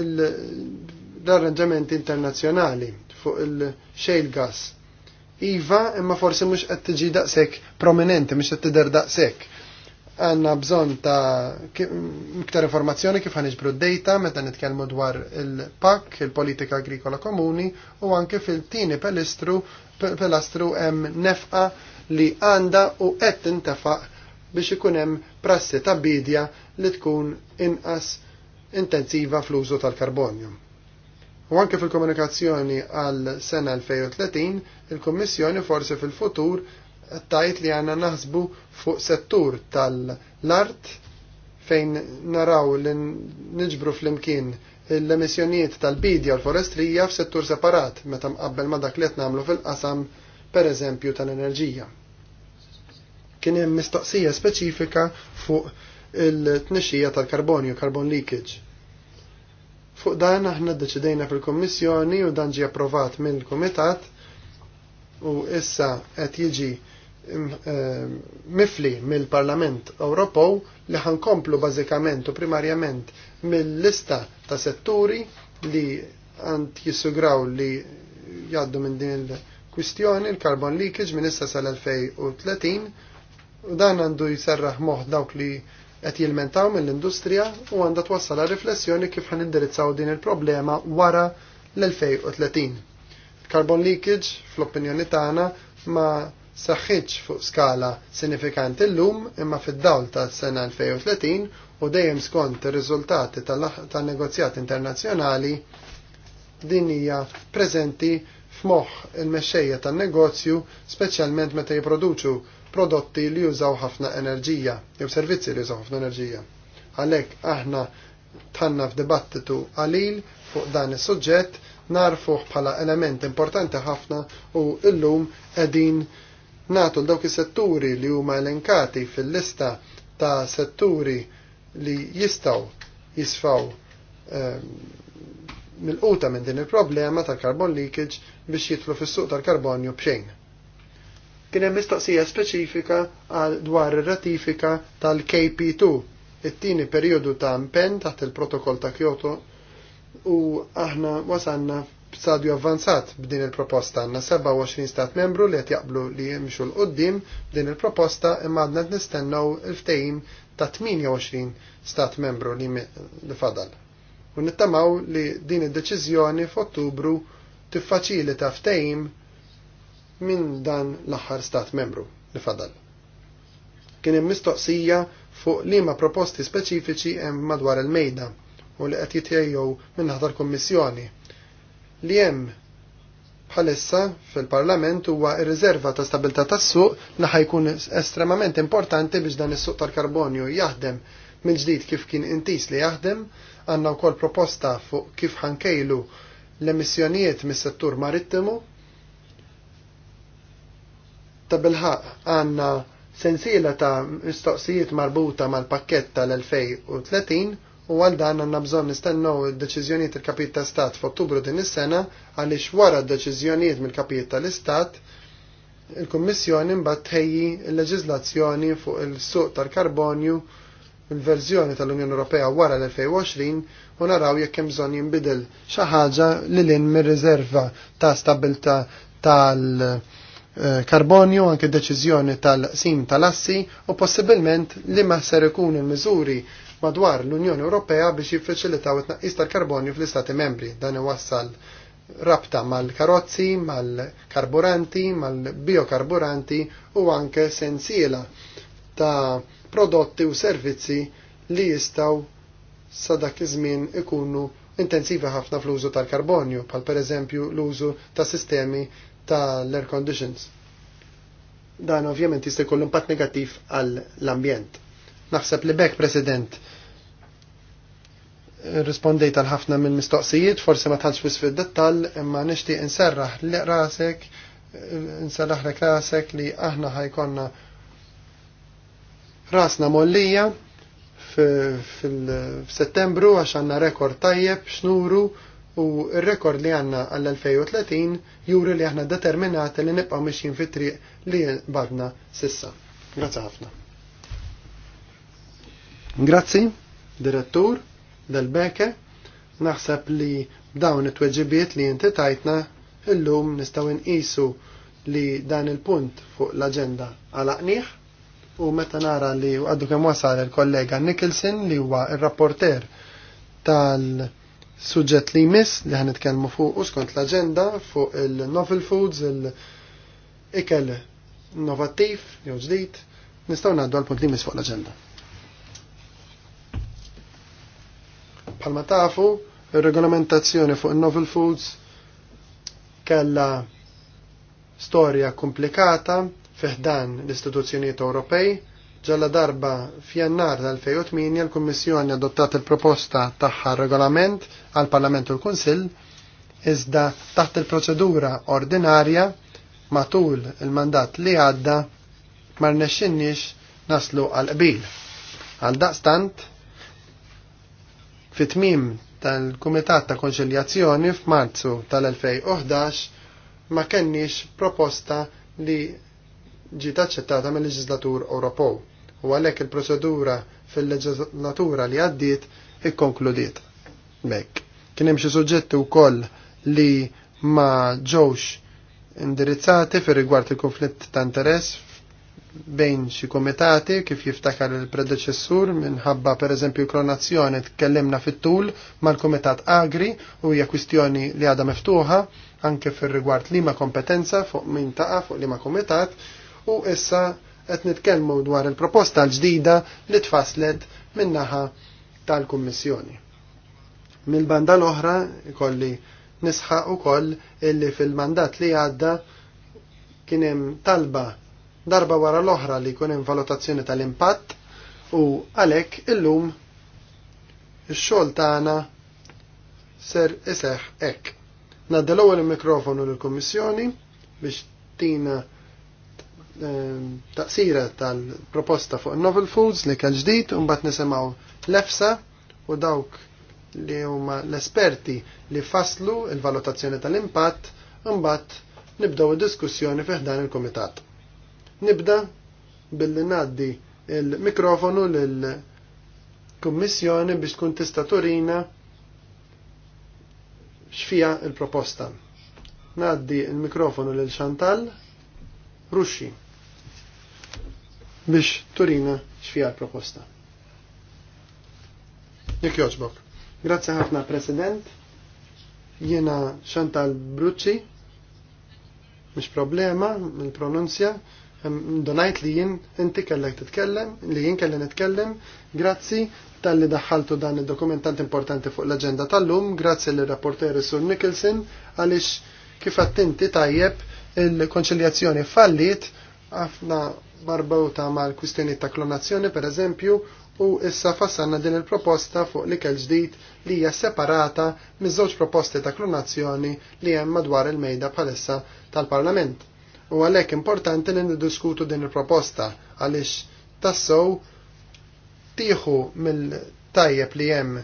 l-arranġamenti internazzjonali fuq il-shale gas. Iva, imma forsi mhux qed tiġi daqshekk prominenti, mhux qed tidher daqshekk. Għandna bżonn ta' iktar informazzjoni kif ħaniġbru d-data meta nitkellmu dwar il-PAK, il-Politika Agrikola Komuni, u anke fil-tieni pelistru pilastru hemm nefqa li għanda u qed tintefaq biex ikun hemm prassi ta' bidja li tkun inqas intensiva fl-użu tal-karbonju. U anke fil-komunikazzjoni għal sena 2030, il-Kommissjoni forse fil-futur tajt li għanna naħsbu fuq settur tal-art fejn naraw li nġbru fl-imkien l-emissjonijiet tal-bidja u l-forestrija f'settur separat meta mqabbel ma dak li qed nagħmlu fil-qasam pereżempju tal-enerġija. Kien hemm mistoqsija speċifika fuq il-tnixxija tal-karbonju, carbon leakage. Fuq dan aħna ddeċidejna fil-Kommissjoni u dan ġie approvat mill-Kumitat u issa qed jiġi Eh, mifli mill-Parlament Ewropew li ħankomplu bażikament u primarjament mill-lista ta' setturi li għand jissugraw li jgħaddu minn din il-kwistjoni il-carbon leakage minn issa sal-2030 u dan għandu jserraħ moħ dawk li qed jilmentaw mill-industrija u għandha twassal riflessjoni kif ħan indirizzaw din il-problema wara l-2030. Carbon leakage, fl-opinjoni tagħna, ma' saħħitx fuq skala sinifikanti llum imma fid-dawl ta' sena 2030 u dejjem skont ir-riżultati tan-negozjat internazzjonali din hija preżenti f'moħħ il-mexxejja tan-negozju speċjalment meta jipproduċu prodotti li jużaw ħafna enerġija jew servizzi li jużaw ħafna enerġija. Għalhekk aħna tħanna f'dibattitu qalil fuq dan is-suġġett narfuh bħala element importanti ħafna u illum qegħdin natu l-dawk is-setturi li huma elenkati fil-lista ta' setturi li jistaw jisfaw ehm, mil quta minn din il-problema tal-carbon leakage biex jitlu fis-suq tal-karbonju bxejn. Kien hemm mistoqsija speċifika għal dwar ir-ratifika tal-KP2, it-tieni perjodu ta' impenn taħt il-protokoll ta' Kyoto u aħna wasanna b'stadju avvanzat b'din il-proposta għandna 27 stat membru li qed jaqblu li jimxu l qoddim b'din il-proposta imma għadna nistennew il-ftehim ta' 28 stat membru li, li fadal. U nittamaw li din id-deċiżjoni f'Ottubru tiffaċilita ftehim minn dan l-aħħar stat membru li fadal. Kien hemm mistoqsija fuq liema proposti speċifiċi hemm madwar il-mejda u li qed jitejjew tal kummissjoni li jem bħalissa fil-Parlament huwa r-riserva ta' stabilità tas-suq li ħajkun estremament importanti biex dan is-suq tal-karbonju jaħdem mill-ġdid kif kien intis li jaħdem, għandna wkoll proposta fuq kif ħankejlu l-emissjonijiet mis-settur marittimu. Ta' bilħaq għandna sensiela ta' mistoqsijiet marbuta mal-pakket tal-2030 u għal dan għandna bżonn nistennew id-deċiżjonijiet il-Kapit ta' Stat f'Ottubru din is-sena għaliex wara d-deċiżjonijiet mill-Kapit tal-Istat il-Kummissjoni mbagħad tejji l-leġiżlazzjoni fuq il-suq tal-karbonju il-verżjoni tal-Unjoni Ewropea wara l-2020 u naraw jekk hemm bżonn jinbidel xi ħaġa li lin mir-riserva ta' stabilta tal-karbonju anke deċiżjoni tal-sim tal-assi u possibilment li ma ser ikun il-miżuri madwar l-Unjoni Ewropea biex jiffaċilitaw it tnaqqis tal-karbonju fl-Istati membri. Dan iwassal rabta mal-karozzi, mal-karburanti, mal-biokarburanti u anke sensiela ta' prodotti u servizzi li jistaw sa dak iż-żmien ikunu intensivi ħafna fl-użu tal-karbonju, pal pereżempju l-użu ta' sistemi tal-air conditions. Dan ovvjament jista' jkollu impatt negattiv għall-ambjent. Naħseb li bekk President rispondejt għal ħafna minn mistoqsijiet, forsi ma tantx wis fid-dettall, imma nixtieq inserraħ rasek, inserraħ lek rasek li aħna ħajkonna rasna mollija fil-settembru għax għanna rekord tajjeb xnuru u r-rekord li għanna għall-2030 juri li aħna determinati li nibqa' mixjin fit-triq li badna sissa. Grazzi ħafna. Grazzi, direttur dal-beke, naħseb li dawn it-tweġibiet li inti tajtna illum nistgħu nqisu li dan il-punt fuq l-aġenda għal aqniħ u meta nara li għaddu kemm wasal il-kollega Nicholson li huwa il rapporter tal-suġġett li jmiss li ħan nitkellmu fuq u skont l agenda fuq il-novel foods, il-ikel Novattiv jew ġdid, nistgħu ngħaddu għal punt li jmiss fuq l-aġenda. Palma tafu, il-regolamentazzjoni fuq il-novel foods kella storja komplikata fiħdan l-istituzzjonijiet Ewropej. Ġalla darba f'jannar tal-2008 l-Kummissjoni adottat il-proposta tagħha regolament għal Parlament u l-Kunsill iżda taħt il-proċedura ordinarja matul il-mandat li għadda mar naslu għal qbil. Għal daqstant Fit-tmim tal-Kumitat ta' Konċiljazzjoni f'Marzu tal-2011 ma kenniex proposta li ġiet aċċettata mill-Leġislatur Ewropew u għalhekk il-prosedura fil-leġislatura li għaddiet ikkonkludiet. Bekk. Kien hemm xi suġġetti wkoll li ma ġewx indirizzati fir rigward il-konflitt ta' interess bejn xi komitati kif jiftakar il-predeċessur minħabba pereżempju kronazzjoni tkellimna fit-tul mal-Kumitat Agri u hija kwistjoni li għadha miftuħa anke fir-rigward liema kompetenza fuq min taqa' fuq liema kumitat u issa qed nitkellmu dwar il-proposta l-ġdida li tfaslet min-naħa tal-Kummissjoni. Mill-banda l-oħra ikolli nisħaq ukoll illi fil-mandat li għadda kien hemm talba darba wara l-oħra li jkun hemm valutazzjoni tal-impatt u għalhekk illum ix-xogħol tagħna ser iseħ hekk. Nadda l-ewwel il-mikrofonu lill-Kummissjoni biex tina ehm, taqsira tal-proposta fuq Novel Foods li kal ġdid u mbagħad nisimgħu l-EFSA u dawk li huma l-esperti li faslu il-valutazzjoni tal-impatt imbagħad nibdew id-diskussjoni fih dan il-kumitat. Nibda billi naddi il-mikrofonu lill-Kummissjoni biex tkun tista' turina x'fija il-proposta. Naddi il-mikrofonu lil Chantal Ruxxi biex turina x'fija l-proposta. Jekk joġbok. Grazzi ħafna President. Jiena Chantal Brucci, mhux problema mill-pronunzja donajt li jien inti kellek titkellem, li jien kellek nitkellem, grazzi tal-li daħħaltu dan il-dokument tant importanti fuq l-agenda tal-lum, grazzi l-rapporteri Sur Nicholson, għalix kif attinti tajjeb il-konċiljazzjoni fallit, għafna barbawta mal kwistjoni ta' klonazzjoni per eżempju, u issa fassanna din il-proposta fuq li kell ġdid li hija separata miż-żewġ proposti ta' klonazzjoni li hemm madwar il-mejda bħalissa tal-Parlament. U għalhekk importanti li niddiskutu din il-proposta għaliex tassow tieħu mill-tajjeb li hemm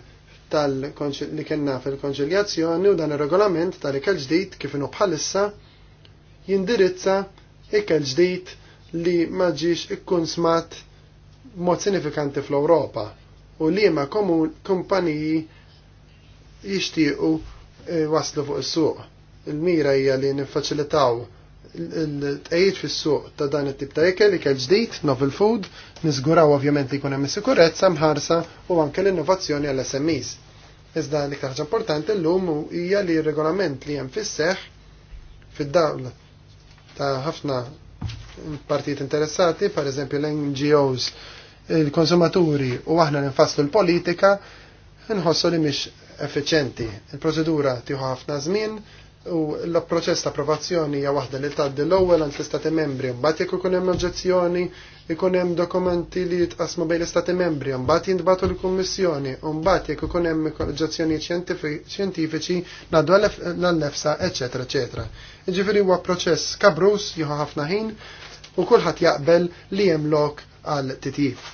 tal li kena fil-konċiljazzjoni u dan ir-regolament tal-ikel ġdid kif inhu bħalissa jindirizza ikel ġdid li ma ikkun smat mod sinifikanti fl-Ewropa u li ma kumpaniji jixtiequ eh, waslu fuq is-suq. Il-mira hija li niffaċilitaw il tqejjed fis-suq ta' dan it-tip ta' ekel, ikel ġdid, novel food, niżguraw ovvjament li jkun hemm is-sikurezza mħarsa u anke l-innovazzjoni għall smes Iżda li ħaġa importanti llum hija li r-regolament li hemm fis fil fid-dawl ta' ħafna partijiet interessati, per eżempju l-NGOs, il-konsumaturi u aħna l-infaslu l-politika, nħossu li mhix effiċenti. Il-proċedura tieħu ħafna żmien, u l-proċess ta' approvazzjoni hija waħda li tgħaddi l-ewwel għand l-istati membri, mbagħad jekk ikun hemm oġġezzjoni ikun hemm dokumenti li jitqasmu bejn l-istati membri, mbagħad jintbagħtu l-Kummissjoni, u mbagħad jekk ikun hemm oġġezzjonijiet xjentifiċi ngħaddu għall-nefsa, eċetera, eċetera. Jiġifieri huwa proċess kabrus jieħu ħafna ħin u kulħadd jaqbel li hemm lok għal titjif.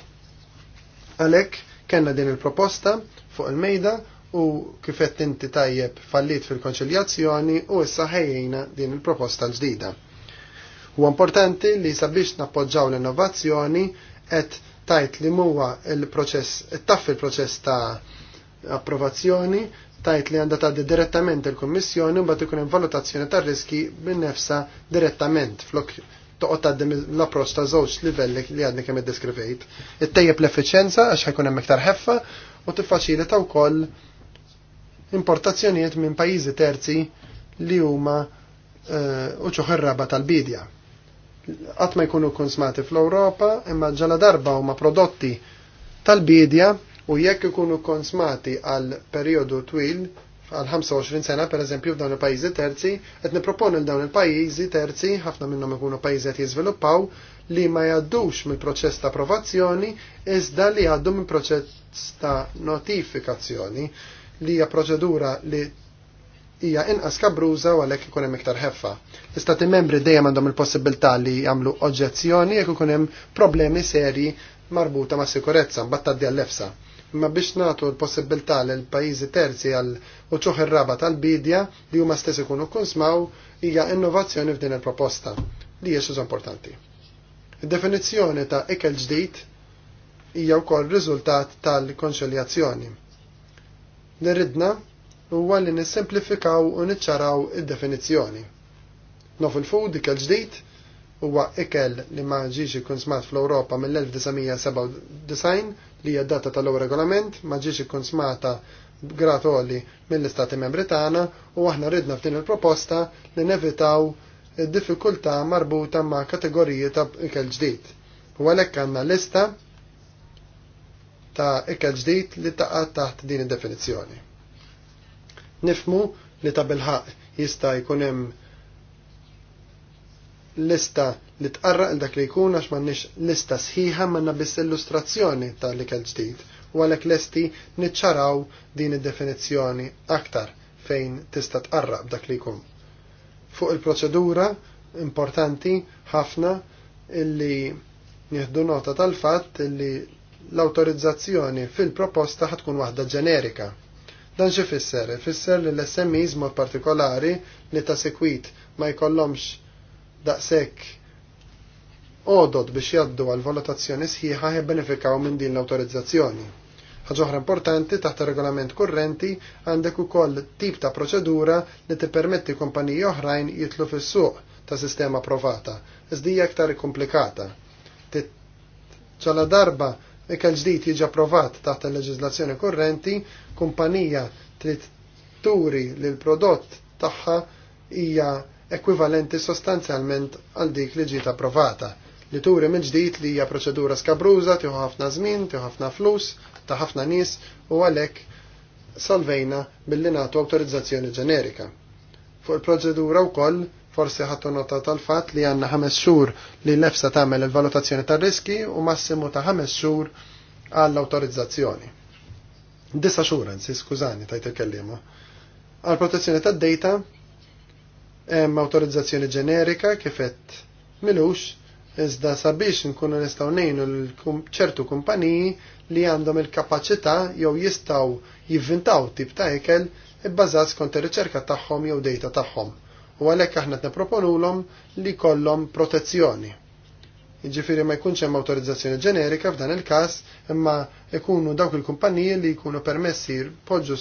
Għalhekk kellna din il-proposta fuq il-mejda u kifett inti tajjeb fallit fil-konċiljazzjoni u issa ħejjina din il-proposta l-ġdida. U importanti li sabiex nappoġġaw l-innovazzjoni qed tajt li muwa il-proċess, taff il-proċess ta' approvazzjoni, tajt li għanda taddi direttament il-Kommissjoni u bat ikun hemm valutazzjoni tar riski bin-nefsa direttament flok toqgħod tgħaddi l approċ ta' żewġ livelli li għadni kemm iddeskrivejt. Ittejjeb l efficienza għax ħajkun hemm iktar ħeffa u tiffaċilita wkoll importazzjonijiet minn pajjiżi terzi li huma eh, uċuħ ir-raba tal-bidja. Qatt ma jkunu konsmati fl-Ewropa, imma ġala darba huma prodotti tal-bidja u jekk ikunu konsmati għal perjodu twil għal 25 sena per eżempju f'dawn il-pajjiżi terzi, qed niproponu l dawn il-pajjiżi terzi, ħafna minnhom ikunu pajjiżi qed jiżviluppaw li ma jgħaddux mill-proċess ta' approvazzjoni iżda li jgħaddu mill-proċess ta' notifikazzjoni li hija proċedura li hija inqas kabruża u għalhekk ikun hemm iktar ħeffa. L-istati membri dejjem għandhom il-possibilità li jagħmlu oġġezzjoni jekk ikun hemm problemi serji marbuta ma' sikurezza mbagħad tgħaddi għall-efsa. Imma biex nagħtu l-possibilità lil pajjiżi terzi għal uċuħ ir-raba tal-bidja li huma stess ikunu kunsmaw hija innovazzjoni f'din il-proposta li hija xi importanti. Id-definizzjoni ta' ikel ġdid hija wkoll riżultat tal-konċiljazzjoni Nirridna huwa li nissimplifikaw u niċċaraw id-definizzjoni. Novel food ikel ġdid huwa ikel li ma ġiex ikun smat fl-Ewropa mill-1997 li hija data tal-ewwel regolament, ma ġiex ikun smata gratoli mill-Istati Membri tagħna u aħna ridna f'din il-proposta li nevitaw id-diffikultà marbuta ma' kategoriji ta' ikel ġdid. U għalek għandna lista ta' ikel ġdid li ta' taħt din id-definizzjoni. Nifmu li ta' bilħaq jista' jkun hemm lista li tqarraq dak li jkun għax m'għandniex lista sħiħa manna biss illustrazzjoni l ikel ġdid u għalhekk lesti niċċaraw din id-definizzjoni aktar fejn tista' tqarraq b'dak li jkun. Fuq il-proċedura importanti ħafna illi nieħdu nota tal-fatt illi l-autorizzazzjoni fil-proposta ħatkun waħda ġenerika. Dan xie fisser? Fisser li l-SMEs mod partikolari li ta' sekwit ma jkollhomx daqshekk odod biex jaddu għal valutazzjoni sħiħa benefikaw minn din l-autorizzazzjoni. Ħaġoħra importanti taħt regolament kurrenti għandek ukoll tip ta' proċedura li tippermetti kumpaniji oħrajn jitlu fis-suq ta' sistema provata, iżdija aktar komplikata. Ċala darba għal ġdid jiġi approvat taħt il leġizlazzjoni korrenti, kumpanija trid turi li l-prodott tagħha hija ekwivalenti sostanzjalment għal dik li ġiet approvata. Li turi minn ġdid li hija proċedura skabruża, tieħu ħafna żmien, tieħu ħafna flus, ta' ħafna nies u għalhekk salvejna billi nagħtu awtorizzazzjoni ġenerika. Fuq il-proċedura wkoll Forsi ħattu nota tal-fat li għanna ħames xhur li l-EFSA tagħmel il-valutazzjoni tar-riski u massimu ta' ħames xhur għall-autorizzazzjoni. Disa skużani tajt il-kellima. Għal protezzjoni tad-data hemm autorizzazzjoni ġenerika kifet milux iżda sabiex nkunu nistgħu ngħinu ċertu kumpaniji li għandhom il-kapaċità jew jistgħu jivvintaw tip ta' ikel ibbażat skont ir-riċerka tagħhom jew dejta tagħhom u għalhekk aħna qed nipproponulhom li kollom protezzjoni. Jiġifieri ma jkunx hemm awtorizzazzjoni ġenerika f'dan il-każ imma jkunu dawk il-kumpaniji li jkunu permessi poġġu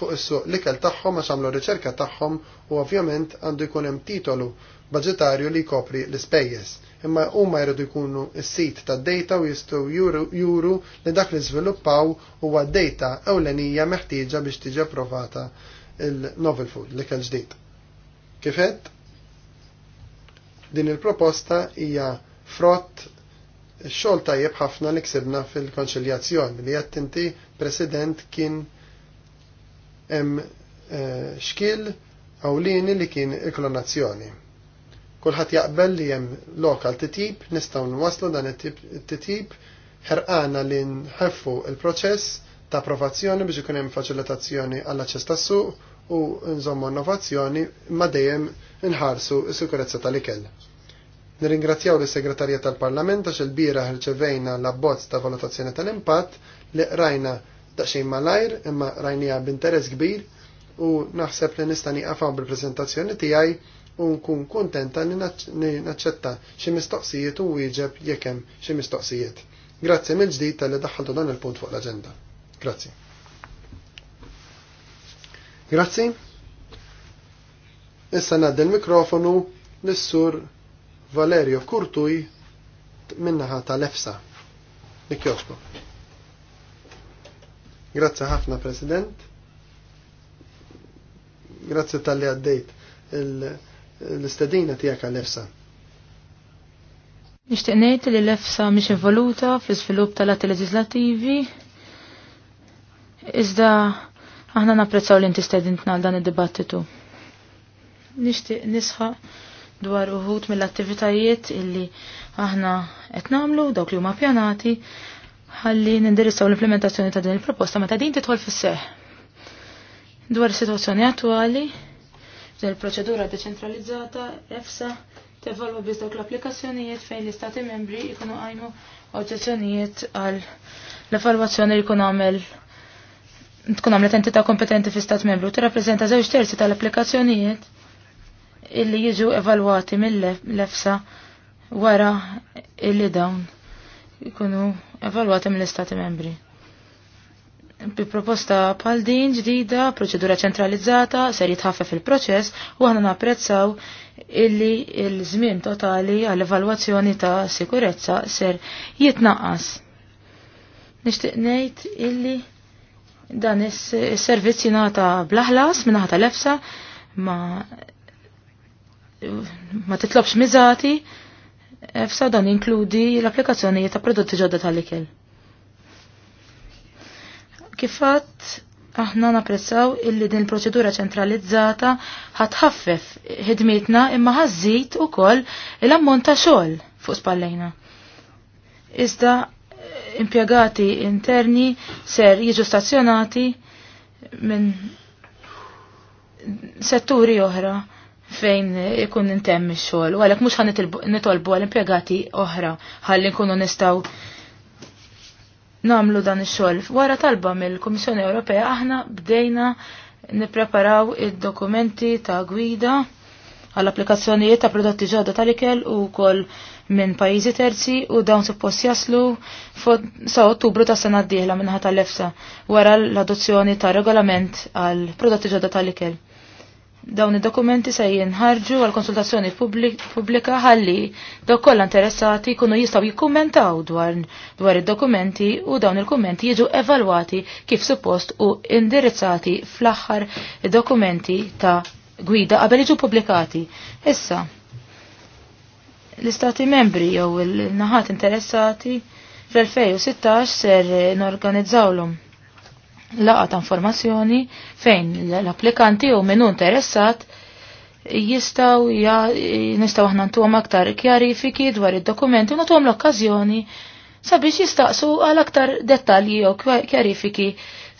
fuq is-suq l-ikel tagħhom għax għamlu riċerka tagħhom u ovvjament għandu jkun hemm titolu budġetarju li jkopri l-ispejjeż. Imma huma jridu jkunu s-sit tad-data u jistgħu juru li dak li żviluppaw huwa data ewlenija meħtieġa biex tiġi approvata il-novel food, l-ikel ġdid. Kifet, din il-proposta hija frott xogħol tajjeb ħafna li ksibna fil-konċiljazzjoni li qed inti President kien hemm eh, xkil awlini li kien il-klonazzjoni. Kulħadd jaqbel li hemm lokal titib, nistgħu nwaslu dan it-titib ħerqana li nħeffu il-proċess ta' approvazzjoni biex ikun hemm faċilitazzjoni għall-aċċess tas-suq u nżommu innovazzjoni ma dejjem inħarsu s-sikurezza tal-ikel. Nirringrazzjaw lis segretarja tal parlamenta għax bira ħirċevejna l-abbozz ta' valutazzjoni tal-impatt li rajna xejn malajr imma rajnija b'interess kbir u naħseb li nista' għafaw bil-preżentazzjoni tiegħi u nkun kuntenta li naċċetta xi mistoqsijiet u wieġeb jekk hemm xi mistoqsijiet. Grazzi mill-ġdid tal-li daħħaltu dan il-punt fuq l-aġenda. Grazzi. Grazzi. Issa nadd l-mikrofonu l-sur Valerio Kurtuj minnaħa tal-EFSA. Dik Grazzi ħafna, President. Grazzi tal-li għaddejt l-istedina tijak għal-EFSA. Nishtiqnejt ngħid li l-EFSA mhix evoluta fl svilup tal-atti legislativi. Iżda Aħna napprezzaw li inti stedintna għal dan id-dibattitu. Nixtieq nisħa dwar uħut mill-attivitajiet illi aħna qed nagħmlu dawk li huma pjanati ħalli nindirizzaw l-implementazzjoni ta' din il-proposta meta din titħol fis-seħ. Dwar is-sitwazzjoni attwali, il proċedura deċentralizzata, EFSA tevalwa biss dawk l-applikazzjonijiet fejn l-istati membri jkunu għajnu oġġezzjonijiet għal l-evalwazzjoni li jkun għamel tkun għamlet entità kompetenti fi stat membru rappresenta żewġ terzi tal-applikazzjonijiet illi jiġu evalwati mill-lefsa wara illi dawn jkunu evalwati mill-istati membri. Bi proposta pal din ġdida, proċedura ċentralizzata, ser jitħaffef il-proċess u aħna napprezzaw illi il-żmien totali għall-evalwazzjoni ta' sikurezza ser jitnaqqas. Nixtieq ngħid illi Dan is-servizz jingħata blaħlas minn tal lefsa ma ma titlobx miżati fsa dan inkludi l-applikazzjonijiet ta' prodotti ġodda tal-ikel. Kifat aħna napprezzaw illi din il-proċedura ċentralizzata ħatħaffef ħidmietna imma ħażid ukoll l-ammont ta' xogħol fuq spallejna. Iżda impjegati interni ser jiġu stazzjonati minn setturi oħra fejn ikun intemm ix-xogħol u għalhekk mhux ħan nitolbu għal impjegati oħra ħalli nkunu nistgħu namlu dan ix-xogħol. Wara talba mill-Kummissjoni Ewropea aħna bdejna nippreparaw id-dokumenti ta' gwida għall applikazzjonijiet ta' prodotti ġodda tal-ikel u kol minn pajizi terzi u dawn suppost jaslu sa' ottubru ta' sena d-dieħla minnaħat tal lefsa wara l-adozzjoni ta' regolament għal prodotti ġodda tal-ikel. Dawn id-dokumenti se jinħarġu għal konsultazzjoni pubblika ħalli dawk kollha interessati jkunu jistgħu jikkumentaw dwar dwar id-dokumenti u dawn il-kummenti jiġu evalwati kif suppost u indirizzati fl-aħħar dokumenti ta' gwida qabel iġu publikati. Issa, l-istati membri jew il-naħat interessati fl-2016 ser norganizzawlhom laqa ta' informazzjoni fejn l-applikanti u minnu interessat jistaw ja, nistaw aħna ntuhom aktar kjarifiki dwar id-dokumenti u nagħtuhom l-okkażjoni sabiex jistaqsu għal aktar dettalji jew kjarifiki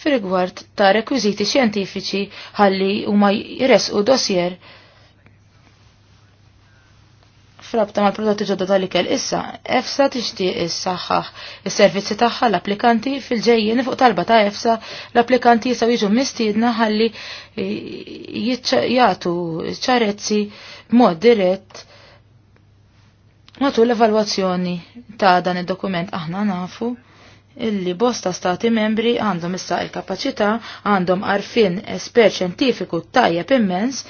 fil-rigward ta' rekwiziti xjentifiċi ħalli huma jresqu dossier frabta mal prodotti ġodda tal-ikel issa, EFSA tixtieq is-saħħaħ is-servizzi tagħha l-applikanti fil-ġejjien fuq talba ta' EFSA l-applikanti jistgħu jiġu mistiedna ħalli jagħtu ċarezzi b'mod dirett matul l-evalwazzjoni ta' dan id-dokument aħna nafu illi bosta stati membri għandhom issa il-kapacità, għandhom arfin esper ċentifiku tajjeb immens,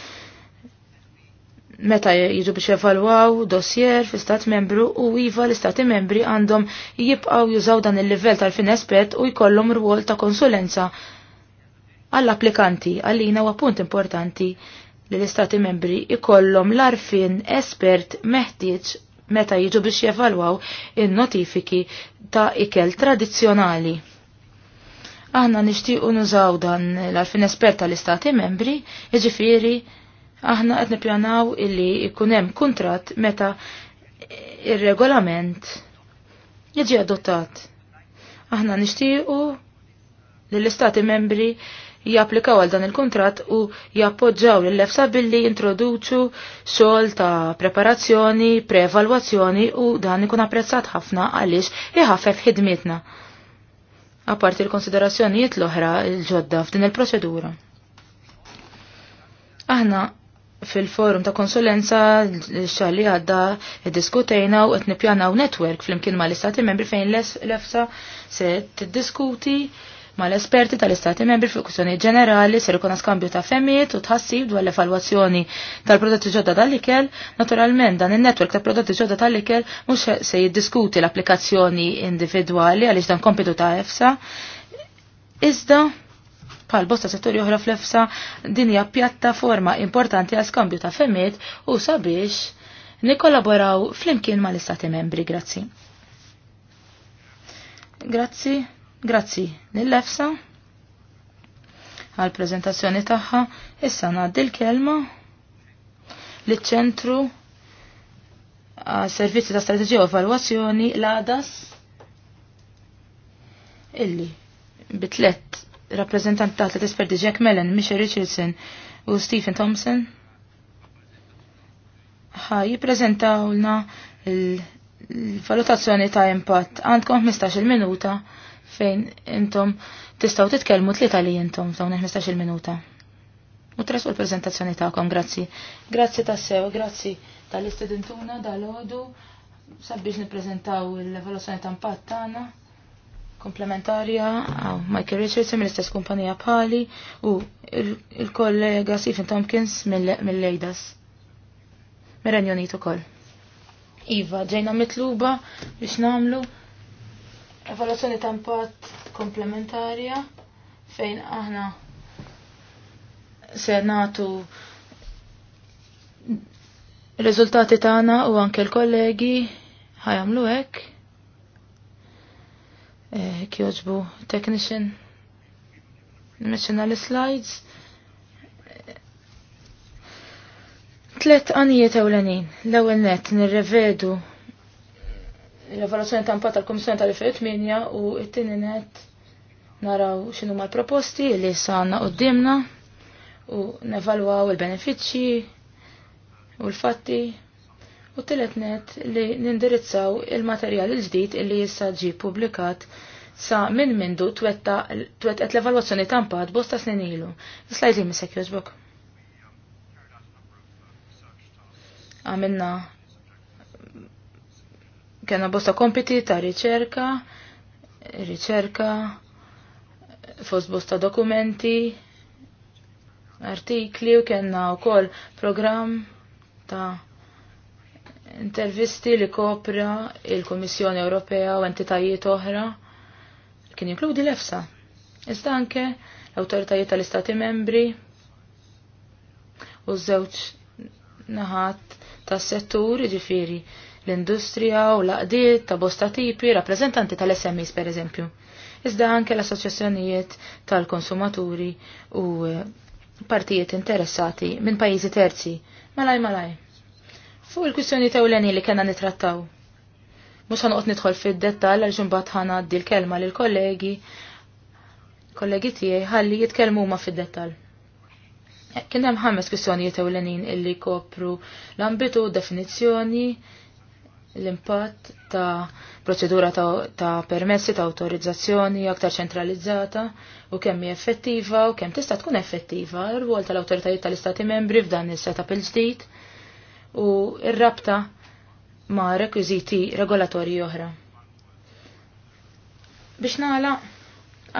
meta jiġu biex evalwaw dossier fi stat membru u iva l-istati membri għandhom jibqaw jużaw dan il-livell tal-fin espert u jkollhom rwol ta' konsulenza għall-applikanti għallina u appunt importanti li l-istati membri ikollhom l-arfin espert meħtieġ meta jiġu biex jevalwaw il notifiki ta' ikel tradizzjonali. Aħna nixtiequ nużaw dan l-arfin espert tal-istati membri, jiġifieri aħna qed nippjanaw illi jkun hemm kuntratt meta il regolament jiġi adottat. Aħna nixtiequ li l-istati membri japplikaw għal dan il-kontrat u jappoġġaw l-lefsa billi introduċu xogħol ta' preparazzjoni, prevalwazzjoni u dan ikun apprezzat ħafna għaliex iħafef ħidmietna. Apparti l-konsiderazzjonijiet l-oħra il ġodda f'din il-proċedura. Aħna fil-forum ta' konsulenza xalli għadda diskutejna u għet u network fl-imkien ma' l-istati membri fejn l-efsa se t-diskuti mal-esperti tal-Istati membri fuq kwistjoni ġenerali ser ikun skambju ta' femmijiet u tħassib dwar l-evalwazzjoni tal-prodotti ġodda tal-ikel. Naturalment dan in-netwerk ta' prodotti ġodda tal-ikel mhux se jiddiskuti l-applikazzjoni individwali għaliex dan kompitu ta' EFSA. Iżda bħal bosta setturi oħra fl-EFSA din hija pjattaforma importanti għal skambju ta' femmijiet u sabiex nikkollaboraw flimkien mal-Istati membri. Grazzi. Grazzi. Grazzi lill lefsa għal prezentazzjoni tagħha. Issa ngħaddi l-kelma liċ-ċentru servizzi ta' strategija u evalwazzjoni l-ADAS illi bitlet rappresentant ta' l esperti Jack Mellon, Michelle Richardson u Stephen Thompson ħaj jippreżentawlna l-valutazzjoni ta' impatt. Għandkom 15 minuta fejn intom tistaw titkellmu tlieta li intom f'dawn 15-il minuta. U tresu l-prezentazzjoni ta'kom, grazzi. Grazzi ta' sew, grazzi tal-istudentuna, dal-ħodu, sabiex niprezentaw l-evoluzzjoni ta' impatt tagħna komplementarja għaw Michael Richardson mill-istess kumpanija bħali u il-kollega Stephen Tompkins mill-Lejdas. Mirenjonit ukoll. Iva, ġejna mitluba biex namlu evaluazzjoni ta' impatt komplementarja fejn aħna se natu riżultati tagħna u anke l-kollegi ħajamlu hekk. Eh, kif Kjoġbu technician Nimmeċċina l-slides. Tlet għanijiet ewlenin. l ewwel nett nirrevedu l-evaluazzjoni tampa tal-Komissjoni tal-2008 u it-tieni net naraw ma l proposti li sanna d-dimna u nevalwaw il-benefiċċji u l-fatti u t-tielet net li nindirizzaw il-materjal il-ġdid li issa ġi publikat sa minn mindu t-wetta l-evalwazzjoni tampa t bosta snin ilu. Slajdi li missek Għamilna kena bosta kompiti ta' riċerka, riċerka, fost bosta dokumenti, artikli u kena u kol program ta' intervisti li kopra il-Komissjoni Ewropea u entitajiet oħra kien jinkludi l-EFSA. Iżda anke l-autoritajiet tal-Istati membri u żewġ naħat tas settur ġifiri l-industrija u l-aqdiet ta' bosta tipi, rappresentanti tal smis per eżempju. Iżda anke l-assoċjazzjonijiet tal-konsumaturi u eh, partijiet interessati minn pajjiżi terzi. Malaj, malaj. Fuq il-kwistjoni tewleni li kena nitrattaw. Mux ħanqot nidħol fid-dettal għal ġumbat ħanaddi l-kelma l kollegi kollegi tiegħi ħalli jitkellmu huma fid-dettal. Kien hemm ħames kwistjonijiet ewlenin illi kopru l-ambitu, definizzjoni, l-impatt ta' proċedura ta', ta permessi ta' autorizzazzjoni aktar ċentralizzata u kemm hija effettiva u kemm tista' tkun effettiva r-rwol tal-awtoritajiet tal-Istati membri f'dan is-setup il-ġdid u r-rabta ma' rekwiżiti regolatorji oħra. Biex nagħla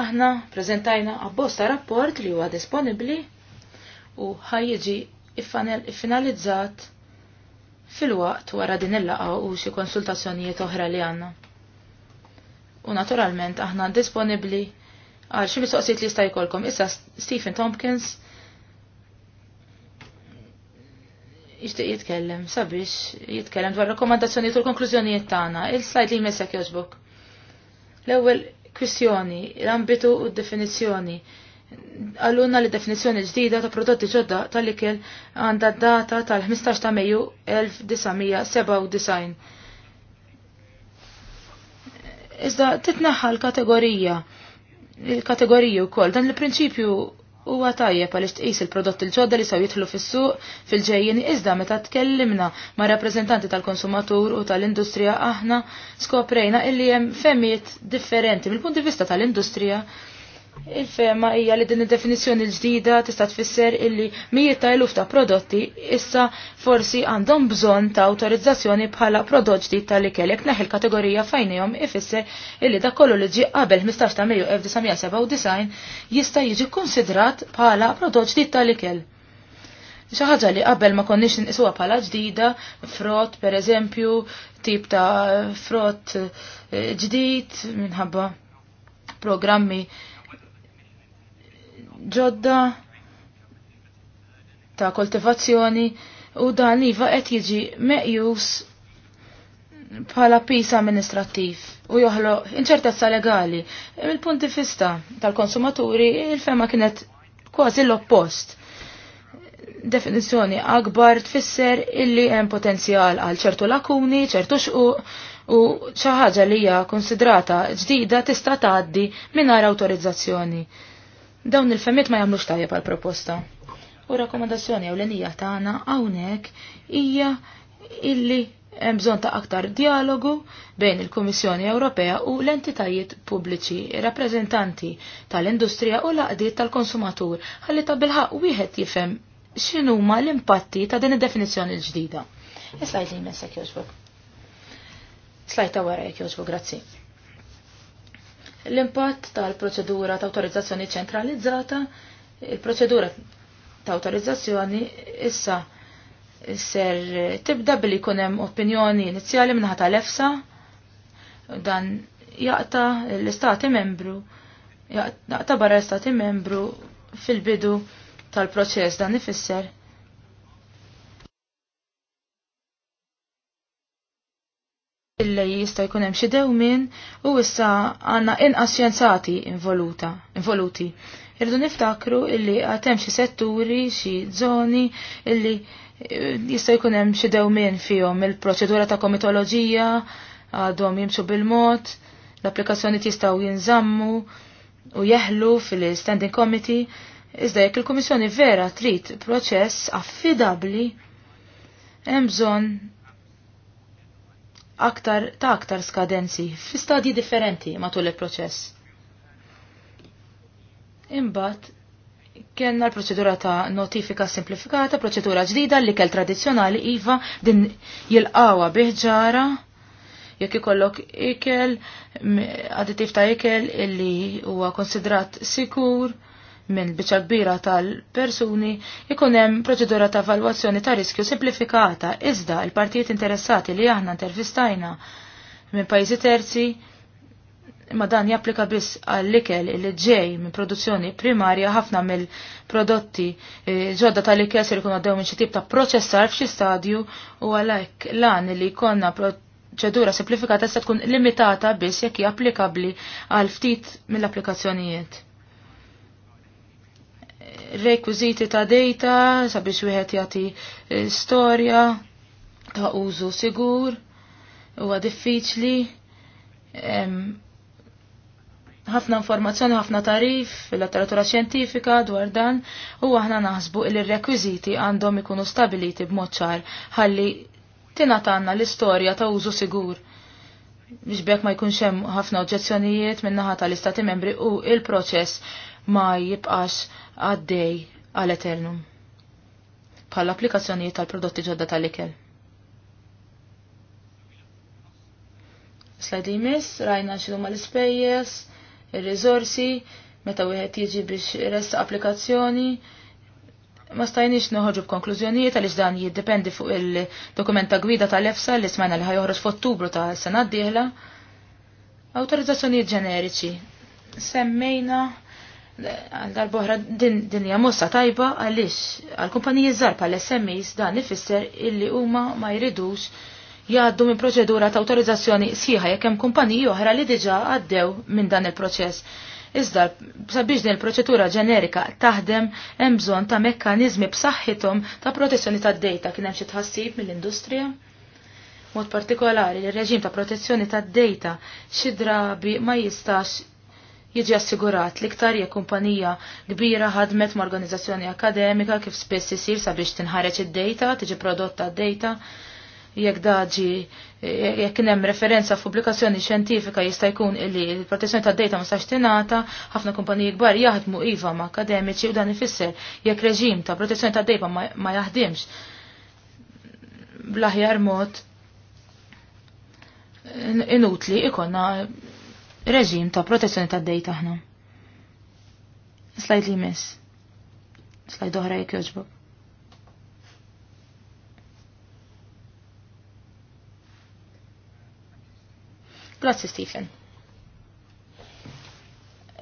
aħna preżentajna abbosta rapport li huwa disponibbli u ħajjiġi iffinalizzat fil-waqt wara din il-laqa u xi konsultazzjonijiet oħra li għandna. U naturalment aħna disponibbli għal xi mistoqsijiet li jista' jkollkom. Issa Stephen Tompkins jixtieq jitkellem sabiex jitkellem dwar rakkomandazzjonijiet u l-konklużjonijiet tagħna. Il-slajd li jmessek jogħġbok. L-ewwel kwistjoni, l-ambitu u d-definizzjoni għalluna li definizjoni ġdida ta' prodotti ġodda tal-ikel għanda data tal-15 ta' Mejju 1997. Iżda titnaħħa l-kategorija, il-kategorija u koll, dan l-prinċipju huwa tajjeb għaliex tqis il-prodotti l-ġodda li saw jidħlu fis-suq fil-ġejjin iżda meta tkellimna ma' rappreżentanti tal-konsumatur u tal-industrija aħna skoprejna illi hemm femmijiet differenti mill-punt di vista tal-industrija. tal industrija Il-fema hija li din id-definizzjoni l-ġdida tista' tfisser illi mijiet ta' eluf ta' prodotti issa forsi għandhom bżonn ta' awtorizzazzjoni bħala prodott ġdid tal-ikel jekk l-kategorija fajnejhom ifisser illi dak kollu li ġie qabel 15 ta' Mejju 1997 jista' jiġi konsidrat bħala prodott ġdid tal-ikel. Xi ħaġa li qabel ma konniex ninqisuha bħala ġdida, frott pereżempju, tip ta' frott eh, ġdid minħabba programmi ġodda ta' koltivazzjoni u dan iva qed jiġi meqjus bħala pis amministrattiv u joħloq inċertezza legali. mill punti vista tal-konsumaturi il-fema kienet kważi l-oppost. Definizzjoni akbar tfisser illi hemm potenzjal għal ċertu lakuni, ċertu xquq u xi ħaġa li hija konsidrata ġdida tista' tgħaddi mingħajr awtorizzazzjoni. Dawn il femmet ma jagħmlux tajjeb għall proposta. U rakkomandazzjoni ewlenija tagħna hawnhekk hija illi hemm bżonn ta' aktar dialogu bejn il-Kummissjoni Ewropea u l-entitajiet pubbliċi, rappreżentanti tal-industrija u l-aqdiet tal-konsumatur ħalli ta' bilħaq wieħed jifhem x'inhuma l-impatti ta' din id-definizzjoni l-ġdida. Slajt li jmessek Slajt Slajta wara jekk jogħġbu, grazzi. L-impatt tal-proċedura ta' autorizzazzjoni ċentralizzata, il-proċedura ta' autorizzazzjoni issa ser tibda billi kunem opinjoni inizjali minnaħat tal-EFSA, dan jaqta l-istati membru, jaqta barra l-istati membru fil-bidu tal-proċess dan ifisser illi jista' jkun hemm xi dewmien u issa għandna inqas xjenzati involuta, involuti. Irdu niftakru illi għad hemm xi setturi, xi zoni, illi eh, jista' jkun hemm xi dewmien fihom il-proċedura ta' komitoloġija għadhom jimxu bil-mod, l-applikazzjoni tistgħu jinżammu u jeħlu fil-standing committee, iżda jekk il-Kummissjoni vera trid proċess affidabbli hemm bżonn aktar ta' aktar skadenzi fi stadji differenti matul il-proċess. Imbagħad kienna l-proċedura ta' notifika simplifikata, proċedura ġdida li kell tradizzjonali iva din jilqawa biħġara jekk ikollok ikel, additiv ta' ikel illi huwa konsidrat sikur minn biċa kbira tal-persuni ikun hemm proċedura ta' valwazzjoni ta' riskju simplifikata iżda il-partijiet interessati li aħna intervistajna minn pajjiżi terzi ma dan japplika biss għall-ikel li ġej minn produzzjoni primarja ħafna mill-prodotti eh, ġodda tal-ikel se jkun għaddew minn xi tip ta' proċessar f'xi stadju u għalhekk lan li jkollna proċedura simplifikata se tkun limitata biss jekk hija għal ftit mill-applikazzjonijiet rekwiziti ta' data sabiex wieħed jagħti eh, storja ta' użu sigur huwa diffiċli ħafna informazzjoni, ħafna tarif fil-letteratura xjentifika dwar dan u aħna naħsbu il rekwiżiti għandhom ikunu stabiliti b'mod ċar ħalli tinatanna l-istorja ta' użu sigur. Biex bekk ma jkunx hemm ħafna oġġezzjonijiet min-naħa tal-Istati membri u il-proċess ma jibqax għaddej għal eternum bħal applikazzjonijiet tal-prodotti ġodda tal-ikel. Slajdi jmiss, rajna xinu ma l spejjes il-rizorsi, meta wieħed jiġi biex resta applikazzjoni, ma stajniex noħorġu b'konklużjonijiet għaliex dan jiddependi fuq il-dokument ta' gwida tal-EFSA li smajna li ħajħorġ f'Ottubru ta' sena d-dieħla. Awtorizzazzjonijiet ġeneriċi. Semmejna Għal-darbohra din mossa tajba għaliex għal-kumpaniji zarpa għal SMEs dan ifisser illi huma ma jridux jgħaddu minn proċedura ta' autorizzazzjoni sħiħa jekk hemm kumpaniji oħra li diġà għaddew minn dan il-proċess. Iżda sabiex din il-proċedura ġenerika taħdem hemm bżonn ta' mekkaniżmi b'saħħithom ta' protezzjoni tad-dejta kien hemm xi tħassib mill-industrija mod partikolari il reġim ta' protezzjoni tad dejta xi drabi ma jistax jiġi assigurat liktar je kumpanija kbira ħadmet ma' organizzazzjoni akademika kif spiss isir sabiex tinħareġ id-data, tiġi prodotta d-data, jekk daġi jekk kien hemm referenza f'pubblikazzjoni xjentifika jista' jkun li l-protezzjoni tad-data ma sax tingħata, ħafna kumpaniji kbar jaħdmu iva ma' akademiċi u dan ifisser jekk reġim ta' protezzjoni tad-data ma jaħdimx Blaħjar mod inutli ikonna reġim ta' protezzjoni ta' dejta ħna. Slajd li mis. Slajd oħra jek joġbok. Grazzi Stephen.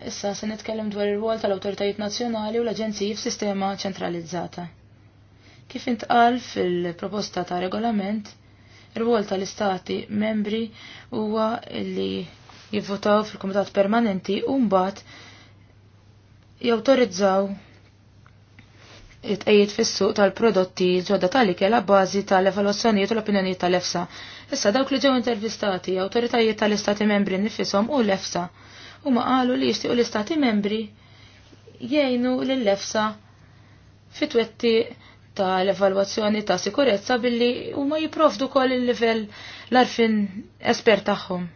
Issa se nitkellem dwar ir-rwol tal-awtoritajiet nazzjonali u l-aġenziji f'sistema ċentralizzata. Kif intqal fil-proposta ta' regolament, ir-rwol tal-istati membri huwa li jivvotaw fil-Kumitat Permanenti u mbagħad jawtorizzaw it-tqejjed fis-suq tal-prodotti ġodda tal-ikel bażi tal-evaluazzjonijiet u l-opinjonijiet tal-EFSA. Issa dawk li ġew intervistati awtoritajiet tal-Istati Membri nifisom u l-EFSA huma qalu li jixtiequ l-Istati Membri jgħinu lill-EFSA fitwetti tal-evalwazzjoni ta' sikurezza billi huma jipprovdu kol il-livell l-arfin espert tagħhom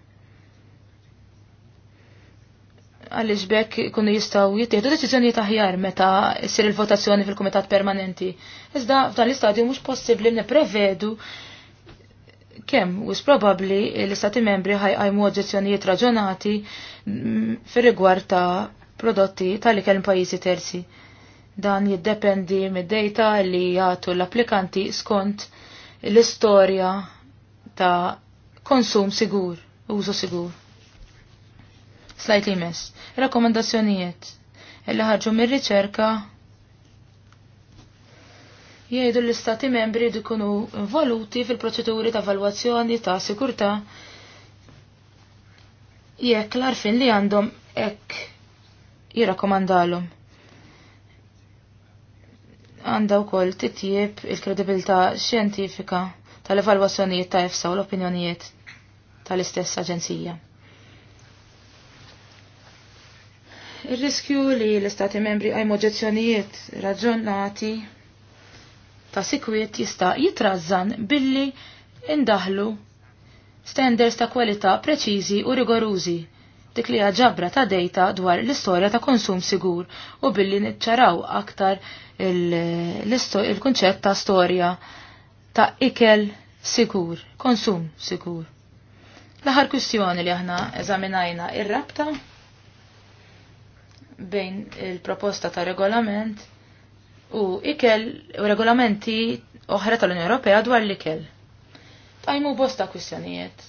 għaliex bekk kunu jistgħu jittieħdu deċizjoni taħjar meta ssir il-votazzjoni fil-kumitat permanenti. Iżda f'dan l-istadju mhux possibbli nipprevedu kemm wis probabbli l-istati membri ħajqajmu oġġezzjonijiet raġunati mm, fir-rigward ta' prodotti tal-ikel pajjiżi terzi. Dan jiddependi mid-dejta li jagħtu l-applikanti skont l-istorja ta' konsum sigur, użu sigur slightly mess. Rakkomandazzjonijiet. Illi ħarġu mir-riċerka jgħidu l-istati membri dikunu involuti fil-proċeduri ta' valwazzjoni ta' sikurta jekk l-arfin li għandhom ek jirakomandalum. Għandaw wkoll titjib il kredibilta xjentifika tal-evalwazzjonijiet ta' EFSA u l-opinjonijiet tal-istess aġenzija. Ir-riskju li l-Istati membri għajmu oġezzjonijiet raġonati ta' sikwiet jista' jitrazzan billi indaħlu standards ta' kwalità preċiżi u rigorużi dik li ġabra ta' dejta dwar l-istorja ta' konsum sigur u billi niċċaraw aktar il-kunċett ta' storja ta' ikel sigur, konsum sigur. L-aħar kwistjoni li aħna eżaminajna ir-rabta bejn il-proposta ta' regolament u ikel u regolamenti oħra tal-Unjoni Ewropea dwar l-ikel. Tajmu bosta kwistjonijiet.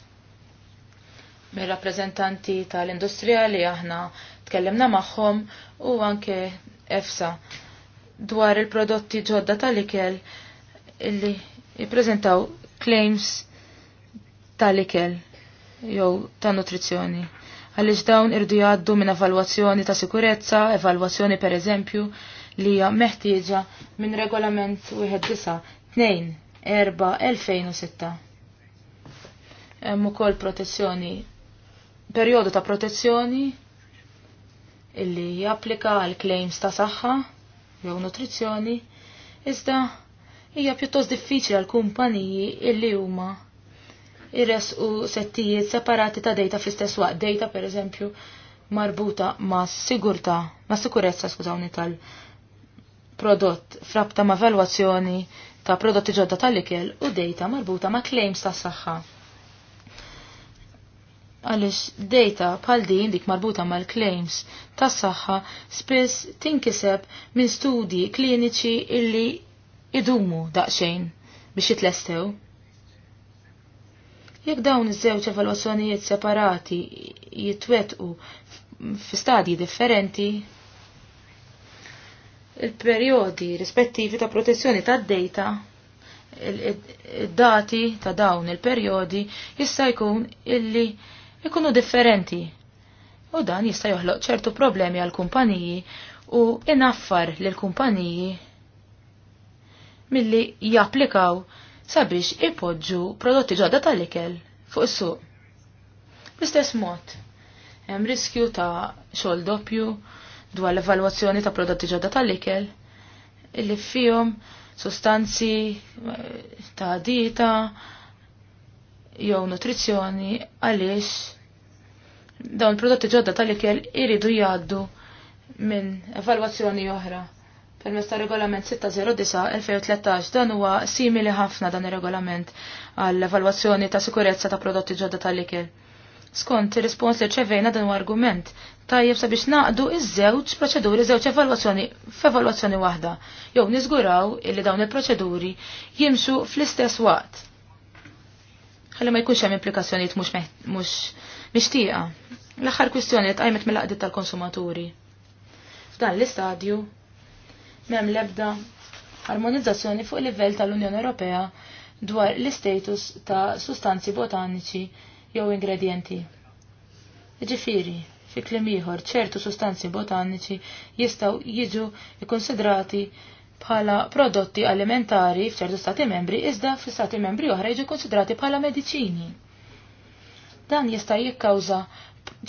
Mir-rappreżentanti tal-industrija li aħna tkellimna magħhom u anke EFSA dwar il-prodotti ġodda tal-ikel illi jippreżentaw claims tal-ikel jew ta' nutrizzjoni għaliex dawn irdu jgħaddu minn evalwazzjoni ta' sikurezza, evalwazzjoni per eżempju li hija meħtieġa minn regolament 1924-2006. Hemm ukoll protezzjoni perjodu ta' protezzjoni illi japplika għal claims ta' saħħa jew nutrizzjoni iżda hija pjuttost diffiċli għal kumpaniji illi huma irres u settijiet separati ta' data fl-istess waqt. Data per eżempju marbuta ma' sigurta, ma' sikurezza skużawni tal-prodott frabta ma' valwazzjoni ta' prodotti ġodda tal-ikel u data marbuta ma' claims ta' saħħa. Għalix data bħal din dik marbuta mal-claims ta' saħħa spiss tinkiseb minn studji kliniċi illi idumu daqxejn biex jitlestew Jekk dawn iż-żewġ evalwazzjonijiet separati jitwetqu fi stadji differenti, il-perjodi rispettivi ta' protezzjoni ta' data id-dati ta' dawn il-perjodi jista' jkun illi jkunu differenti. U dan jista' joħloq ċertu problemi għal kumpaniji u inaffar lil kumpaniji milli japplikaw sabiex ipoġġu prodotti ġodda tal-ikel fuq is-suq. Bl-istess mod, hemm riskju ta' xogħol doppju dwar l-evalwazzjoni ta' prodotti ġodda tal-ikel illi fihom sostanzi eh, ta' dieta jew nutrizzjoni għaliex dawn prodotti ġodda tal-ikel iridu jgħaddu minn evalwazzjoni oħra permezz ta' regolament 609-2013 dan huwa simili ħafna dan ir-regolament għall evalwazzjoni ta' sikurezza ta' prodotti ġodda tal-ikel. Skont ir-rispons li ċevejna dan huwa argument tajjeb sabiex naqdu iż-żewġ proċeduri, żewġ evalwazzjoni f'evalwazzjoni waħda. Jew niżguraw illi dawn il-proċeduri jimxu fl-istess waqt. Ħalli ma jkunx hemm implikazzjonijiet mhux mixtieqa. L-aħħar kwistjoni tqajmet mill-qdiet tal-konsumaturi. F'dan l-istadju m'hemm l-ebda armonizzazzjoni fuq livell tal-Unjoni Ewropea dwar l-istatus ta' sustanzi botaniċi jew ingredienti. Ġifiri, fi klim ieħor ċertu sustanzi botaniċi jistgħu jiġu ikkonsidrati bħala prodotti alimentari f'ċertu stati membri iżda fi stati membri oħra jiġu konsidrati bħala mediċini. Dan jista' jikkawża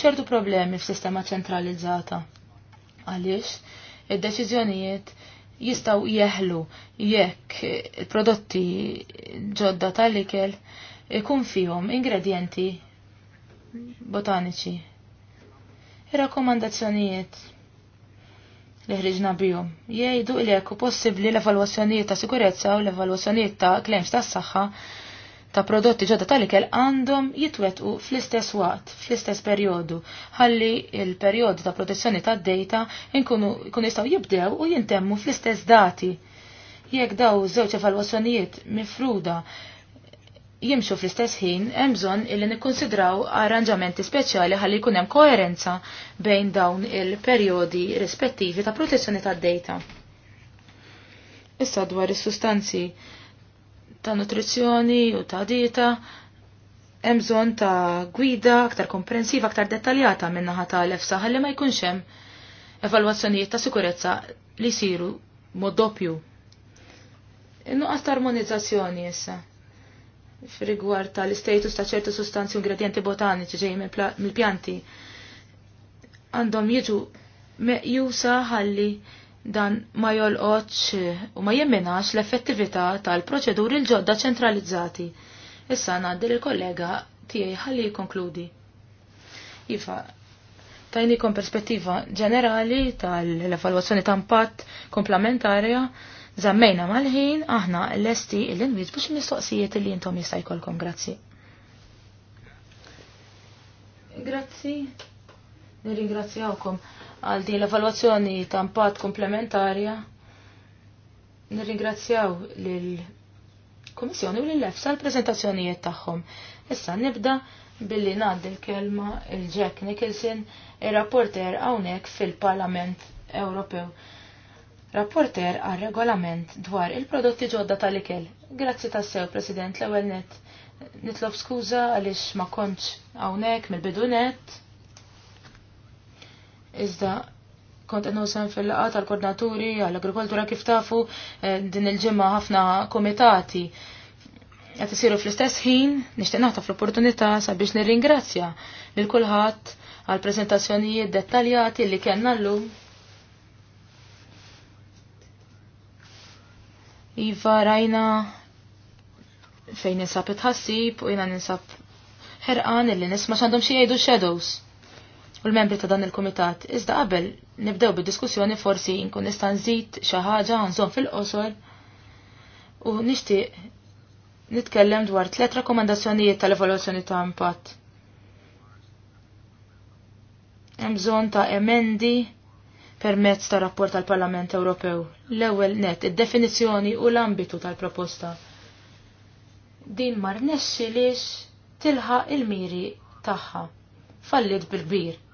ċertu problemi f'sistema ċentralizzata. Għaliex, id-deċiżjonijiet jistaw jeħlu jekk il prodotti ġodda tal-ikel ikun fihom ingredienti botaniċi. Ir-rakkomandazzjonijiet li ħriġna bihom jgħidu li jekk possibbli l-evalwazzjonijiet ta' sikurezza u l-evalwazzjonijiet ta' klems tas-saħħa ta' prodotti ġodda tal-ikel għandhom jitwetqu fl-istess waqt, fl-istess perjodu, ħalli il-perjodu ta' protezzjoni ta' data nkunu jistgħu jibdew u jintemmu fl-istess dati. Jekk daw żewġ evalwazzjonijiet mifruda jimxu fl-istess ħin, hemm bżonn illi nikkonsidraw arranġamenti speċjali ħalli jkun hemm koerenza bejn dawn il-perjodi rispettivi ta' protezzjoni tad data. Issa dwar is-sustanzi ta' nutrizzjoni u ta' dieta hemm bżonn ta' gwida aktar komprensiva, aktar dettaljata min-naħa tal-EFSA ħalli ma jkunx hemm evalwazzjonijiet ta' sikurezza li jsiru mod doppju. Innuqas ta' armonizzazzjoni issa. F'rigward tal-istatus ta' ċertu sustanzi u ingredienti botaniċi ġej mill-pjanti għandhom jiġu meqjusa ħalli dan ma jolqotx u ma jemminax l-effettività tal-proċeduri l-ġodda ċentralizzati. Issa għaddi l-kollega tiegħi ħalli jikonkludi. Iva, tajnikom perspettiva ġenerali tal-evalwazzjoni ta' impatt komplementarja, zammejna mal-ħin aħna l-esti l inwiet biex mistoqsijiet li jintom jistajkolkom, grazzi. Grazzi, nirringrazzjawkom għal din l-evalwazzjoni ta' impatt komplementarja. Nirringrazzjaw lill kummissjoni u lill efsa l-prezentazzjonijiet tagħhom. Issa nibda billi ngħaddi l-kelma il jack Nicholson, ir-rapporter hawnhekk fil-Parlament Ewropew. Rapporter għal regolament dwar il-prodotti ġodda tal-ikel. Grazzi tassew, President, l-ewwel net. Nitlob skuża għaliex ma kontx hawnhekk mill-bidu Iżda kont qed sen fil-laqgħa tal-koordinaturi għall-agrikoltura kif tafu eh, din il-ġimgħa ħafna komitati qed isiru fl-istess ħin nixtieq naħta l-opportunità sabiex nirringrazzja lil kulħadd għal preżentazzjonijiet dettaljati li kellna llum. Iva rajna fejn ninsab ħassib u jiena ninsab ħerqan illi nisma' x'għandhom xi jgħidu shadows u l-membri ta' dan il-komitat. Iżda qabel nibdew bid-diskussjoni forsi nkun nista' nżid xi ħaġa nżomm fil-qosor u nixtieq nitkellem dwar tliet rakkomandazzjonijiet tal-evoluzzjoni ta' impatt. Hemm bżonn ta' emendi permezz ta' rapport tal-Parlament Ewropew. L-ewwel net id-definizzjoni u l-ambitu tal-proposta. Din mar lix tilħaq il-miri tagħha fallit bil-kbir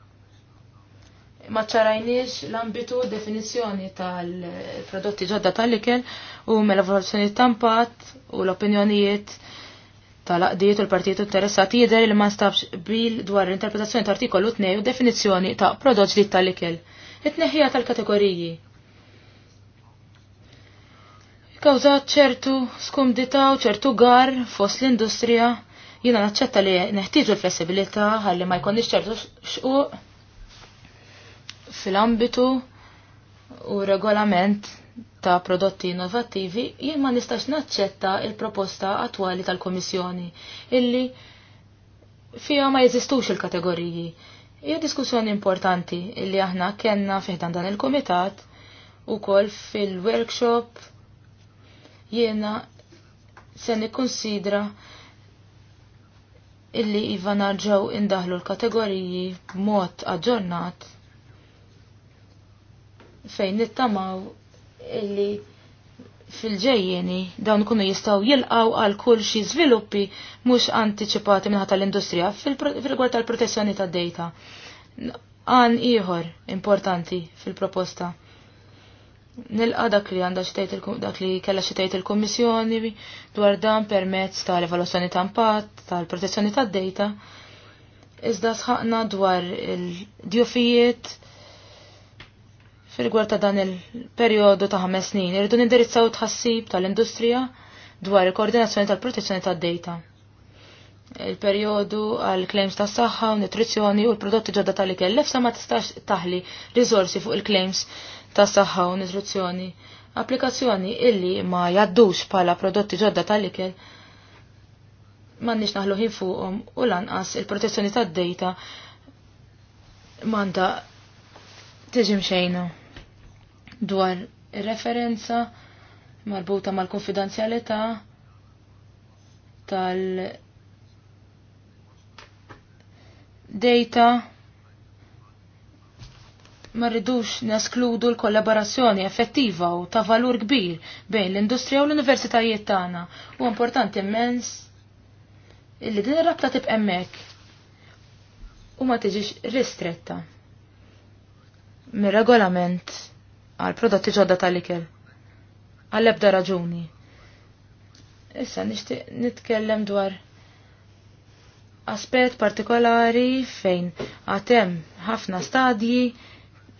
ma ċarajniex l-ambitu definizjoni tal-prodotti ġodda tal-ikel u mela valutazzjoni tampat u l-opinjonijiet tal-aqdijiet u l-partijiet interessati jidher li ma nstabx bil dwar l-interpretazzjoni tal artikolu 2 u definizjoni ta' prodott ġdid tal-ikel. It-neħija tal-kategoriji. Kawżat ċertu skumdita u ċertu gar fost l-industrija jina naċċetta li neħtieġu l-flessibilità ħalli ma jkunniex ċertu xquq fil-ambitu u regolament ta' prodotti innovativi, jien ma nistax naċċetta il-proposta attwali tal-Komissjoni, illi fija ma jeżistux il-kategoriji. Hija diskussjoni importanti illi aħna kenna fiħdan dan il-komitat u kol fil-workshop jiena se nikkonsidra illi iva narġaw indaħlu l-kategoriji b'mod aġġornat fejn nittamaw illi fil-ġejjeni dawn kunu jistaw jilqaw għal kull xi żviluppi mhux antiċipati minħata tal-industrija fil-rigward tal-protezzjoni tad-data. Għan ieħor importanti fil-proposta. Nilqa dak li għandha dak li kellha xi il-Kummissjoni dwar dan permezz tal-evaluazzjoni ta' impatt tal-protezzjoni tad-data. Iżda sħaqna dwar il-djufijiet fil-gwar ta' dan il-periodu ta' ħames snin, irridu nindirizzaw tħassib tal-industrija dwar il-koordinazzjoni tal-protezzjoni tad-data. Il-periodu għal claims ta' saħħa u nutrizzjoni u l-prodotti ġodda tal-ikel lefsa ma tistax taħli riżorsi fuq il-claims ta' saħħa u nutrizzjoni. Applikazzjoni illi ma jaddux pala prodotti ġodda tal-ikel mannix naħluħin fuqhom u lanqas il-protezzjoni tad-data manda tiġim xejna dwar referenza marbuta mal-konfidenzjalità tal-data ma rridux naskludu l-kollaborazzjoni effettiva u ta' valur kbir bejn l-industrija u l-universitajiet tagħna. U importanti immens illi din ir-rabta tibqa' hemmhekk u ma tiġix ristretta mir-regolament għal prodotti ġodda tal-ikel. Għal ebda raġuni. Issa nixtieq nitkellem dwar aspett partikolari fejn għatem ħafna stadji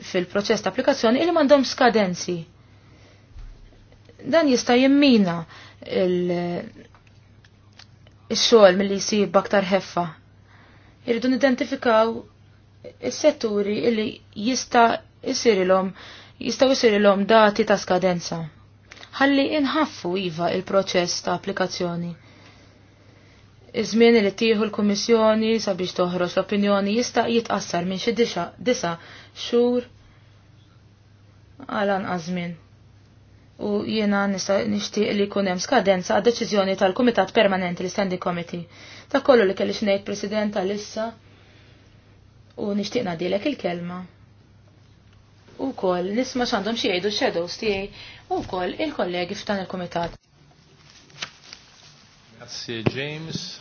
fil-proċess ta' applikazzjoni il mandom skadenzi. Dan jista' jimmina il-xogħol mill-li jsib baktar heffa. Irridu nidentifikaw is-setturi li jista' jsirilhom il jistaw jisir l-om dati ta' skadenza. Ħalli inħaffu iva il-proċess ta' applikazzjoni. Iż-żmien li tieħu l-Kummissjoni sabiex toħroġ l-opinjoni jista' jitqassar minn xi disa xhur għal anqas u jiena nixtieq li jkun hemm skadenza għad deċiżjoni tal-Kumitat Permanenti l standing Committee. Ta' kollu li kellix ngħid President tal-issa u nixtieq ngħadilek il-kelma u kol nisma xandom xie jgħidu shadows tiegħi u kol il-kollegi f'tan il-komitat. Grazie James,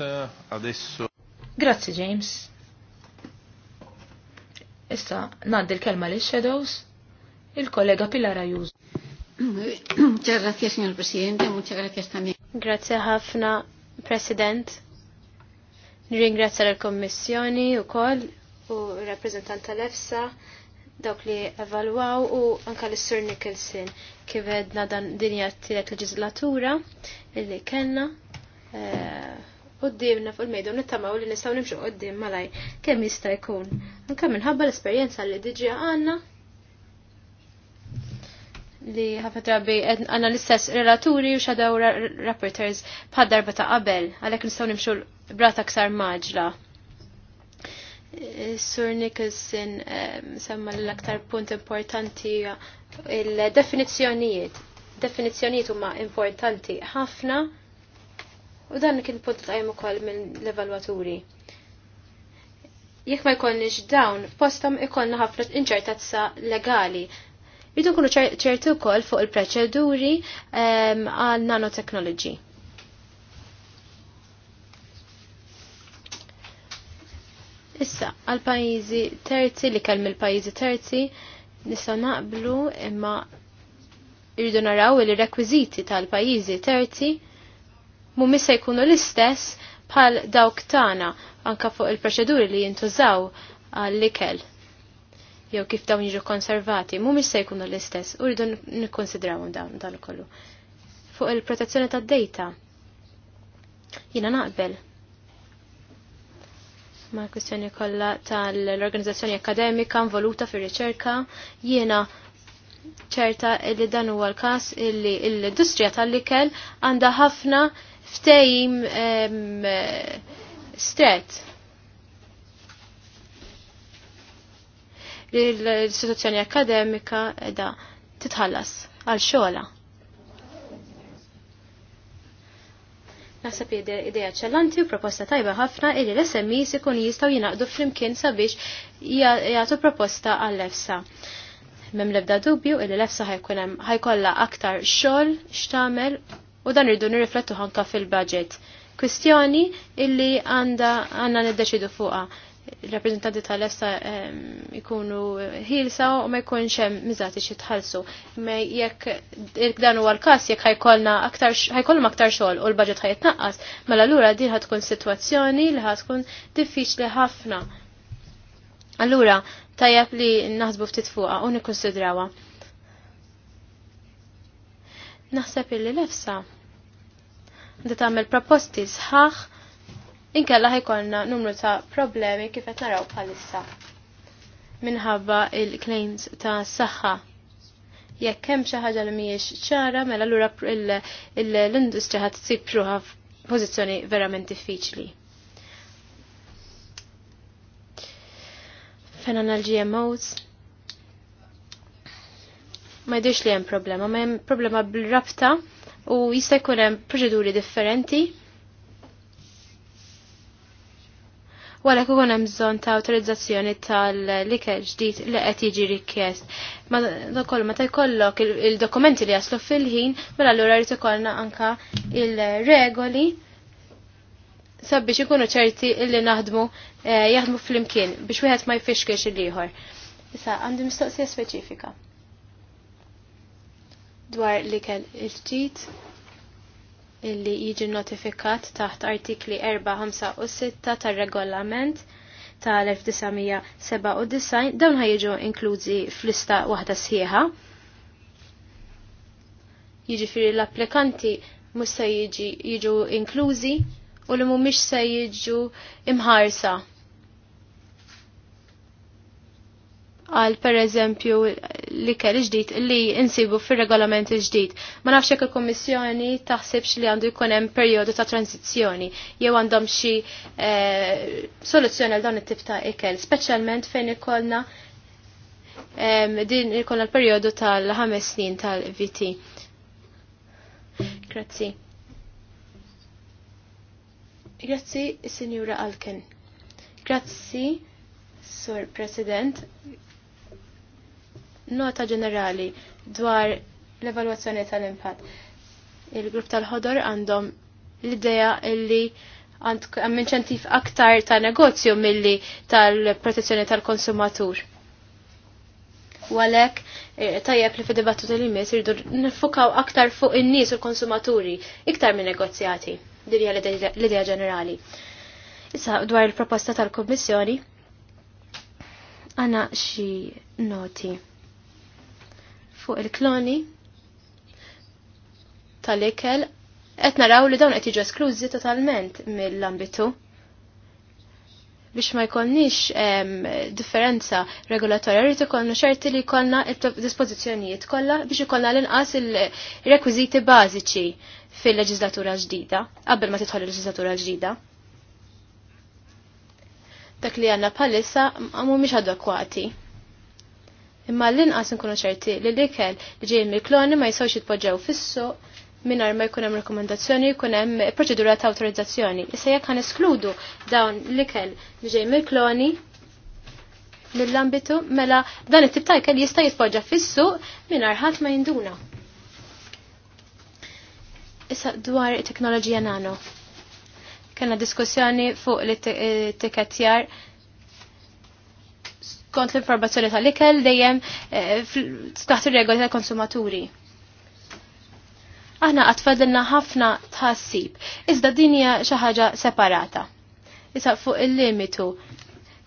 adesso. Grazie James. Issa naddi l-kelma li shadows il-kollega Pilar Ayuso. Muchas gracias, señor presidente. Muchas gracias también. Grazie ħafna, President. Nirringrazzja l-Kommissjoni u kol u rappresentant tal-EFSA dawk li evalwaw u anka l sir Nicholson kif edna dan dinja t-tiret leġislatura illi kellna d-dimna eh, fuq il-mejdu nittamaw li nistgħu nimxu d-dim malaj kemm jista' jkun. Anke minħabba l-esperjenza li diġi għandna li ħafna drabi għandna l-istess relaturi u xadaw rapporters bħad darba ta' qabel għalhekk nistgħu nimxu brata ksar maġla. Sur Nicholson eh, semma l-aktar punt importanti il-definizjonijiet. Definizjonijiet huma importanti ħafna u dan kien punt tqajjem ukoll minn l-evalwaturi. Jekk ma jkollniex dawn, f'postom ikollna ħafna inċertazza legali. Rridu kunu ċertu wkoll fuq il-proċeduri ehm, għal nanotechnology. Issa, għal pajizi terzi li kalm il-pajizi terzi nisa naqblu imma irridu naraw li rekwiziti tal-pajizi terzi missa jkunu l-istess bħal dawk tagħna anka fuq il-proċeduri li jintużaw għall-ikel jew kif dawn jiġu konservati, mu missa jkunu l-istess, u rridu nikkonsidrawhom dawn dan kollu. Fuq il-protezzjoni tad-dejta, jiena naqbel ma' kwistjoni kollha tal-organizzazzjoni akademika involuta fir-riċerka jiena ċerta li dan huwa l-każ illi l-industrija tal-ikel għandha ħafna ftejim stret. L-istituzzjoni akademika edha titħallas għal xogħla. Naħseb ideja ċellanti u proposta tajba ħafna illi l-SMEs ikun jistaw jinaqdu flimkien sabiex jagħtu proposta għall-EFSA. Mem lebda dubju illi l-EFSA ħajkolla aktar xogħol x'tamel u dan rridu nirriflettu ħanka fil-budget. Kwistjoni illi għanna għandna niddeċidu fuqha rappresentanti tal-essa ehm, ikunu hilsa u ma jkunx hemm miżati xi tħallsu. Ma jekk dan huwa l-każ jekk ħajkollna aktar ħajkollhom xogħol u l bagġet ħajtnaqqas, l mela allura din ħatkun sitwazzjoni li ħatkun diffiċli ħafna. Allura tajab li naħsbu ftit fuqha u nikkonsidrawha. Naħseb illi lefsa. Da tagħmel proposti sħaħ inkella ħajkonna numru ta' problemi kif qed naraw bħalissa minħabba il-claims ta' saħħa. Jekk hemm xi ħaġa li mhijiex ċara, mela lura l-industrija ħadd tsib ruħha f'pożizzjoni verament diffiċli. Fena l-GMOs, ma jidhirx li hemm problema, ma hemm problema bil-rabta u jista' jkun hemm proċeduri differenti wara kukun hemm bżonn ta' awtorizzazzjoni tal-liker ġdid li qed jiġi rikjest. Ma dokoll meta jkollok il-dokumenti li jaslu fil-ħin, mela allura jrid ikollna anka il-regoli sabiex ikunu ċerti illi naħdmu eh, jaħdmu fl-imkien biex wieħed ma jfixkex il-ieħor. Issa għandi mistoqsija speċifika dwar li kell il-ġdid illi jiġi notifikat taħt artikli 4, 5 6 tar-regolament tal-1997 dawn ħajġu inklużi fl-lista waħda sħiħa. Jiġifieri l-applikanti mhux se jiġu inklużi u li mhumiex se jiġu imħarsa. għal per eżempju li kell ġdid li insibu fir regolament ġdid. Ma nafx jekk il-Kummissjoni taħsibx li għandu jkun hemm perjodu ta' tranzizzjoni jew għandhom xi eh, soluzzjoni għal dawn it-tip ta' ikel, speċjalment fejn ikollna din ikollna l-perjodu tal-ħames snin tal-VT. Grazzi. Grazzi, Signora Alken. Grazzi, Sur President nota ġenerali dwar l-evalwazzjoni tal-impatt. Il-grupp tal-ħodor għandhom l-idea illi għandhom inċentif aktar ta' negozju milli tal-protezzjoni tal-konsumatur. U għalek eh, tajjeb li fid-dibattu tal-imis irridu nifukaw aktar fuq in-nies u l-konsumaturi iktar minn negozjati. Dirja l-idea ġenerali. Issa dwar il-proposta tal-Kommissjoni għana xi noti fuq il-kloni tal-ikel qed naraw li dawn qed jiġu esklużi totalment mill-ambitu biex ma jkollniex differenza regolatorja rrid ikollna ċerti li jkollna dispożizzjonijiet kollha biex ikollna l-inqas il-rekwiżiti bażiċi fil-leġislatura ġdida qabel ma tidħol il-leġislatura ġdida. Dak li għandna bħalissa mhumiex adekwati. Imma l-inqas nkunu ċerti li l-ikel li ġej mill-kloni ma jisawx jitpoġġew fis-suq minar ma jkun hemm rekomendazzjoni jkun hemm proċedura ta' awtorizzazzjoni. Issa jekk ħan eskludu dawn l-ikel li ġej mill-kloni mill-ambitu mela dan it-tip ta' ikel jista' jitpoġġa fis-suq minar ħadd ma jinduna. Issa dwar it-teknoloġija nano. Kenna diskussjoni fuq l-tiketjar. Eh, -tik kont l-informazzjoni tal-ikel dejjem eh, taħt ir-regoli tal-konsumaturi. Aħna għatfadilna ħafna tħassib, iżda din hija xi ħaġa separata. Issa fuq il-limitu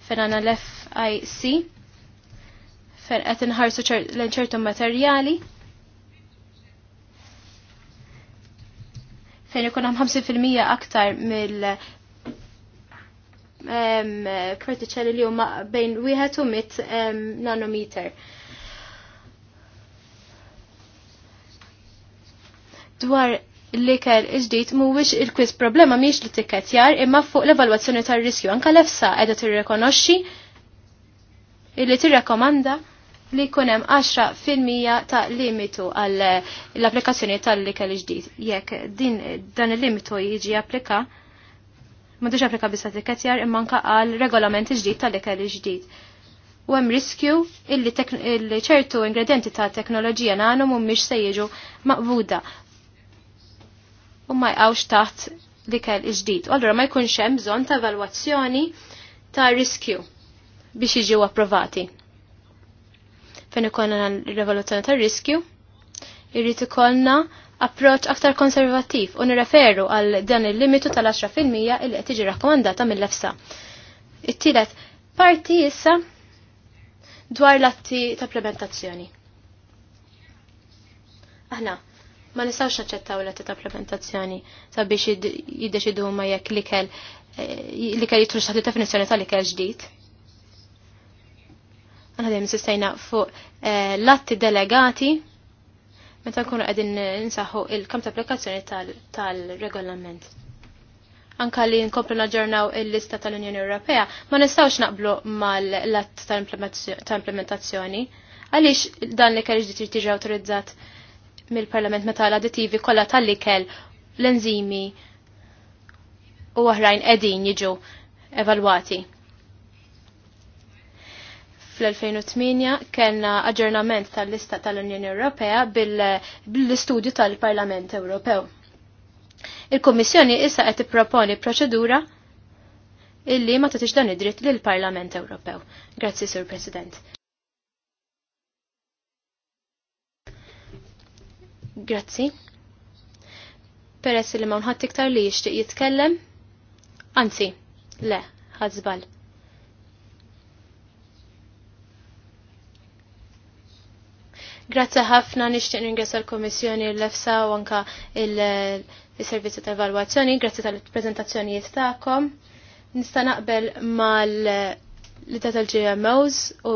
fejn għandna l-FIC fejn qed inħarsu l-ċertu materjali fejn ikun hemm 50% aktar mill- kortiċelli li huma bejn wieħed u mit nanometer. Dwar l-ikel iġdijt mhuwiex il-kwiz problema miex li tikketjar imma fuq l-evalwazzjoni tar-riskju Anke l-efsa qiegħda tirrikonoxxi illi tirrakkomanda li jkun hemm 10 fil-mija ta' limitu għall l-applikazzjoni tal likel ġdid Jekk din dan il-limitu jiġi applika Ma m'għandux applika biss etikettjar imma nka għal regolamenti ġdid tal-ikel ġdid. U hemm riskju illi ċertu ingredienti ta' teknoloġija nagħnu mhumiex se jiġu maqbuda u ma jqawx taħt l-ikel ġdid. Allura ma jkunx hemm bżonn ta' evalwazzjoni ta' riskju biex jiġu approvati. Fejn ikollna l-revoluzzjoni tar riskju, irrid ikollna approċ aktar konservativ u nirreferu għal dan il-limitu tal-10% il qed tiġi rakkomandata mill-lefsa. It-tielet parti issa dwar l-atti ta' implementazzjoni. Aħna, ma nistgħux naċċettaw l-atti ta' implementazzjoni sabiex jiddeċidu huma jekk l-ikel eh, l-ikel jitrux taħt definizzjoni tal-ikel ġdid. Aħna dejjem sistejna fuq eh, l-atti delegati meta nkunu qegħdin insaħħu il-kamp ta' applikazzjoni tal-regolament. Anka li nkomplu naġġornaw il-lista tal-Unjoni Ewropea ma nistgħux naqblu mal-att ta' implementazzjoni. Għaliex dan li kellix ġdid tiġi awtorizzat mill-Parlament meta l-additivi kollha tal-ikel l-enzimi u oħrajn qegħdin jiġu evalwati. Fl-2008 kellna aġġornament tal-lista tal-Unjoni Ewropea bil-istudju tal-Parlament Ewropew. Il-Kommissjoni issa qed tipproponi proċedura illi ma tagħtix dan id-dritt lill Parlament Ewropew. Grazzi, Sur President. Grazzi. Peress li ma nħadd iktar li jixtieq jitkellem, anzi, le, ħadżbal. Grazzi ħafna nixtieq ningrazzja l kummissjoni l-EFSA u anka il-Servizzi ta' Evalwazzjoni, grazzi tal preżentazzjonijiet tagħkom. Nista' naqbel mal l-ita tal-GMOs u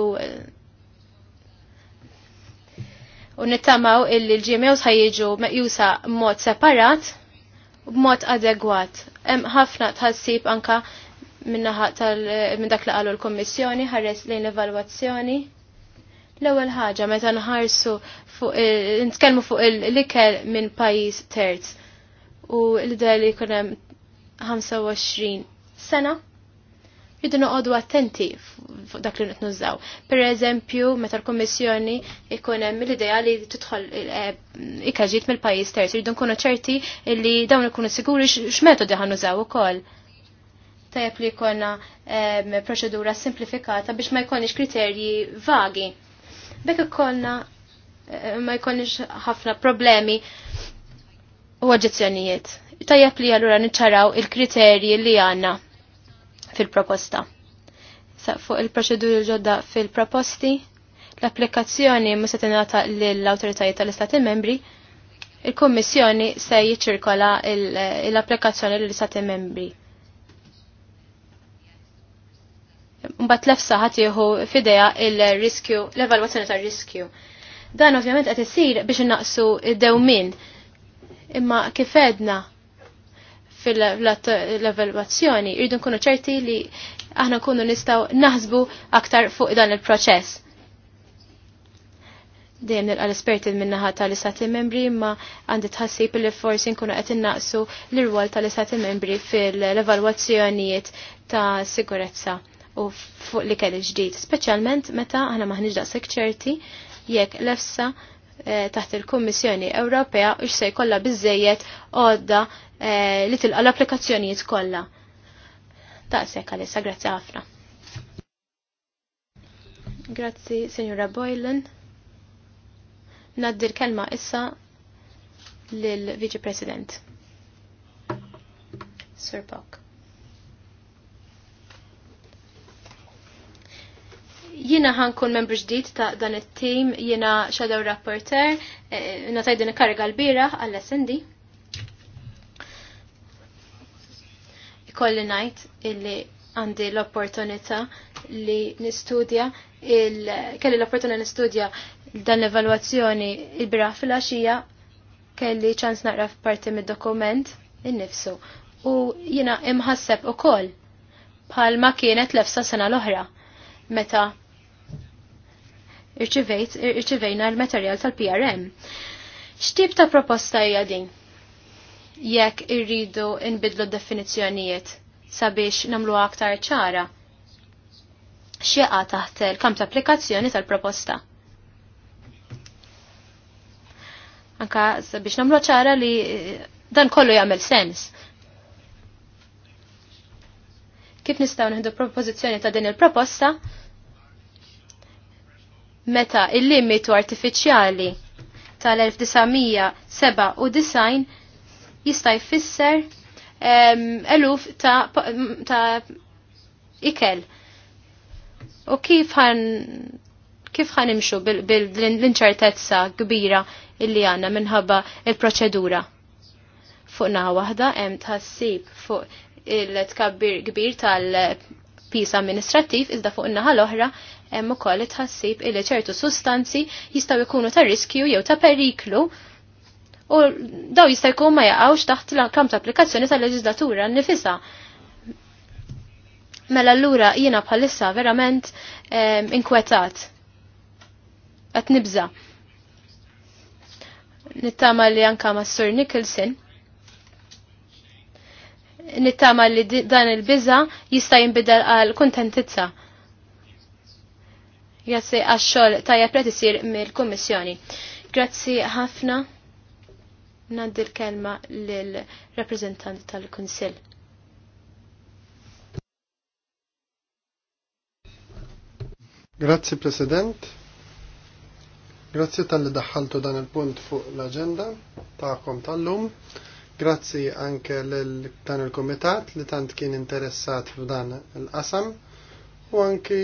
u nittamaw illi l-GMOs ħajġu meqjusa mod separat u b'mod adegwat. Hemm ħafna tħassib anka minn dak li qalu l-Kommissjoni ħares lejn l-evalwazzjoni. L-ewwel ħaġa meta nħarsu fuq nitkellmu fuq l-ikel minn pajjiż terz u l-idea li jkun hemm 25 sena jridu noqogħdu attenti fuq dak li qed nużaw. Pereżempju, meta l-Kummissjoni ikun hemm l-idea li tidħol eh, ikaġit mill-pajjiż terz, jridu nkunu ċerti li dawn ikunu siguri x'metodi ħan nużaw ukoll. Tajjeb li jkollna eh, proċedura simplifikata biex ma jkollniex kriterji vagi. Bekk ikollna eh, ma jkollniex ħafna problemi u oġġezzjonijiet. Tajjeb li allura niċċaraw il-kriterji li għandna fil-proposta. Sa fuq il-proċeduri ġodda fil-proposti, l-applikazzjoni mhux se tingħata lill-awtoritajiet tal-Istati membri, il-Kummissjoni se jiċċirkola eh, l-applikazzjoni lill-Istati membri. mbagħad lefsa ħatiħu jieħu il-riskju, l-evalwazzjoni tar-riskju. Dan ovvjament qed isir biex innaqsu id-dewmin. Imma kif edna fil-evalwazzjoni irridu nkunu ċerti li aħna nkunu nistgħu naħsbu aktar fuq dan il-proċess. Dejjem nilqa l-esperti minnaħa tal-istati membri imma għandi tħassib li forsi nkunu qed innaqsu l-irwol tal-istati membri fil-evalwazzjonijiet ta' sigurezza u fuq li kelli ġdid, speċjalment meta aħna maħniġ daqshekk ċerti jekk l-efsa eh, taħt il-Kummissjoni Ewropea u se jkollha biżejjed għodda eh, li tilqa l-applikazzjonijiet kollha. Daqshekk għalissa, grazzi ħafna. Grazzi, Signora Boylan. Naddir kelma issa lil vice President. Sir Pock. Jina kun membru ġdid ta' dan it-tim, jina shadow rapporter, eh, nataj din ikkarga l-bira għall-SND. Ikolli najt illi għandi l-opportunità li nistudja kelli l-opportunità nistudja dan l-evalwazzjoni il-bira fil-axija kelli ċans naqraf parti mid-dokument innifsu u jina imħasseb u koll bħalma kienet lefsa sena l-oħra meta irċivejna l-materjal tal-PRM. X'tip ta' proposta hija din? Jekk irridu nbidlu d-definizzjonijiet sabiex namlu aktar ċara x'jaqa' taħt il-kamp ta' applikazzjoni tal-proposta. anka sabiex namlu ċara li eh, dan kollu jagħmel sens. Kif nistgħu nieħdu propożizzjoni ta' din il-proposta meta il-limitu artifiċjali tal-1997 jista' jfisser eluf ta', ta ikel. U kif ħan kif ħan imxu bil-inċertezza kbira illi għanna minħabba il-proċedura. Fuqna waħda hemm tħassib fuq il-tkabbir kbir tal pisa amministrativ iżda fuq naħa l-oħra hemm ukoll tħassib illi ċertu sustanzi jistgħu jkunu ta' riskju jew ta' periklu u daw jista' jkun ma jaqgħux taħt l-kamp ta' applikazzjoni tal-leġislatura nnifisha. Mela allura jiena bħalissa verament ehm, inkwetat. Qed nibża. Nittama li anka ma' Sir Nicholson nittama li dan il-biza jista' jinbidel għal kuntentizza Grazie għax-xogħol tajjeb li mill-Kummissjoni. Grazzi ħafna. Naddi l-kelma lill rappresentant tal-Kunsill. Grazzi President. Grazzi tal-li daħħaltu dan il-punt fuq l-agenda ta'kom tal-lum. Grazzi anke l-dan il-komitat li tant kien interessat f'dan il-qasam u anki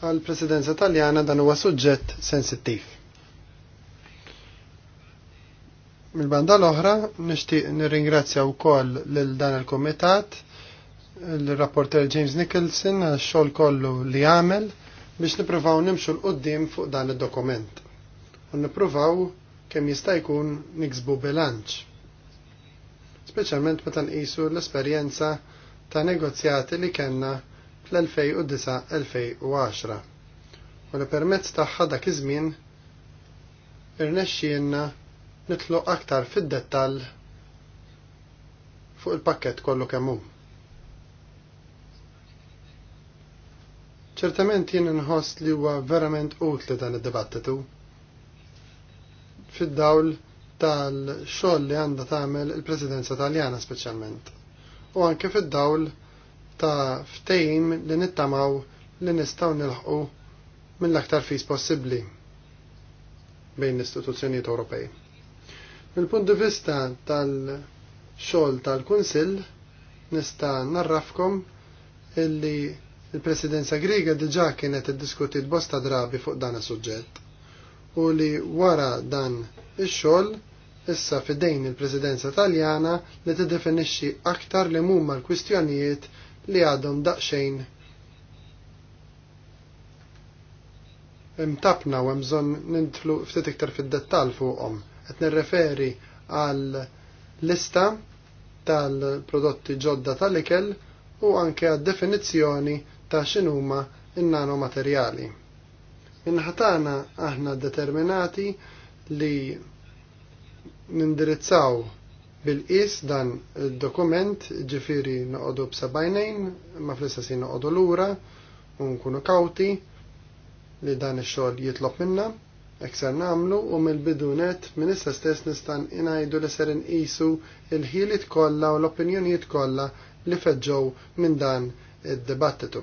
għal presidenza taljana dan huwa suġġett sensittiv. Mil-banda l-oħra nixtieq nirringrazzja wkoll lil dan il-kumitat il-rapporter James Nicholson għax xogħol kollu li għamel biex nippruvaw nimxu l-qoddim fuq dan id-dokument. U nippruvaw kemm jista' jkun niksbu bilanċ. Speċjalment meta nqisu l-esperjenza ta' negozjati li kellna fl-2009-2010 u li permezz tagħha dak iż-żmien irnexxielna nitlu aktar fid-dettall fuq il-pakket kollu kemm hu. ċertament jien nħoss li huwa verament utli dan id-dibattitu fid-dawl tal-xogħol li għandha tagħmel il-Presidenza Taljana speċjalment u anke fid-dawl ta' ftejim li nittamaw li nistaw nilħu mill-aktar fis possibbli bejn l-istituzzjonijiet Ewropej. Mill-punt di vista tal-xogħol tal-Kunsill nista' narrafkom illi il-Presidenza Griega diġà kienet iddiskutit bosta drabi fuq dan is-suġġett u li wara dan ix-xogħol issa fidejn il-Presidenza Taljana li tiddefinixxi aktar li mumma l-kwistjonijiet li għadhom daqsxejn imtabna u għemżon nintlu ftit iktar fid-dettal fuqhom. Qed nirreferi għal lista tal-prodotti ġodda tal-ikel u anke għad definizzjoni ta' x'inhuma in-nano materjali. Inħatana aħna determinati li nindirizzaw Bil-qis dan il-dokument ġifiri noqodu b'sebajnejn, ma flissa si noqodu lura, u nkunu kauti li dan ix-xogħol jitlob minna, ekser namlu u mill-bidunet minissa stess nistan inajdu li ser inqisu il-ħiliet kollha u l-opinjonijiet kollha li feġġew minn dan id-dibattitu.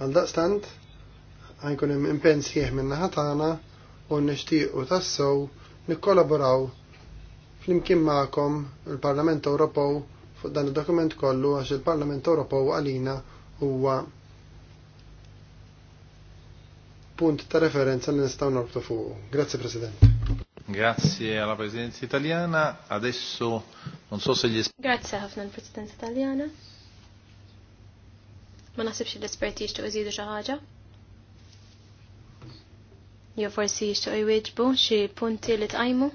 Għaldaqstant, daqstant impenn sħiħ minna ħatana, u nixtiequ tassew nikkolaboraw flimkien ma'kom il-Parlament Ewropew fuq dan id-dokument kollu għax il-Parlament Ewropew għalina huwa punt ta' referenza li nistgħu norbtu fuq. Grazzi President. Grazie alla Presidenza italiana. Adesso non so se gli Grazie ħafna l-Presidenza italiana. Ma naħsibx l-esperti jixtiequ iżidu xi ħaġa jew forsi jixtiequ jwieġbu xi punti li tqajmu?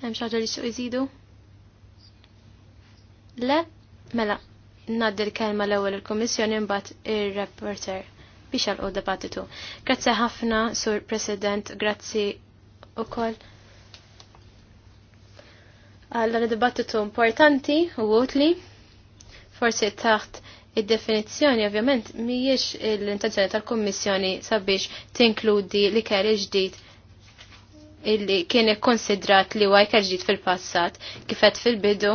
Hemm xi ħaġa li jixtiequ jżidu? Le, mela, ngħaddi l-kelma l-ewwel il-Kummissjoni mbagħad ir-rapporter biex għalqu dibattitu. Grazzi ħafna, Sur President, grazzi ukoll għal dibattitu importanti u utli, forsi taħt Id-definizzjoni ovvjament mhijiex l-intenzjoni tal-Kummissjoni sabiex tinkludi li kelli ġdid illi kien ikkonsidrat li huwa ikel ġdid fil-passat kifet fil-bidu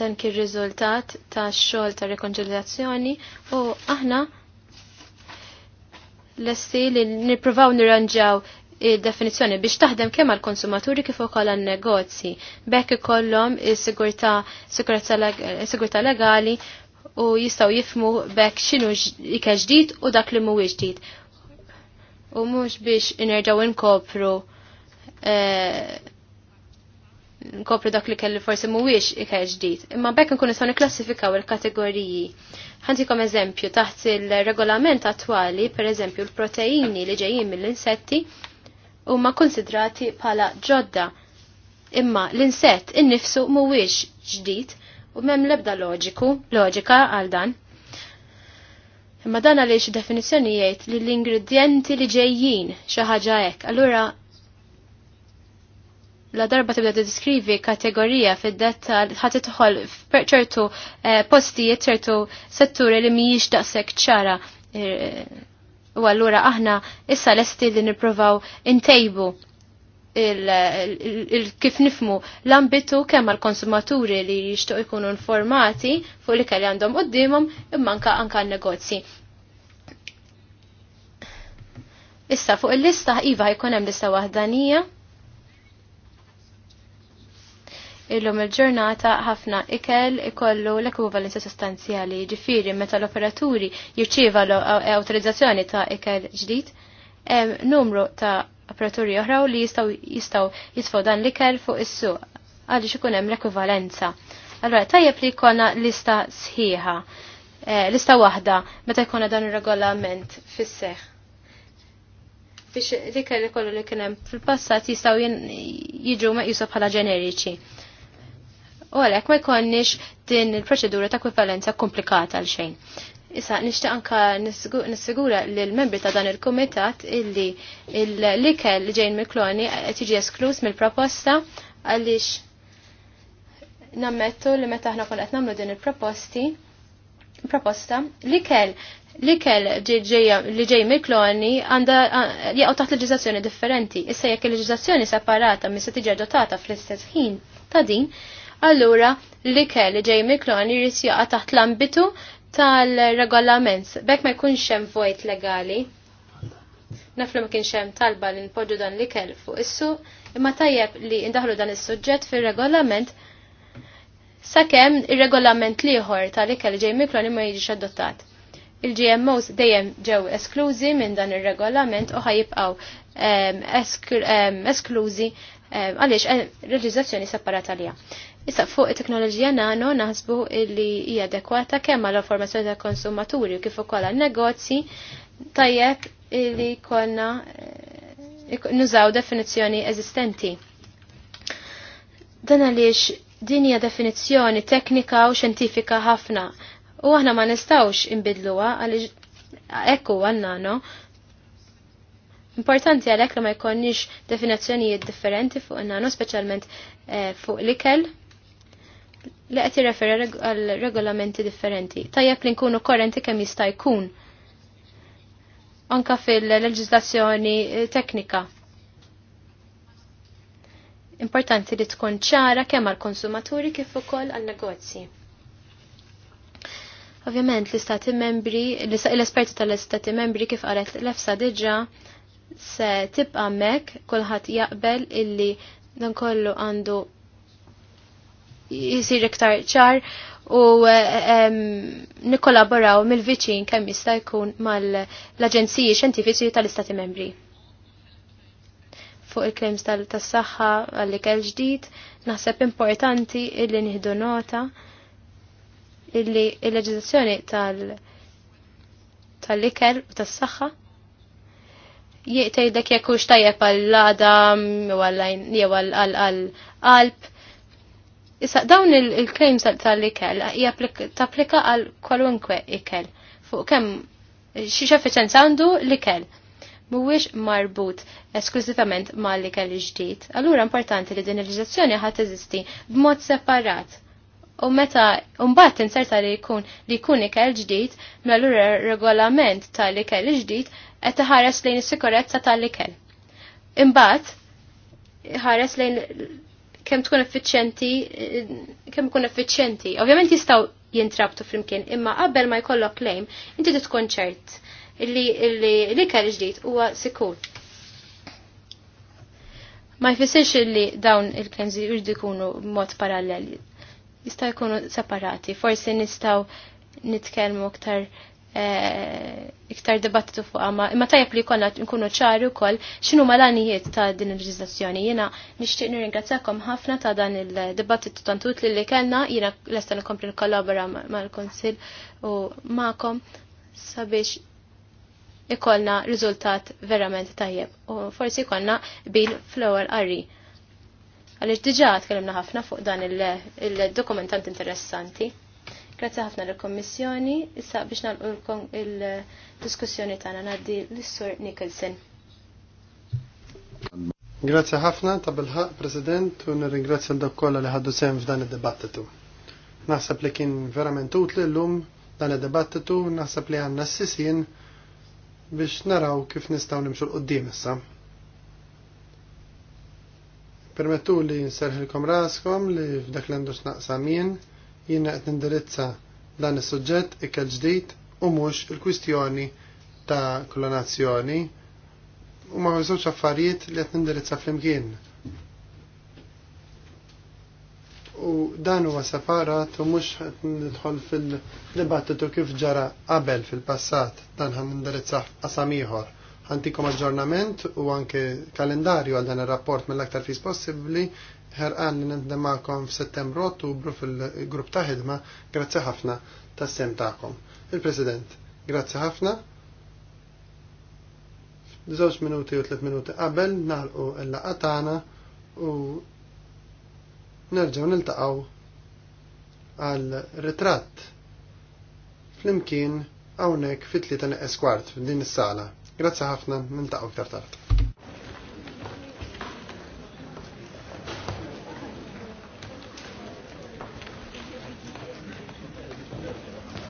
dan kien riżultat ta' xogħol ta' rekonġiljazzjoni u aħna lesti li nippruvaw nirranġaw id-definizzjoni biex taħdem kemm għall konsumaturi kif ukoll għan-negozji. Bekk ikollhom is-sigurtà legali u jistgħu jifmu bekk x'inhu ikel ġdid u dak li mhuwiex ġdid. U mhux biex inerġgħu inkopru e, nkopru dak li kelli forsi mhuwiex ikel ġdid. Imma bekk nkunu sa niklassifikaw il-kategoriji. Ħantikom eżempju taħt il-regolament attwali, per eżempju l-proteini li ġejjin mill-insetti, huma konsidrati bħala ġodda. Imma l-insett innifsu mhuwiex ġdid u m'hemm l-ebda loġiku, loġika għal dan. Imma dan għaliex definizzjonijiet li l-ingredjenti li ġejjin xi ħaġa hekk, allura la darba tibda tiskrivi kategorija fid-dettal ħadd tidħol ċertu eh, postijiet, ċertu setturi li mhijiex daqshekk ċara eh, U allura aħna issa lesti li nipprovaw intejbu kif nifmu l-ambitu kemm għal konsumaturi li jixtuq ikunu informati fuq li kelli għandhom qoddimhom imma anka anka negozji. Issa fuq il-lista iva jkun hemm lista waħdanija. illum il-ġurnata ħafna ikel ikollu l-ekwivalenza sostanzjali, ġifiri meta l-operaturi jirċiva l-autorizzazzjoni ta' ikel ġdid, numru ta' operaturi oħra li jistaw jistaw jisfaw dan l-ikel fuq is-suq għaliex ikun hemm l-ekwivalenza. Allora, tajjeb li jkollna lista sħiħa, eh, lista waħda meta jkollna dan ir-regolament fis-seħħ biex dik li kollu li kienem fil-passat jistaw jiġu meqjusa bħala ġeneriċi u għalhekk ma jkollniex din il-proċedura ta' kwivalenza komplikata għal xejn. Issa nixtieq anka nissigura l membri ta' dan il-kumitat illi l-ikel li ġejn Mikloni tiġi esklus mill-proposta għaliex nammettu li meta aħna kon namlu nagħmlu din il-proposti proposta l-ikel l-ikel li ġej Mikloni għanda jaqgħu taħt leġiżlazzjoni differenti. Issa jekk il-leġiżlazzjoni separata mis se tiġi adottata fl-istess ħin ta' din, allura li kelli ġej miklon jrid jaqa' taħt l-ambitu tal-regolament. Bekk ma jkunx hemm vojt legali. Naflu ma kienx hemm talba li npoġġu dan li kell fuq is imma tajjeb li ndaħlu dan is-suġġett fir-regolament sakemm ir-regolament liħor tal-ikel ġej miklon ma jiġix adottat il-GMOs dejjem ġew esklużi minn dan ir-regolament u ħajibqgħu ehm, ehm, esklużi ehm, għaliex eh, reġizzazzjoni separata liha. Issa fuq it-teknoloġija nano naħsbu illi hija adekwata kemm għal informazzjoni tal-konsumaturi u kif ukoll għan-negozji tajjeb illi konna eh, nużaw definizzjoni eżistenti. Dan għaliex din hija definizzjoni teknika u xjentifika ħafna u aħna ma nistgħux inbidluha għaliex ekku għan-nano Importanti għalhekk li ma jkollniex definizzjonijiet differenti fuq nano, speċjalment eh, fuq l-ikel li qed jirreferi għal regolamenti differenti. Tajjeb li nkunu korrenti kemm jista' jkun anka fil-leġislazzjoni eh, teknika. Importanti li tkun ċara kemm għall konsumaturi kif ukoll għal negozji. Ovvjament l-istati membri, l-esperti tal-istati membri kif qalet l-efsa diġa se tibqa' mek kulħadd jaqbel illi dan kollu għandu jisir iktar ċar u eh, nikkollaboraw mill-viċin kemm jista' jkun mal-aġenziji xjentifiċi tal-Istati Membri. Fuq il klims tal-saħħa għall-ikel ġdid, naħseb importanti illi nieħdu nota illi il-leġiżazzjoni tal- ikel u tas-saħħa jgħidlek jekk hux tajjeb għall-għada jew għall-qalb Issa dawn il-claims tal-ikel tapplika għal kwalunkwe ikel fuq kemm xi effiċenza għandu l-ikel mhuwiex marbut ma' mal-ikel ġdid. Allura importanti li din il-leġizzazzjoni ħadd teżisti b'mod separat. U meta mbagħad tinserta li jkun li jkun ikel ġdid, allura regolament tal-ikel ġdid qed iħares lejn is-sikurezza tal-ikel. Imbagħad ħares lejn kemm tkun effiċjenti, kemm ikun effiċjenti. Ovvjament jistgħu jintrabtu flimkien, imma qabel ma jkollok claim, inti tkun ċert li l-ikel ġdid huwa sikur. Ma jfissirx li dawn il-claims jridu jkunu mod paralleli. Jistgħu jkunu separati, forsi nistgħu nitkellmu aktar Eh, iktar dibattitu fuq ma imma tajjeb li konna nkunu ċari wkoll x'inhu malanijiet ta' din il-leġiżlazzjoni. Jiena nixtieq nirringrazzjakom ħafna ta' dan il-dibattitu tantut utli li kellna, jiena lesta nkompli nkollabora mal-Kunsill u magħkom sabiex ikolna riżultat verament tajjeb u forsi konna bil flower arri. Għaliex diġà tkellimna ħafna fuq dan il-dokumentant interessanti. Grazzi ħafna l-Kommissjoni, issa biex nalqu il-diskussjoni tagħna ngħaddi l-Sur Nicholson. Grazzi ħafna ta' bilħaq President u nirringrazzja l-dak kollha li ħaddu sehem f'dan id-dibattitu. Naħseb li kien verament utli llum dan id-dibattitu, naħseb li għandna s-sisien biex naraw kif nistgħu nimxu l-qoddim issa permettu li nserħilkom raskom li f'dak l endus naqsamin jiena qed nindirizza dan is-suġġett ikel ġdid u mhux il-kwistjoni ta' kolonazzjoni u ma' żewġ affarijiet li qed nindirizza flimkien. U dan huwa separat u mhux qed nidħol fil-dibattitu kif ġara qabel fil-passat dan ħan nindirizza qasam ieħor għantikom aġġornament u anke kalendarju għal dan ir-rapport mill-aktar fis possibbli ħerqan li f-settembru, Ottubru fil-grupp ta' ħidma, grazzi ħafna tas-sem tagħkom. Il-President, grazzi ħafna. Żewġ minuti u tliet minuti qabel nagħlqu l-laqgħa tagħna u nerġgħu niltaqgħu għal ritratt flimkien hawnhekk fit-tlieta neqes f'din is-sala. Grazzi ħafna, niltaqgħu iktar tard.